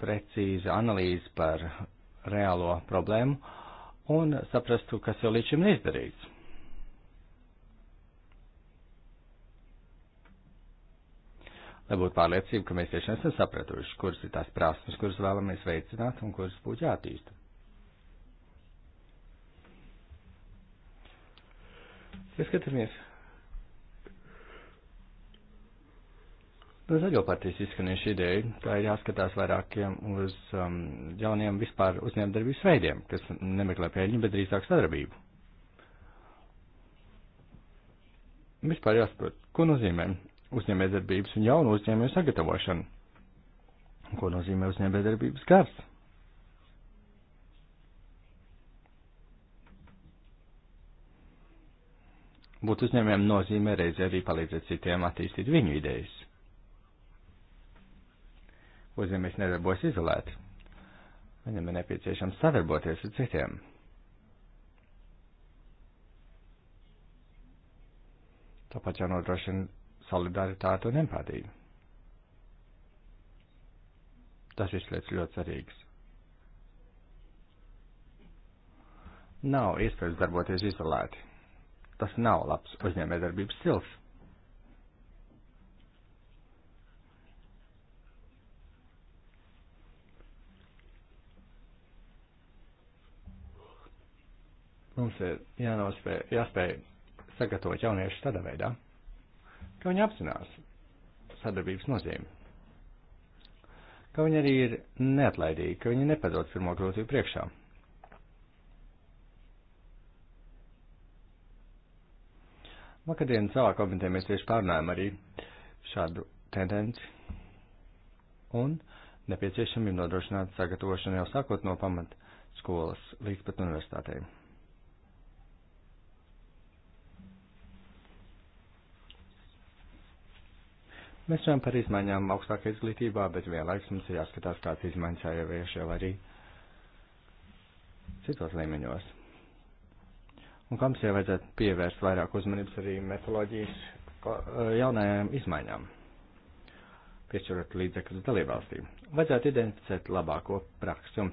precīzi analīzi par reālo problēmu un saprastu, kas jau līdz šim ir izdarīts. Lai būtu pārliecība, ka mēs tiešām esam sapratuši, kuras ir tās prasmes, kuras vēlamies veicināt un kuras būtu jātīsta. Ja skatāmies. No zaļo partijas izskanējuši ideja, ka ir jāskatās vairākiem uz um, jauniem vispār uzņēmdarbības veidiem, kas nemeklē pēļņu, bet drīzāk sadarbību. Vispār jāsaprot, ko nozīmē uzņēmējdarbības un jaunu uzņēmēju sagatavošana, ko nozīmē uzņēmējdarbības gars. būt uzņēmējiem nozīmē reizē arī palīdzēt citiem attīstīt viņu idejas. Uzņēmējs nedarbojas izolēti. Viņam ir nepieciešams sadarboties ar citiem. Tāpat jānodrošina solidaritāte un empātija. Tas viss lietas ļoti svarīgs. Nav iespējams darboties izolēti tas nav labs uzņēmējdarbības stils. Mums ir jānospēj, jāspēj sagatavot jauniešus tādā veidā, ka viņi apzinās sadarbības nozīmi, ka viņi arī ir neatlaidīgi, ka viņi nepadod pirmo grūtību priekšā. Vakardienas savā komitē mēs tieši pārnājām arī šādu tendenci. Un nepieciešami ir nodrošināt sagatavošanu jau sākot no pamat skolas līdz pat universitātei. Mēs runājam par izmaiņām augstākā izglītībā, bet vienlaiks mums ir jāskatās, kāds izmaiņas jāievieš jau arī citos līmeņos un kam jau vajadzētu pievērst vairāk uzmanības arī metoloģijas e, jaunajām izmaiņām, piešķirot līdzekļus dalībvalstīm. Vajadzētu identificēt labāko praksi un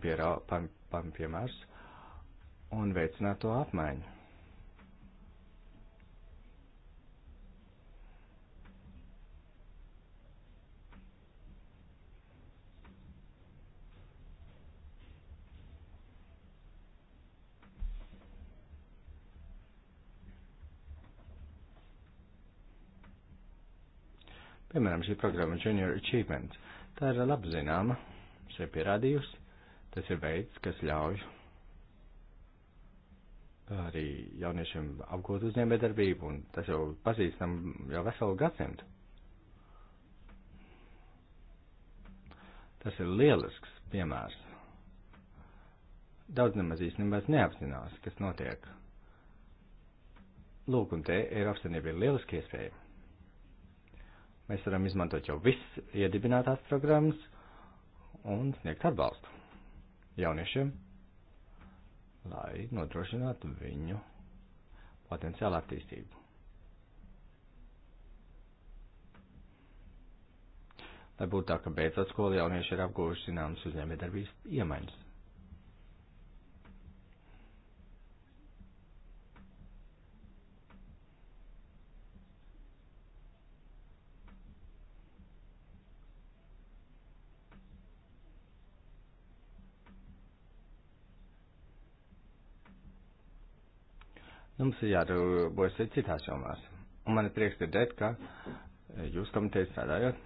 piemērus un veicināt to apmaiņu. Piemēram, šī programma Junior Achievement. Tā ir labi zināma, šeit pierādījusi. Tas ir veids, kas ļauj arī jauniešiem apgūt uzņēmējdarbību, un tas jau pazīstam jau veselu gadsimtu. Tas ir lielisks piemērs. Daudz nemaz īstenībā neapzinās, kas notiek. Lūk, un te Eiropas Savienība ir lieliski iespēja. Mēs varam izmantot jau viss iedibinātās programmas un sniegt atbalstu jauniešiem, lai nodrošinātu viņu potenciālu attīstību. Lai būtu tā, ka beidzot skolu jaunieši ir apguvuši zināmas uzņēmējdarbības iemaņas. Mums ir jādarbojas arī citās jomās. Un man ir prieks dzirdēt, ka e, jūs komitejas strādājat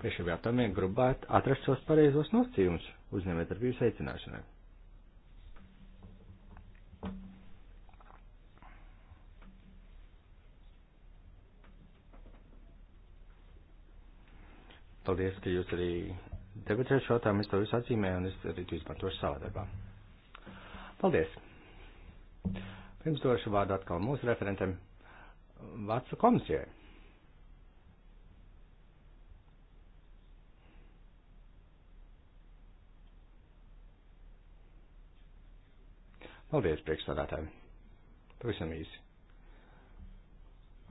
pie šiem jautājumiem, gribētu atrast šos pareizos nosacījumus uzņēmējdarbības veicināšanai. Paldies, ka jūs arī debatējat šo jautājumu, es to visu atzīmēju un es arī to izmantošu savā darbā. Paldies! Pirms došu vārdu atkal mūsu referentam Vācu komisijai. Paldies, priekšstādātāji. Pavisam īsi.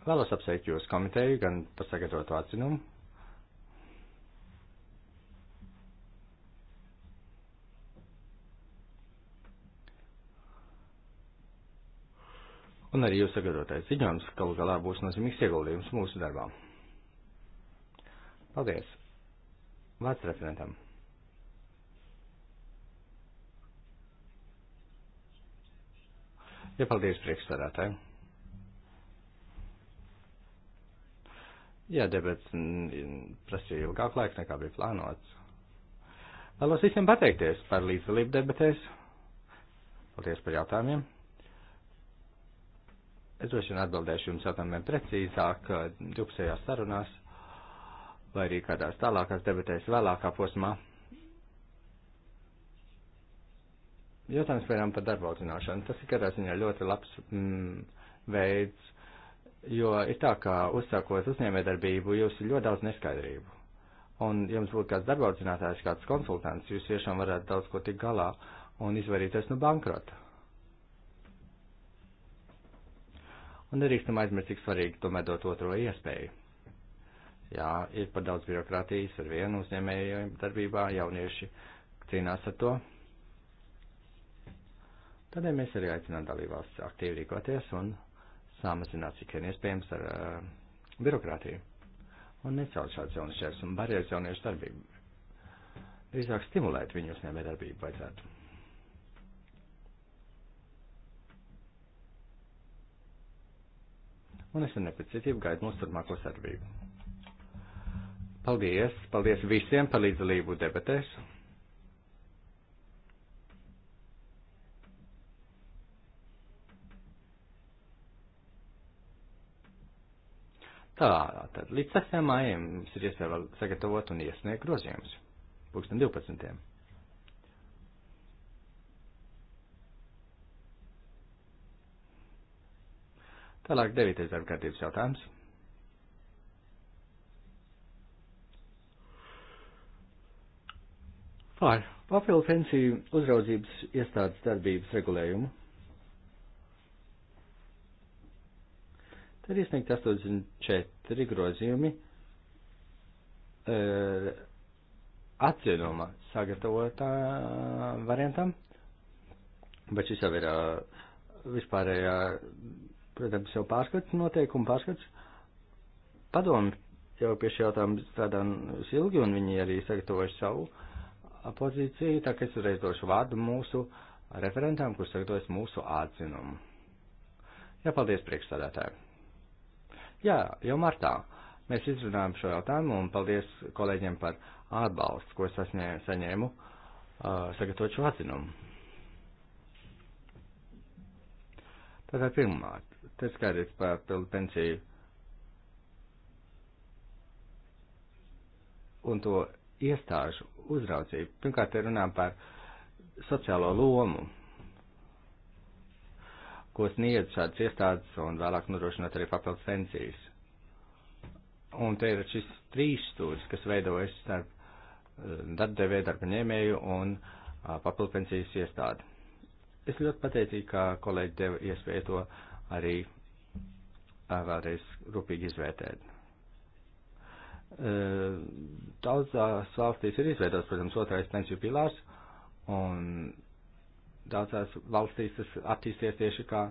Vēlos apsveikt jūs komiteju gan par sagatavotu atzinumu, un arī jūs sagatavotais ziņojums galu galā būs nozīmīgs ieguldījums mūsu darbā. Paldies! Vārds referentam! Ja paldies priekšstādātājiem! Jā, debats prasīja ilgāk laika nekā bija plānots. Vēlos visiem pateikties par līdzdalību debatēs. Paldies par jautājumiem! Es droši vien atbildēšu jums jautājumiem precīzāk, eh, dubsējās sarunās vai arī kādās tālākās debatēs vēlākā posmā. Jautājums, piemēram, par darba audzināšanu. Tas ir katrā ziņā ļoti labs mm, veids, jo ir tā, ka uzsākot uzņēmējdarbību, jūs ir ļoti daudz neskaidrību. Un, ja jums būtu kāds darba audzinātājs, kāds konsultants, jūs tiešām varētu daudz ko tik galā un izvairīties no bankrota. Un nedrīkstam aizmirst, cik svarīgi tomēr dot otro iespēju. Jā, ir par daudz birokrātijas ar vienu uzņēmēju darbībā, jaunieši cīnās ar to. Tādēļ mēs arī aicinām dalībvalsts aktīvi rīkoties un samazināt, cik vien iespējams, ar uh, birokrātiju. Un necelt šāds jauniešs un barjeras jauniešu darbību. Drīzāk stimulēt viņu uzņēmē darbību vajadzētu. un es ar nepacietību gaidu mūsu turpmāko sadarbību. Paldies! Paldies visiem par līdzdalību debatēs! Tā, tad līdz 6. maijam jums ir iespēja vēl sagatavot un iesniegt grozījumus. Pūkstens 12. Tālāk, devītais darba kārtības jautājums. Pār papildu pensiju uzraudzības iestādes darbības regulējumu. Tad ir iesniegt 84 grozījumi e, atzinuma sagatavotā variantam, bet šis jau ir vispārējā Protams, jau pārskats noteikumu pārskats. Padomu jau pie šī jautājuma strādā ilgi, un viņi arī sagatavojuši savu pozīciju, tā ka es uzreiz došu vārdu mūsu referentām, kurš sagatavojas mūsu atzinumu. Jā, paldies priekšstādātāji. Jā, jau martā mēs izrunājam šo jautājumu, un paldies kolēģiem par atbalstu, ko es saņēmu sagatavot šo atzinumu. Tātad pirmkārt, Te skaidrs par pilnu pensiju un to iestāžu uzraudzību. Pirmkārt, te runājam par sociālo lomu, ko sniedz šādas iestādes un vēlāk nodrošinot arī papildus pensijas. Un te ir šis trīs stūris, kas veidojas starp eh, darbdevēju, darba ņēmēju un eh, papildu pensijas iestādi. Es ļoti pateicīgi, ka kolēģi deva iespēju to uh, arī vēlreiz rūpīgi izvērtēt. Daudzās valstīs ir izveidots, protams, otrais pensiju pilārs, un daudzās valstīs tas attīsties tieši kā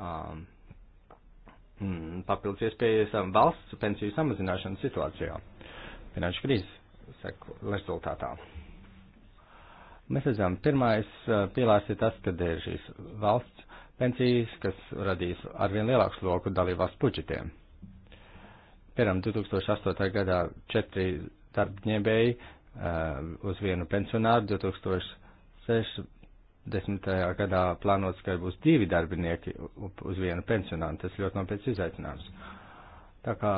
um, papildus iespējas valsts pensiju samazināšanas situācijā, finanšu krīzes seku rezultātā. Mēs redzam, pirmais pilārs ir tas, kad ir šīs valsts pensijas, kas radīs arvien lielāku sloku dalībās budžetiem. Piemēram, 2008. gadā četri darbņēmēji uh, eh, uz vienu pensionāru, 2060. gadā plānots, ka būs divi darbinieki uz vienu pensionāru. Tas ļoti nopietns izaicinājums. Tā kā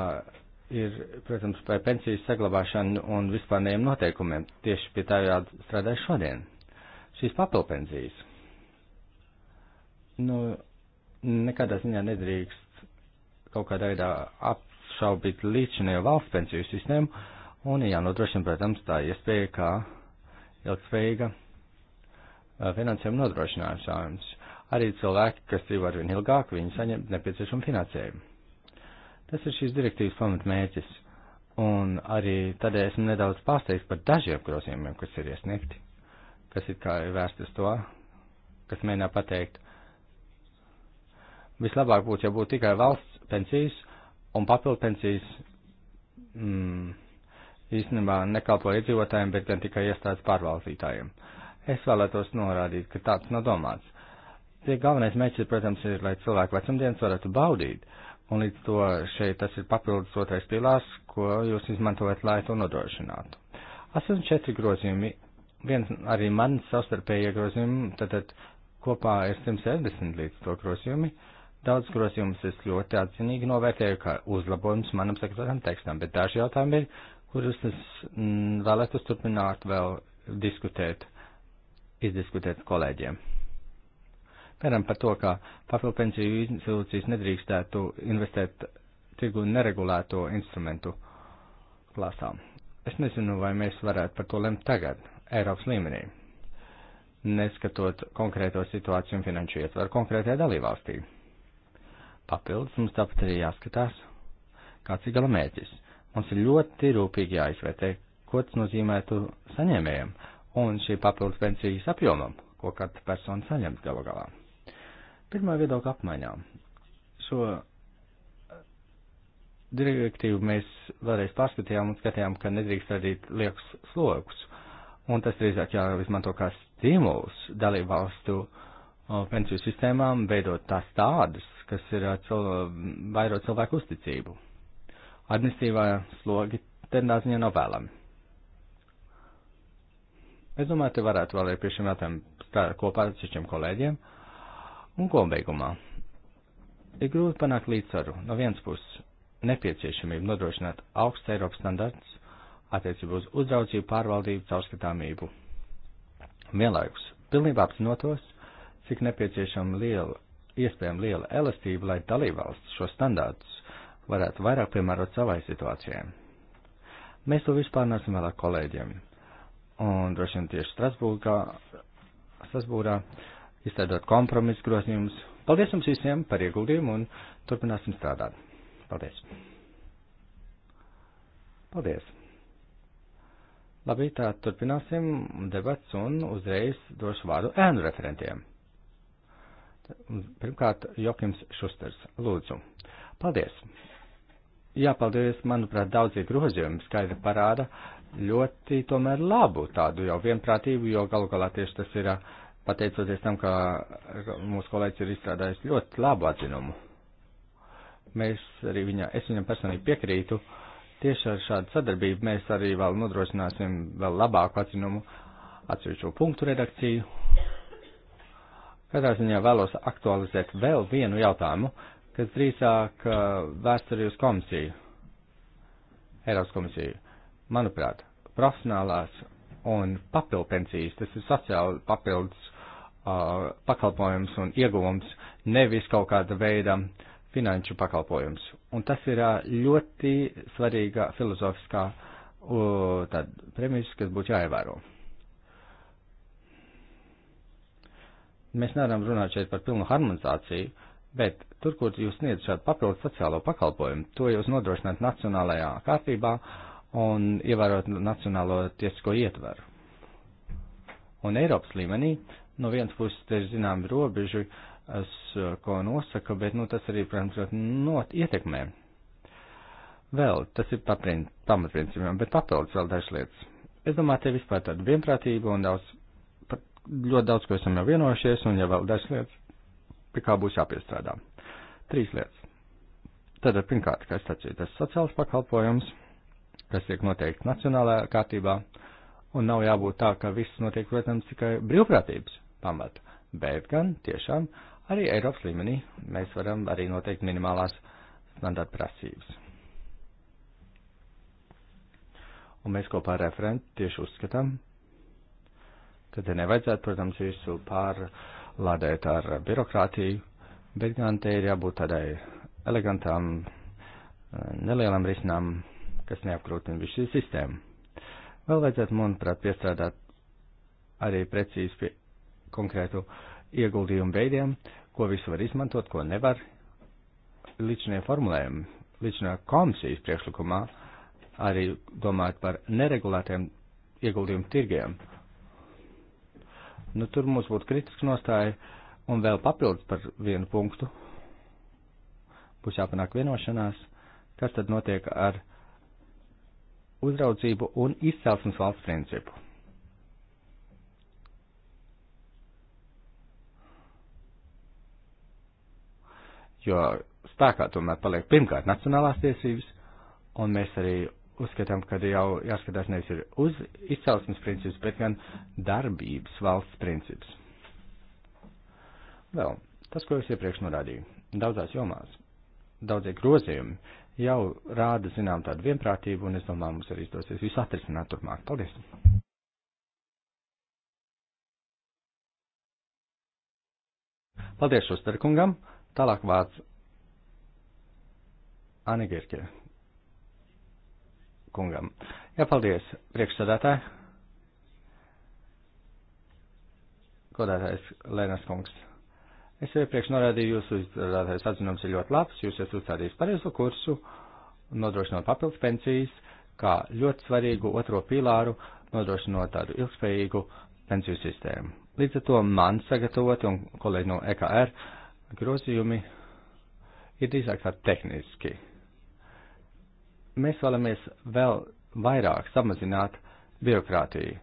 ir, protams, par pensijas saglabāšanu un vispārējiem noteikumiem. Tieši pie tā jāstrādā šodien. Šīs papilpensijas nu, nekādā ziņā nedrīkst kaut kādā veidā apšaubīt līdzinējo valsts pensiju sistēmu, un jānodrošina, protams, tā iespēja, kā ilgspējīga finansējuma nodrošinājums. Arī cilvēki, kas dzīvo arvien ilgāk, viņi saņem nepieciešamu finansējumu. Tas ir šīs direktīvas pamatmērķis, un arī tādēļ esmu nedaudz pārsteigts par dažiem grozījumiem, kas ir iesniegti, kas ir kā vērst uz to, kas mēģina pateikt, uh, Vislabāk būtu, ja būtu tikai valsts pensijas un papildu pensijas. Mm, īstenībā nekalpo iedzīvotājiem, bet gan tikai iestādes pārvaldītājiem. Es vēlētos norādīt, ka tāds nav domāts. Tie galvenais mērķis, protams, ir, lai cilvēku vecumdienas varētu baudīt, un līdz to šeit tas ir papildus otrais pilārs, ko jūs izmantojat, lai to nodrošinātu. 84 grozījumi, viens arī man savstarpēji grozījumi, tad, tad kopā ir 170 līdz to grozījumi. Uh, Daudz grozījumus es ļoti atzinīgi novērtēju, kā uzlabojums manam sekretāram tekstam, bet daži jautājumi ir, kurus es mm, vēlētos turpināt vēl diskutēt, izdiskutēt kolēģiem. Piemēram, par to, ka papildu pensiju institūcijas nedrīkstētu investēt tirgu neregulēto instrumentu klāsām. Es nezinu, vai mēs varētu par to lemt tagad, Eiropas līmenī, neskatot konkrēto situāciju un finanšu ietvaru konkrētajā dalībvalstī. Papildus mums tāpat arī jāskatās, kāds ir gala mērķis. Mums ir ļoti rūpīgi jāizvērtē, ko tas nozīmētu saņēmējiem un šī papildus pensijas apjomam, ko katra persona saņems galu galā. Pirmā viedokļa apmaiņā. Šo eh, direktīvu mēs vēlreiz pārskatījām un skatījām, ka nedrīkst radīt liekus slogus. Un tas drīzāk jāizmanto kā stimuls dalībvalstu eh, pensiju sistēmām, veidot tās tādas, kas ir cil, vairo cilvēku uzticību. Administīvā slogi tendā ziņā nav vēlami. Es domāju, te varētu vēl pie šiem jautājumiem strādāt kopā ar citiem kolēģiem. Un ko beigumā? Ir grūti panākt līdzsvaru. No vienas puses nepieciešamību nodrošināt augsts Eiropas standarts attiecībā uz uzraudzību, pārvaldību, caurskatāmību. Vienlaikus pilnībā apzinotos, cik nepieciešama liela iespējama liela elastība, lai dalībvalsts šo standātus varētu vairāk piemērot savai situācijai. Mēs to vispār nesim vēlāk kolēģiem. Un droši vien tieši Strasbūrā, Strasbūrā izstrādot kompromisu grozījumus. Paldies jums visiem par ieguldījumu un turpināsim strādāt. Paldies! Paldies! Labi, tā turpināsim debats un uzreiz došu vārdu ēnu referentiem. Pirmkārt, Jokims Šusters, lūdzu. Paldies! Jā, paldies, manuprāt, daudzie grozījumi skaidri parāda ļoti tomēr labu tādu jau vienprātību, jo galu galā tieši tas ir pateicoties tam, ka mūsu kolēģis ir izstrādājis ļoti labu atzinumu. Mēs arī viņa, es viņam personīgi piekrītu, tieši ar šādu sadarbību mēs arī vēl nodrošināsim vēl labāku atzinumu atsevišķo punktu redakciju Katrā ziņā vēlos aktualizēt vēl vienu jautājumu, kas drīzāk uh, vēsturī uz komisiju, Eiropas komisiju. Manuprāt, profesionālās un papildpensijas, tas ir sociāli papildus uh, pakalpojums un ieguvums, nevis kaut kāda veida finanšu pakalpojums. Un tas ir uh, ļoti svarīga filozofiskā uh, premisa, kas būtu jāievēro. Mēs nevaram runāt šeit par pilnu harmonizāciju, bet tur, kur jūs sniedzat šādu papildu sociālo pakalpojumu, to jūs nodrošināt nacionālajā kārtībā un ievērot nacionālo tiesisko ietveru. Un Eiropas līmenī, no vienas puses, te ir zinām robežu, es, ko nosaka, bet, nu, tas arī, protams, ļoti not ietekmē. Vēl, tas ir pamatprincipiem, bet papildus vēl dažas lietas. Es domāju, te vispār tāda vienprātība un daudz ļoti daudz, ko esam jau vienojušies, un ja vēl dažas lietas, pie kā būs jāpiestrādā. Trīs lietas. Tātad, pirmkārt, kā es teicu, tas sociāls pakalpojums, kas tiek noteikti nacionālajā kārtībā, un nav jābūt tā, ka viss notiek, protams, tikai brīvprātības pamata, bet gan tiešām arī Eiropas līmenī mēs varam arī noteikt minimālās standarta prasības. Un mēs kopā ar referentu tieši uzskatām, ka te nevajadzētu, protams, visu pārlādēt ar birokrātiju, bet gan te ir jābūt tādai elegantām, nelielam risinām, kas neapkrūtina visu sistēmu. Vēl vajadzētu, manuprāt, piestrādāt arī precīzi pie konkrētu ieguldījumu veidiem, ko visu var izmantot, ko nevar. Līdzinie formulējumi, līdzinie komisijas priekšlikumā arī domāt par neregulētiem ieguldījumu tirgiem. Uh, Nu, tur mums būtu kritiska nostāja un vēl papildus par vienu punktu. Būs jāpanāk vienošanās, kas tad notiek ar uzraudzību un izcelsmes valsts principu. Jo spēkā tomēr paliek pirmkārt nacionālās tiesības, un mēs arī uzskatām, ka jau jāskatās nevis ir uz izcelsmes princips, bet gan darbības valsts princips. Vēl tas, ko es iepriekš norādīju, daudzās jomās, daudzie grozījumi jau rāda, zinām, tādu vienprātību, un es domāju, mums arī izdosies visu atrisināt turpmāk. Paldies! Paldies Šusterkungam! Tālāk vārds Anigirkē kungam. Jā, paldies, priekšsādātāji. Godātais Lēnas kungs. Es iepriekš norādīju, jūsu izdarātais atzinums ir ļoti labs, jūs esat uzstādījis pareizo kursu, nodrošinot papildus pensijas, kā ļoti svarīgu otro pīlāru, nodrošinot tādu ilgspējīgu pensiju sistēmu. Līdz ar to man sagatavot un kolēģi no EKR grozījumi ir drīzāk tā tehniski mēs vēlamies vēl vairāk samazināt birokrātiju,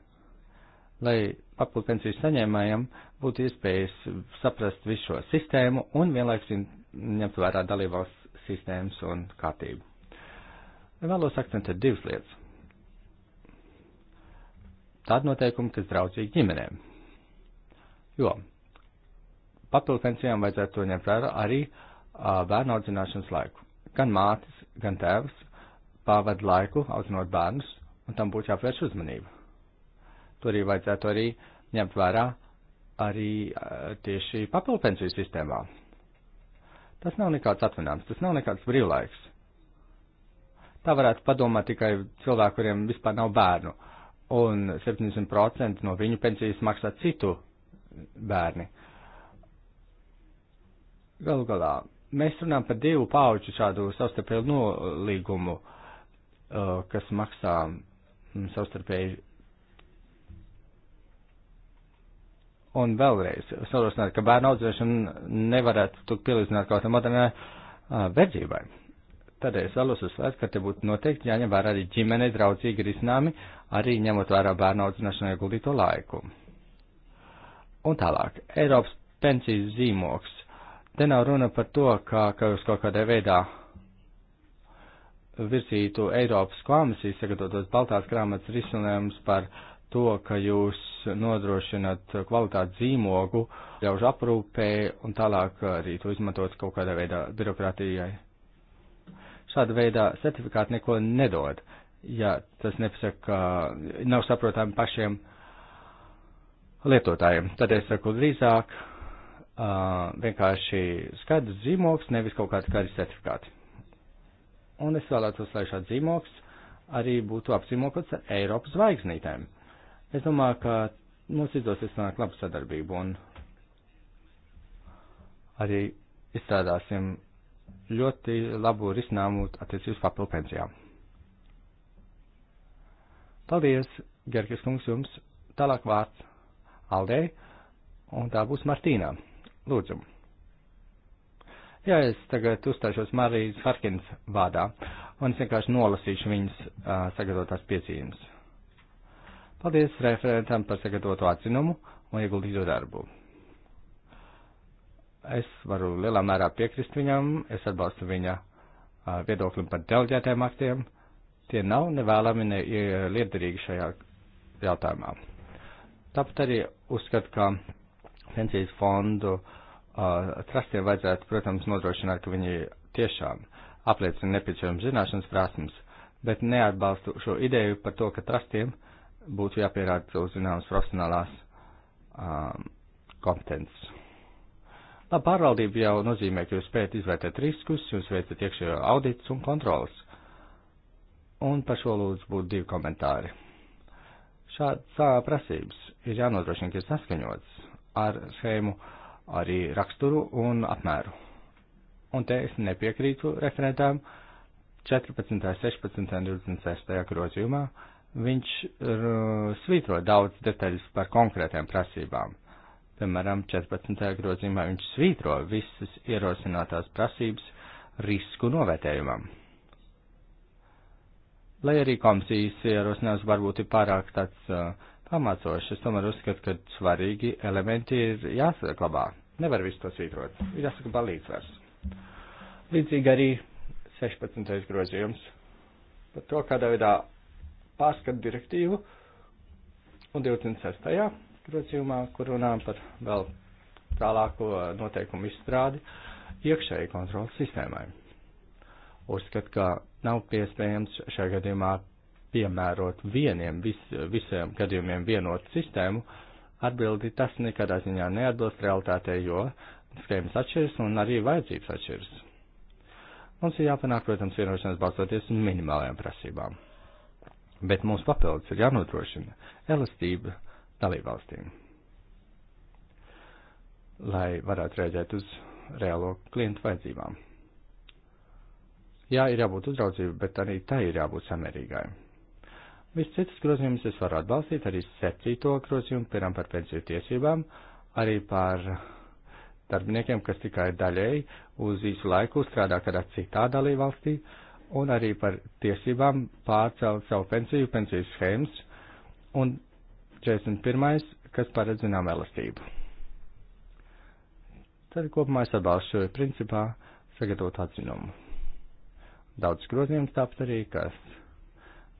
lai papildu pensiju saņēmējiem būtu iespējas saprast visu šo sistēmu un vienlaiks ņemt vērā dalībvalsts sistēmas un kārtību. Vēlos akcentēt divas lietas. Tāda noteikuma, kas draudzīgi ģimenēm. Jo papildu pensijām vajadzētu to ņemt vērā arī bērnu audzināšanas laiku. Gan mātes, gan tēvs pavada laiku audzinot bērnus, un tam būtu jāpievērš uzmanība. Tur arī vajadzētu arī ņemt vērā arī eh, tieši papilpensiju sistēmā. Tas nav nekāds atvinājums, tas nav nekāds brīvlaiks. Tā varētu padomāt tikai cilvēku, kuriem vispār nav bērnu, un 70% no viņu pensijas maksā citu bērni. Galu galā, mēs runājam par divu pauģu šādu savstarpēju nolīgumu. Uh, Uh, kas maksā mm, savstarpēji. Un vēlreiz sarosināt, ka bērnu audzēšana nevarētu tu pielīdzināt kaut kādai modernai uh, verdzībai. Tādēļ es vēlos uzsvērt, ka te būtu noteikti jāņem vērā arī ģimene draudzīgi risinājumi, arī ņemot vērā bērnu audzināšanā ieguldīto laiku. Un tālāk, Eiropas pensijas zīmoks. Te nav runa par to, ka, ka jūs kaut kādā veidā virzītu Eiropas komisijas sagatavotos baltās grāmatas risinājums par to, ka jūs nodrošinat kvalitātes zīmogu, ļaužu aprūpē un tālāk arī to izmantot kaut kādā veidā birokrātijai. Šāda veidā certifikāti neko nedod, ja tas nepasaka, ka nav saprotami pašiem lietotājiem. Tad es saku drīzāk uh, vienkārši skaidrs zīmogs, nevis kaut kādi kādi certifikāti. Un es vēlētos, lai šāds zīmoks arī būtu apzīmokots ar Eiropas zvaigznītēm. Es domāju, ka mums izdosies panākt labu sadarbību un arī izstrādāsim ļoti labu risinājumu attiecības papildu pensijām. Paldies, Gerkis kungs, jums tālāk vārds Aldei, un tā būs Martīnā. Lūdzu. Jā, es tagad uzstāšos Marijas Harkins vārdā, un es vienkārši nolasīšu viņas uh, sagatavotās piezīmes. Paldies referentam par sagatavotu atzinumu un ieguldīto darbu. Es varu lielā mērā piekrist viņam, es atbalstu viņa uh, viedoklim par delģētiem aktiem. Tie nav nevēlami ne liederīgi šajā jautājumā. Tāpat arī uzskatu, ka pensijas fondu uh, trastiem vajadzētu, protams, nodrošināt, ka viņi tiešām apliecina nepieciešamas zināšanas prasmes, bet neatbalstu šo ideju par to, ka trastiem būtu jāpierāda savu zināmas profesionālās um, kompetences. Labi, pārvaldība jau nozīmē, ka jūs spējat izvērtēt riskus, jūs veicat iekšējo audits un kontrols. Un par šo lūdzu būtu divi komentāri. Šāds prasības ir jānodrošina, ka ir saskaņots ar schēmu uh, arī raksturu un apmēru. Un te es nepiekrītu referentām 14., 16. un 26. grozījumā. Viņš uh, svītro daudz detaļas par konkrētām prasībām. Piemēram, 14. grozījumā viņš svītro visas ierosinātās prasības risku novērtējumam. Lai arī komisijas ierosinājums varbūt ir pārāk tāds uh, pamācošs, es tomēr uzskatu, ka svarīgi elementi ir jāsaglabā. Nevar visu to svītrot. Ir jāsaka balīdzvars. Līdzīgi arī 16. grozījums par to, kādā veidā pārskat direktīvu un 26. grozījumā, kur runājam par vēl tālāko noteikumu izstrādi iekšēji kontrolas sistēmai. Uzskat, ka nav iespējams šajā gadījumā piemērot vieniem, vis, visiem gadījumiem vienotu sistēmu, uh, Atbildi tas nekādā ziņā neatbilst realitātei, jo skēmas atšķiras un arī vajadzības atšķiras. Mums ir jāpanāk, protams, vienošanās balstoties uz minimālajām prasībām. Bet mums papildus ir jānodrošina elastība dalībvalstīm, lai varētu rēģēt uz reālo klientu vajadzībām. Jā, ir jābūt uzraudzībai, bet arī tai ir jābūt samērīgai. Viss citas grozījumus es varu atbalstīt, arī septīto grozījumu, piram par pensiju tiesībām, arī par darbiniekiem, kas tikai daļēji uz īsu laiku strādā kādā citā dalībvalstī, un arī par tiesībām pārcelt savu pensiju, pensiju schēmas, un 41. kas paredz zinām elastību. Tad kopumā es atbalstu šo principā sagatavot atzinumu. Daudz grozījums tāpat arī, kas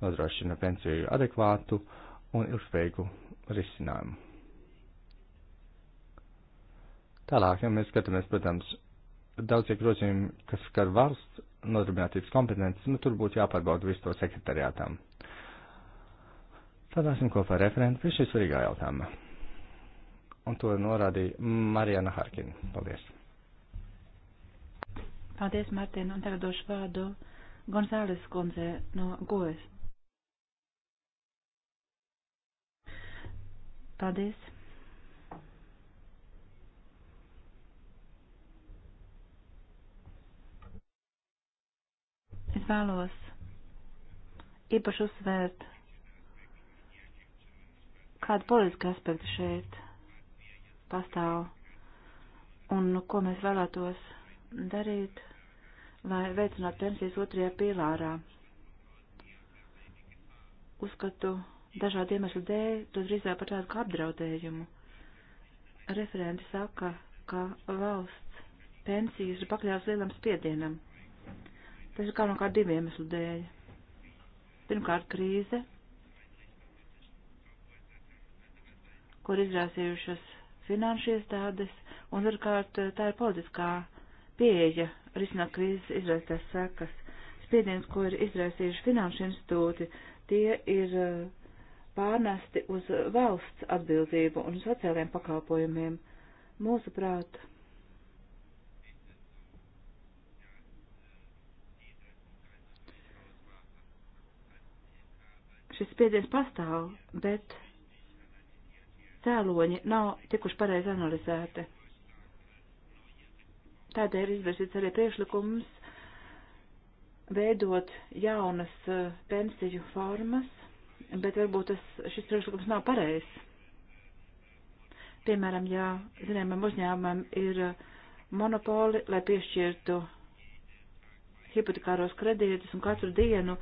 nodrošina pensiju adekvātu un ilgspējīgu risinājumu. Tālāk, ja mēs skatāmies, protams, daudzie grozījumi, kas skar valsts nodarbinātības kompetences, nu tur būtu jāpārbauda visu to sekretariātām. Tad esam kopā referenti pie šī svarīgā jautājuma. Un to norādīja Marijana Harkina. Paldies! Paldies, Martin, un tagad došu vārdu Gonzāles kundze no Gojas. Paldies! Es vēlos īpaši uzsvērt kādu politisku aspektu šeit pastāv un nu, ko mēs vēlētos darīt, lai veicinātu pensijas otrajā pīlārā. Uzskatu, dažādu iemeslu dēļ to drīzāk par tādu kā apdraudējumu. Referenti saka, ka valsts pensijas ir pakļauts lielam spiedienam. Tas ir kā no kā diviem iemeslu dēļ. Pirmkārt, krīze, kur izrāsījušas finanšu iestādes, un otrkārt tā ir politiskā pieeja risināt krīzes izraisītās sekas. Spiediens, ko ir izraisījuši finanšu institūti, tie ir uh, pārnesti uz valsts atbildību un sociāliem pakalpojumiem. Mūsuprāt, šis spiediens pastāv, bet cēloņi nav tikuši pareizi analizēti. Tādēļ izvirsīts arī priekšlikums veidot jaunas eh, pensiju formas, bet varbūt tas, šis priekšlikums nav pareizs. Piemēram, ja zināmam uzņēmumam ir monopoli, lai piešķirtu hipotekāros kredītus un katru dienu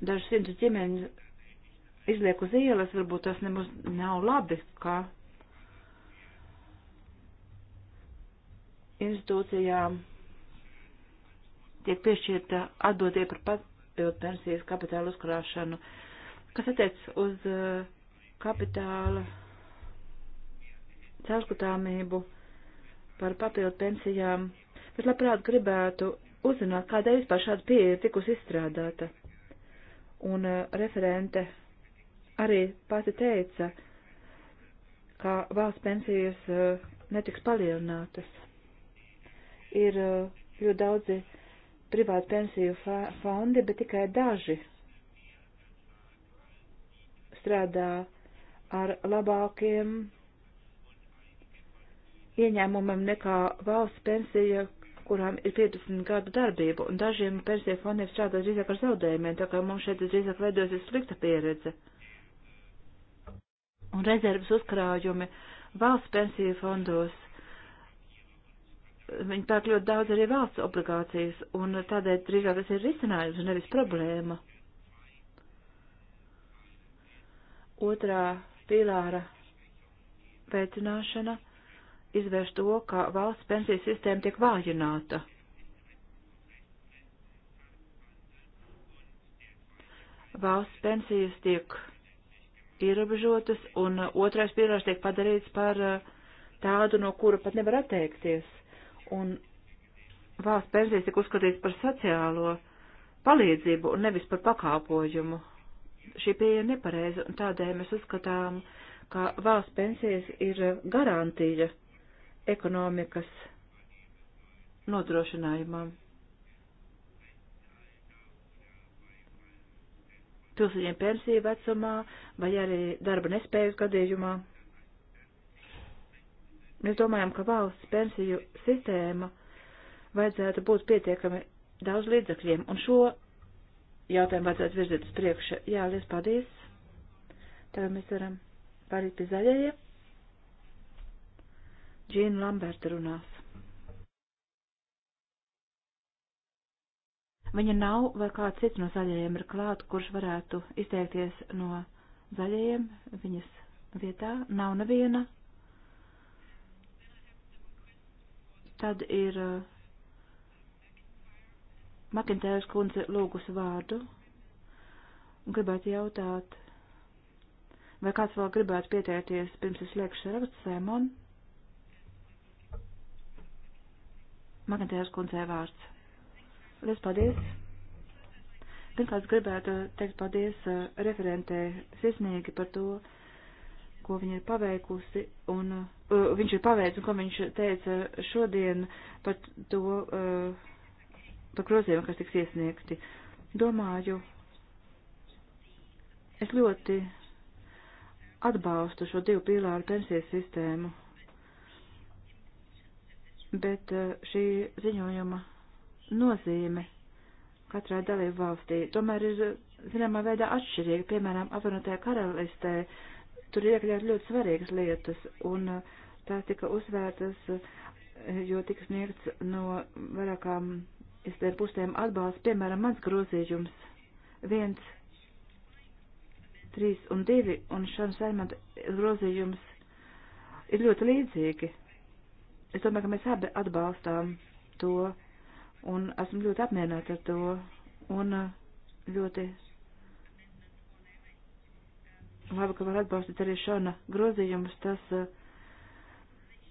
dažus simtus ģimeņu izliek uz ielas, varbūt tas nemaz nav labi, kā institūcijām tiek piešķirta atbildība par papildu pensijas kapitālu uzkrāšanu. Uh, Kas attiec uz eh, kapitāla caurskatāmību par papildu pensijām, bet labprāt gribētu uzzināt, kādēļ vispār šāda pieeja ir tikus izstrādāta. Un eh, referente arī pati teica, ka valsts pensijas eh, netiks palielinātas. Ir ļoti daudzi privāti pensiju fondi, bet tikai daži jāstrādā ar labākiem ieņēmumiem nekā valsts pensija, kurām ir 50 gadu darbību, un dažiem pensija fondiem strādā drīzāk ar zaudējumiem, tā kā mums šeit drīzāk veidojas slikta pieredze. Un rezerves uzkrājumi valsts pensija fondos. Viņi pērk ļoti daudz arī valsts obligācijas, un tādēļ drīzāk tas ir risinājums un nevis problēma. otrā pīlāra veicināšana izvērš to, ka valsts pensijas sistēma tiek vājināta. Valsts pensijas tiek ierobežotas un otrais pīlārs tiek padarīts par eh, tādu, no kura pat nevar atteikties. Un valsts pensijas tiek uzskatīts par sociālo palīdzību un nevis par pakāpojumu šī pieeja ir nepareiza, un tādēļ mēs uzskatām, ka valsts pensijas ir garantija ekonomikas nodrošinājumam. Pilsēņiem pensiju vecumā vai arī darba nespējas gadījumā. Mēs domājam, ka valsts pensiju sistēma vajadzētu būt pietiekami daudz līdzakļiem, un šo jautājumu vajadzētu virzīt uz priekšu. Jā, liels paldies. Tagad mēs varam pārīt pie zaļajiem. Džīna Lamberta runās. Viņa nav vai kāds cits no zaļajiem ir klāt, kurš varētu izteikties no zaļajiem viņas vietā. Nav neviena. Tad ir uh, Makintēras kundze lūgusi vārdu un gribētu jautāt, vai kāds vēl gribētu pieteikties pirms es lieku sarakstu Sēmon? Makintēras kundzei vārds. Lies paldies! Pirmkārt, gribētu teikt paldies uh, referentē sirsnīgi par to, ko viņa ir paveikusi, un uh, uh, viņš ir paveicis, un ko viņš teica šodien par to, uh, par groziem, kas tiks iesniegti. Domāju, es ļoti atbalstu šo divu pīlāru pensijas sistēmu, bet eh, šī ziņojuma nozīme katrā dalību valstī tomēr ir eh, zināmā veidā atšķirīga. Piemēram, apvienotajā karalistē tur ir iekļaut ļoti svarīgas lietas, un eh, tās tika uzsvērtas, jo tika sniegts no vairākām es te pusēm atbalstu, piemēram, mans grozījums 1, 3 un 2, un šam saimanta grozījums ir ļoti līdzīgi. Es domāju, ka mēs abi atbalstām to, un esmu ļoti apmierināta ar to, un uh, ļoti labi, ka var atbalstīt arī šona grozījumus, tas uh,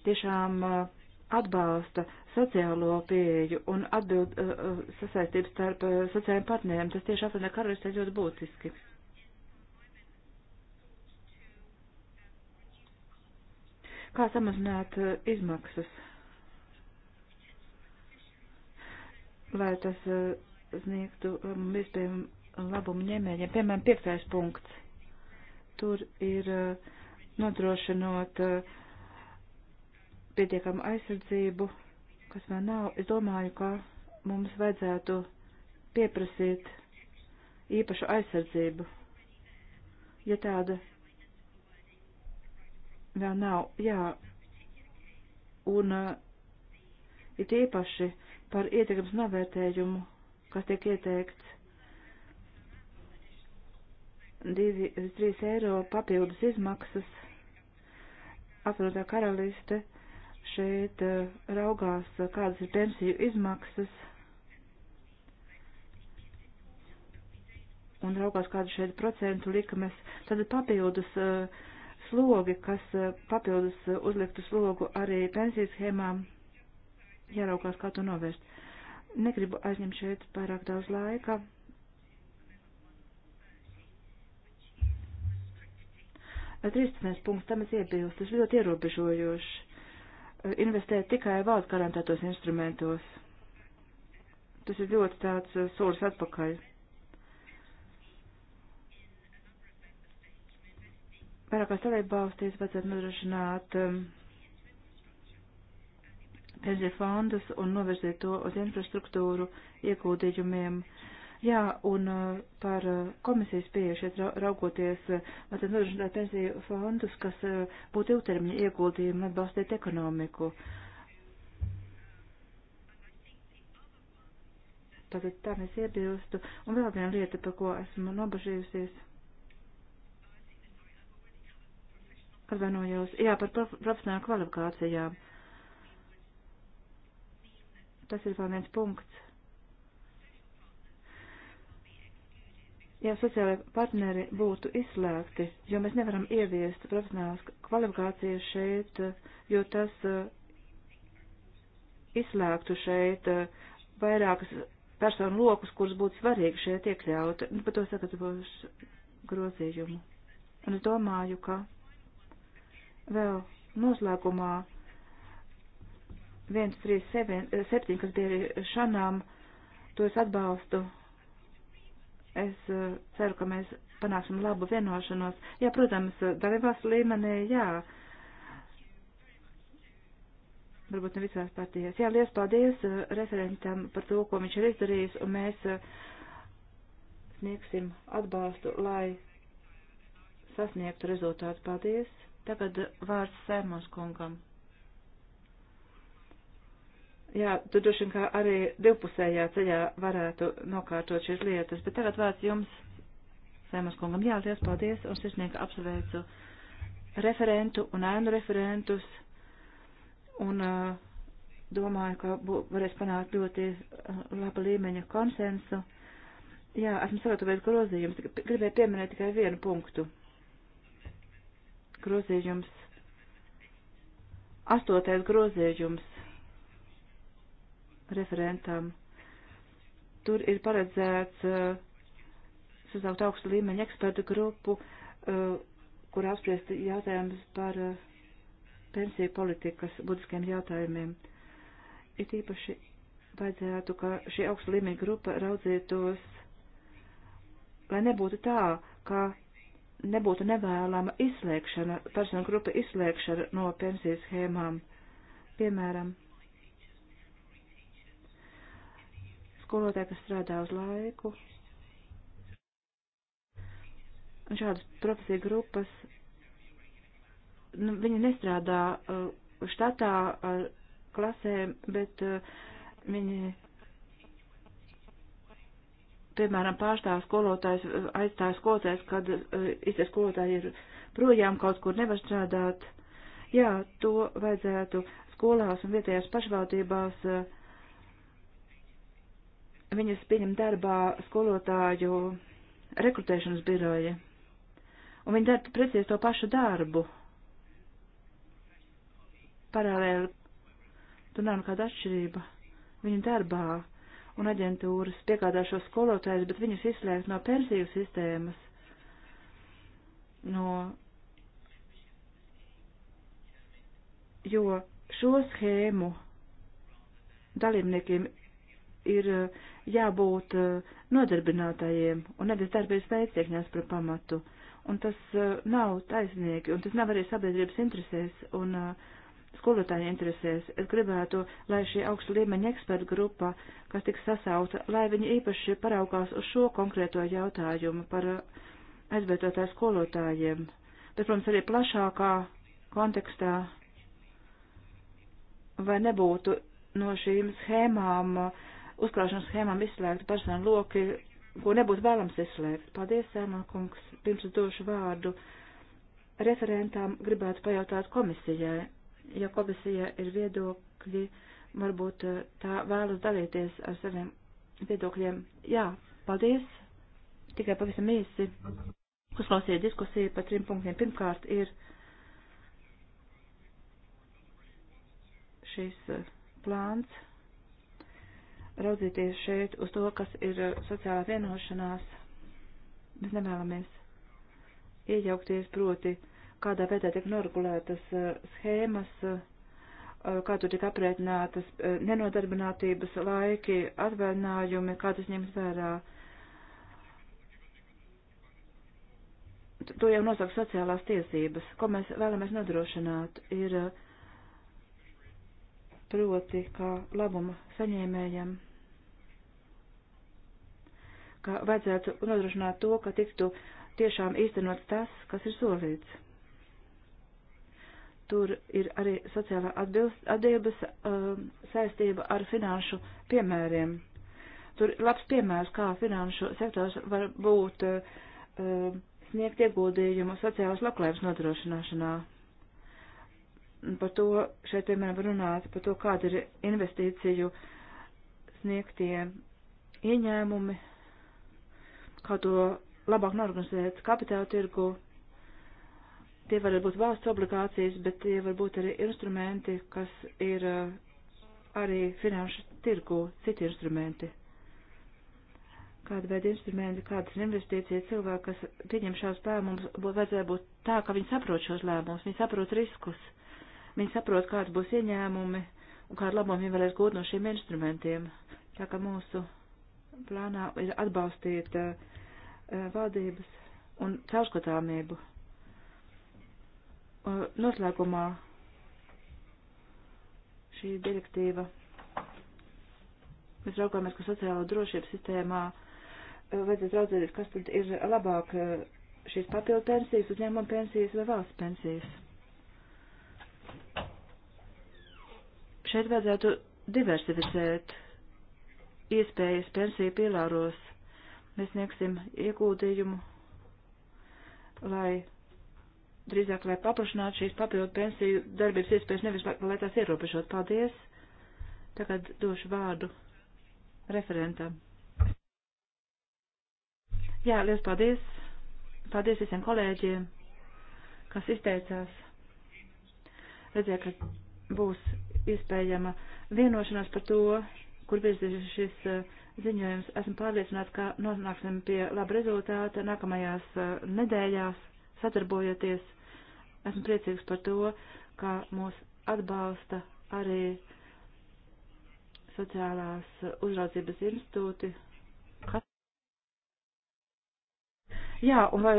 tiešām uh, atbalsta sociālo pieeju un atbild uh, sasaistību starp uh, sociālajiem partneriem. Tas tieši apvienotā karalistē ļoti būtiski. Kā samazināt uh, izmaksas, lai tas uh, sniegtu um, vispējām labumu ņēmējiem? Piemēram, piektais punkts. Tur ir uh, nodrošinot uh, pietiekamu aizsardzību, kas vēl nav, es domāju, ka mums vajadzētu pieprasīt īpašu aizsardzību, ja tāda vēl nav, jā, un uh, it īpaši par ietekmes novērtējumu, kas tiek ieteikts 2-3 eiro papildus izmaksas apvienotā karaliste šeit eh, raugās, eh, kādas ir pensiju izmaksas un raugās, kādas šeit procentu likmes, tad papildus eh, slogi, kas papildus uzliktu slogu arī pensiju schēmām, jāraugās, kā to novērst. Negribu aizņemt šeit pārāk daudz laika. Trīsdesmit punkts, tam es iebilstu, tas ļoti ierobežojoši investēt tikai valsts garantētos instrumentos. Tas ir ļoti tāds uh, solis atpakaļ. Vairākās dalībvalstīs vajadzētu nodrošināt um, pensiju fondus un novirzīt to uz infrastruktūru iegūdījumiem. Uh, Jā, un uh, par uh, komisijas pieeju šeit raugoties, uh, mēs esam nodrošināti pensiju fondus, kas būtu ilgtermiņa ieguldījumi atbalstīt ekonomiku. Tātad tā mēs iebilstu. Un vēl viena lieta, par ko esmu nobažījusies. Atvainojos. Jā, par prof profesionālu kvalifikācijām. Tas ir vēl viens punkts ja sociālai partneri būtu izslēgti, jo mēs nevaram ieviest profesionālas kvalifikācijas šeit, jo tas eh, izslēgtu šeit eh, vairākas personu lokus, kurus būtu svarīgi šeit iekļaut. Nu, par to sagatavojuš grozījumu. Un es domāju, ka vēl noslēgumā 137, eh, kas bija arī šanām, to es atbalstu Es eh, ceru, ka mēs panāksim labu vienošanos. Jā, protams, eh, dalībās līmenī, jā. Varbūt ne visās partijās. Jā, liels paldies eh, referentam par to, ko viņš ir izdarījis, un mēs sniegsim atbalstu, lai sasniegtu rezultātu. Paldies. Tagad vārds Sēmons kungam. Jā, tu droši vien kā arī divpusējā ceļā varētu nokārtot šīs lietas, bet tagad vārds jums, Sēmas kungam, jā, liels paldies un sirsnieka apsveicu referentu un ēnu referentus un uh, domāju, ka bū, varēs panākt ļoti uh, laba līmeņa konsensu. Jā, esmu sagatavojis grozījumus, gribēju pieminēt tikai vienu punktu. Grozījums. Astotais grozījums referentam. Tur ir paredzēts uh, sasaukt augstu līmeņu ekspertu grupu, uh, kur apspriest jautājumus par uh, pensiju politikas būtiskiem jautājumiem. Ir īpaši vajadzētu, ka šī augsta līmeņa grupa raudzītos, lai nebūtu tā, ka nebūtu nevēlama izslēgšana, personu grupa izslēgšana no pensijas schēmām. Piemēram, skolotāji, kas strādā uz laiku. Un šādas profesija grupas, nu, viņi nestrādā uh, štatā ar uh, klasēm, bet uh, viņi, piemēram, pārstāv skolotājs, uh, aizstāv skolotājs, kad uh, izties skolotāji ir projām kaut kur nevar strādāt. Jā, to vajadzētu skolās un vietējās pašvaldībās uh, viņas pieņem darbā skolotāju rekrutēšanas biroja, un viņi dara precīzi to pašu darbu. Paralēli tur nav nekāda atšķirība viņu darbā, un aģentūras piegādā šo skolotājus, bet viņus izslēgt no Persiju sistēmas, no, jo šo schēmu dalībniekiem ir eh, jābūt eh, nodarbinātājiem un nevis darbības veids tiek ņemts par pamatu. Un tas eh, nav taisnīgi, un tas nav arī sabiedrības interesēs un skolotāju interesēs. Es gribētu, lai šī augsta līmeņa eksperta grupa, kas tiks sasauta, lai viņi īpaši paraugās uz šo konkrēto jautājumu par aizvietotāju skolotājiem, bet, protams, arī plašākā kontekstā, vai nebūtu no šīm schēmām uh, uzkrāšanas schēmām izslēgti personu loki, ko nebūtu vēlams izslēgt. Paldies, Sēmā kungs, pirms došu vārdu. Referentām gribētu pajautāt komisijai, ja komisija ir viedokļi, varbūt eh, tā vēlas dalīties ar saviem viedokļiem. Jā, paldies, tikai pavisam īsi. Uzklausīja diskusiju par trim punktiem. Pirmkārt ir šīs eh, plāns raudzīties šeit uz to, kas ir uh, sociālā vienošanās. Mēs nevēlamies iejaukties proti, kādā veidā tiek noregulētas uh, schēmas, uh, kā tur tiek aprēķinātas nenodarbinātības laiki, atvaļinājumi, kā tas ņems vērā. To jau nosaka sociālās tiesības. Ko mēs vēlamies nodrošināt, ir proti, kā labuma saņēmējam ka vajadzētu nodrošināt to, ka tiktu tiešām īstenots tas, kas ir solīts. Tur ir arī sociālā atbildības uh, um, saistība ar finanšu piemēriem. Tur ir labs piemērs, kā finanšu sektors var būt uh, sniegt ieguldījumu sociālas labklājības nodrošināšanā. Par to šeit, piemēram, runāt, par to, kāda ir investīciju sniegtie ieņēmumi kā to labāk norganizēt kapitāla tirgu. Tie var būt valsts obligācijas, bet tie var būt arī instrumenti, kas ir eh, arī finanšu tirgu, citi instrumenti. Kāda veida instrumenti, kādas investīcijas cilvēki, kas pieņem šos lēmumus, būtu vajadzēja būt tā, ka viņi saprot šos lēmumus, viņi saprot riskus, viņi saprot, kāds būs ieņēmumi un kādu labumu viņi varēs gūt no šiem instrumentiem. Tā kā mūsu plānā ir atbalstīt uh, Eh, valdības un caurskatāmību. Eh, noslēgumā šī direktīva. Mēs raugāmies, ka sociālo drošības sistēmā eh, vajadzētu raudzēties, kas tad ir labāk šīs papildu pensijas, uzņēmuma pensijas vai valsts pensijas. Šeit vajadzētu diversificēt iespējas pensiju pilāros Mēs sniegsim iegūdījumu, lai drīzāk, lai paplašinātu šīs papildu pensiju darbības iespējas, nevis, lai tās ierobežot. Paldies! Tagad došu vārdu referentam. Jā, liels paldies! Paldies visiem kolēģiem, kas izteicās. Redzēja, ka būs iespējama vienošanās par to, kur virzīsies šis ziņojums. Esmu pārliecināts, ka nonāksim pie laba rezultāta nākamajās eh, nedēļās, sadarbojoties. Esmu priecīgs par to, ka mūs atbalsta arī sociālās uzraudzības institūti. Jā, un vai,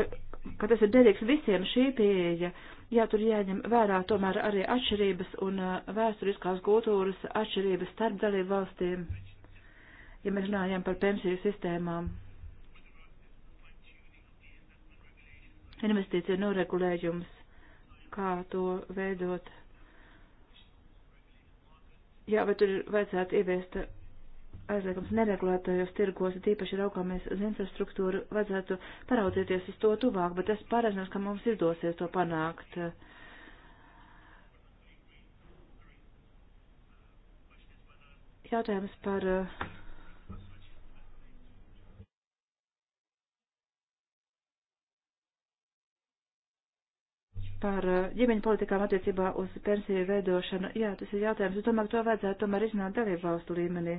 ka tas ir derīgs visiem šī pieeja, jā, tur jāņem vērā tomēr arī atšķirības un eh, vēsturiskās kultūras atšķirības starp dalību valstīm ja mēs runājam par pensiju sistēmām. Investīcija noregulējums, kā to veidot. Jā, bet tur vajadzētu ieviest aizliegums neregulētajos tirgos, tīpaši raugāmies uz infrastruktūru, vajadzētu paraudzīties uz to tuvāk, bet es pārēzinos, ka mums izdosies to panākt. Jautājums par uh, par eh, ģimeņu politikām attiecībā uz pensiju veidošanu. Jā, tas ir jautājums. Es domāju, ka to vajadzētu tomēr izņemt dalību valstu līmenī.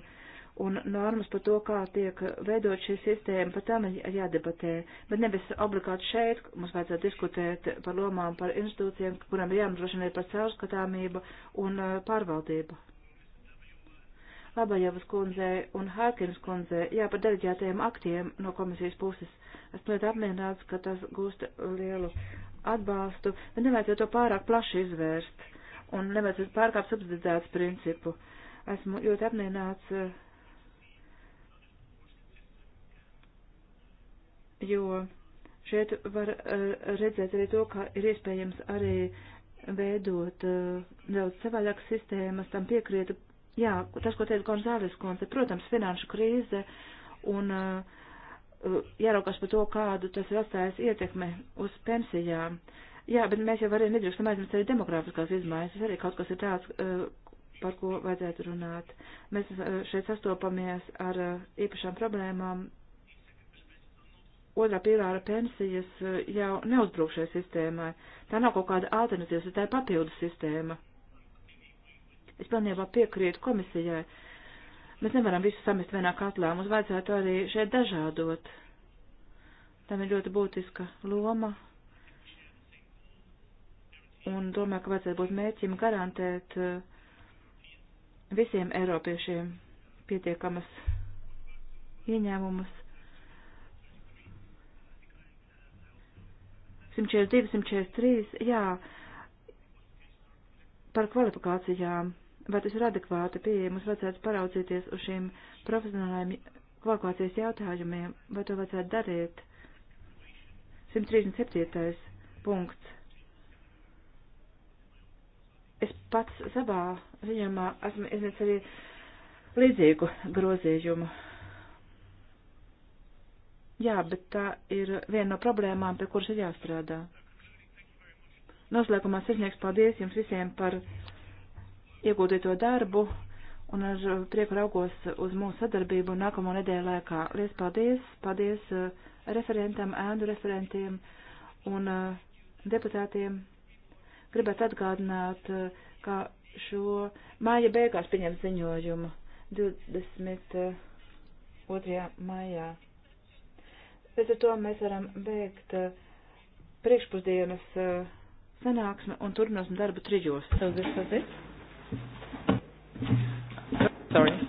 Un normas par to, kā tiek veidot šī sistēma, par tām ir jādebatē. Bet nevis obligāti šeit, mums vajadzētu diskutēt par lomām, par institūcijiem, kurām ir jānodrošina par caurskatāmību un eh, pārvaldību. Labajavas kundzei un Hārkins kundzei, jā, par deleģētajiem aktiem no komisijas puses. Esmu ļoti apmierināts, ka tas gūst eh, lielu atbalstu, bet nevajadzētu to pārāk plaši izvērst un nevajadzētu pārkāpt subsidizētas principu. Esmu ļoti apmierināts, eh, jo šeit var eh, redzēt arī to, ka ir iespējams arī veidot eh, daudz savādākas sistēmas, tam piekrietu. Jā, tas, ko teica Gonzāles konce, protams, finanšu krīze un uh, Eh, jāraukās par to, kādu tas ir atstājis ietekme uz pensijām. Jā, bet mēs jau arī nedrīkstam aizmirst arī demografiskās izmaiņas. Tas arī kaut kas ir tāds, eh, par ko vajadzētu runāt. Mēs eh, šeit sastopamies ar īpašām problēmām. Otrā pīlāra pensijas jau neuzbrūk šai sistēmai. Tā nav kaut kāda alternatīva, tā ir papildus sistēma. Es pilnībā piekrītu komisijai. Uh, Mēs nevaram visu samest vienā katlā, mums vajadzētu arī šeit dažādot. Tam ir ļoti būtiska loma. Un domāju, ka vajadzētu būt mērķim garantēt uh, visiem Eiropiešiem pietiekamas ieņēmumus. 142, 143, jā, par kvalifikācijām vai tas ir adekvāta pieeja, mums vajadzētu paraudzīties uz šiem profesionālajiem kvalifikācijas jautājumiem, vai to vajadzētu darīt. 137. punkts. Es pats savā ziņamā esmu izniec arī līdzīgu grozījumu. Jā, bet tā ir viena no problēmām, pie kuras ir jāstrādā. Noslēgumā sirsnieks paldies jums visiem par iegūtīto darbu un ar prieku raugos uz mūsu sadarbību nākamo nedēļu laikā. Lies paldies, paldies eh, referentam, ēnu referentiem un eh, deputātiem. Gribētu atgādināt, eh, ka šo māja beigās pieņem ziņojumu 22. maijā. Pēc to mēs varam beigt priekšpusdienas sanāksmi un turpināsim darbu trijos. Tas ir tas. Sorry.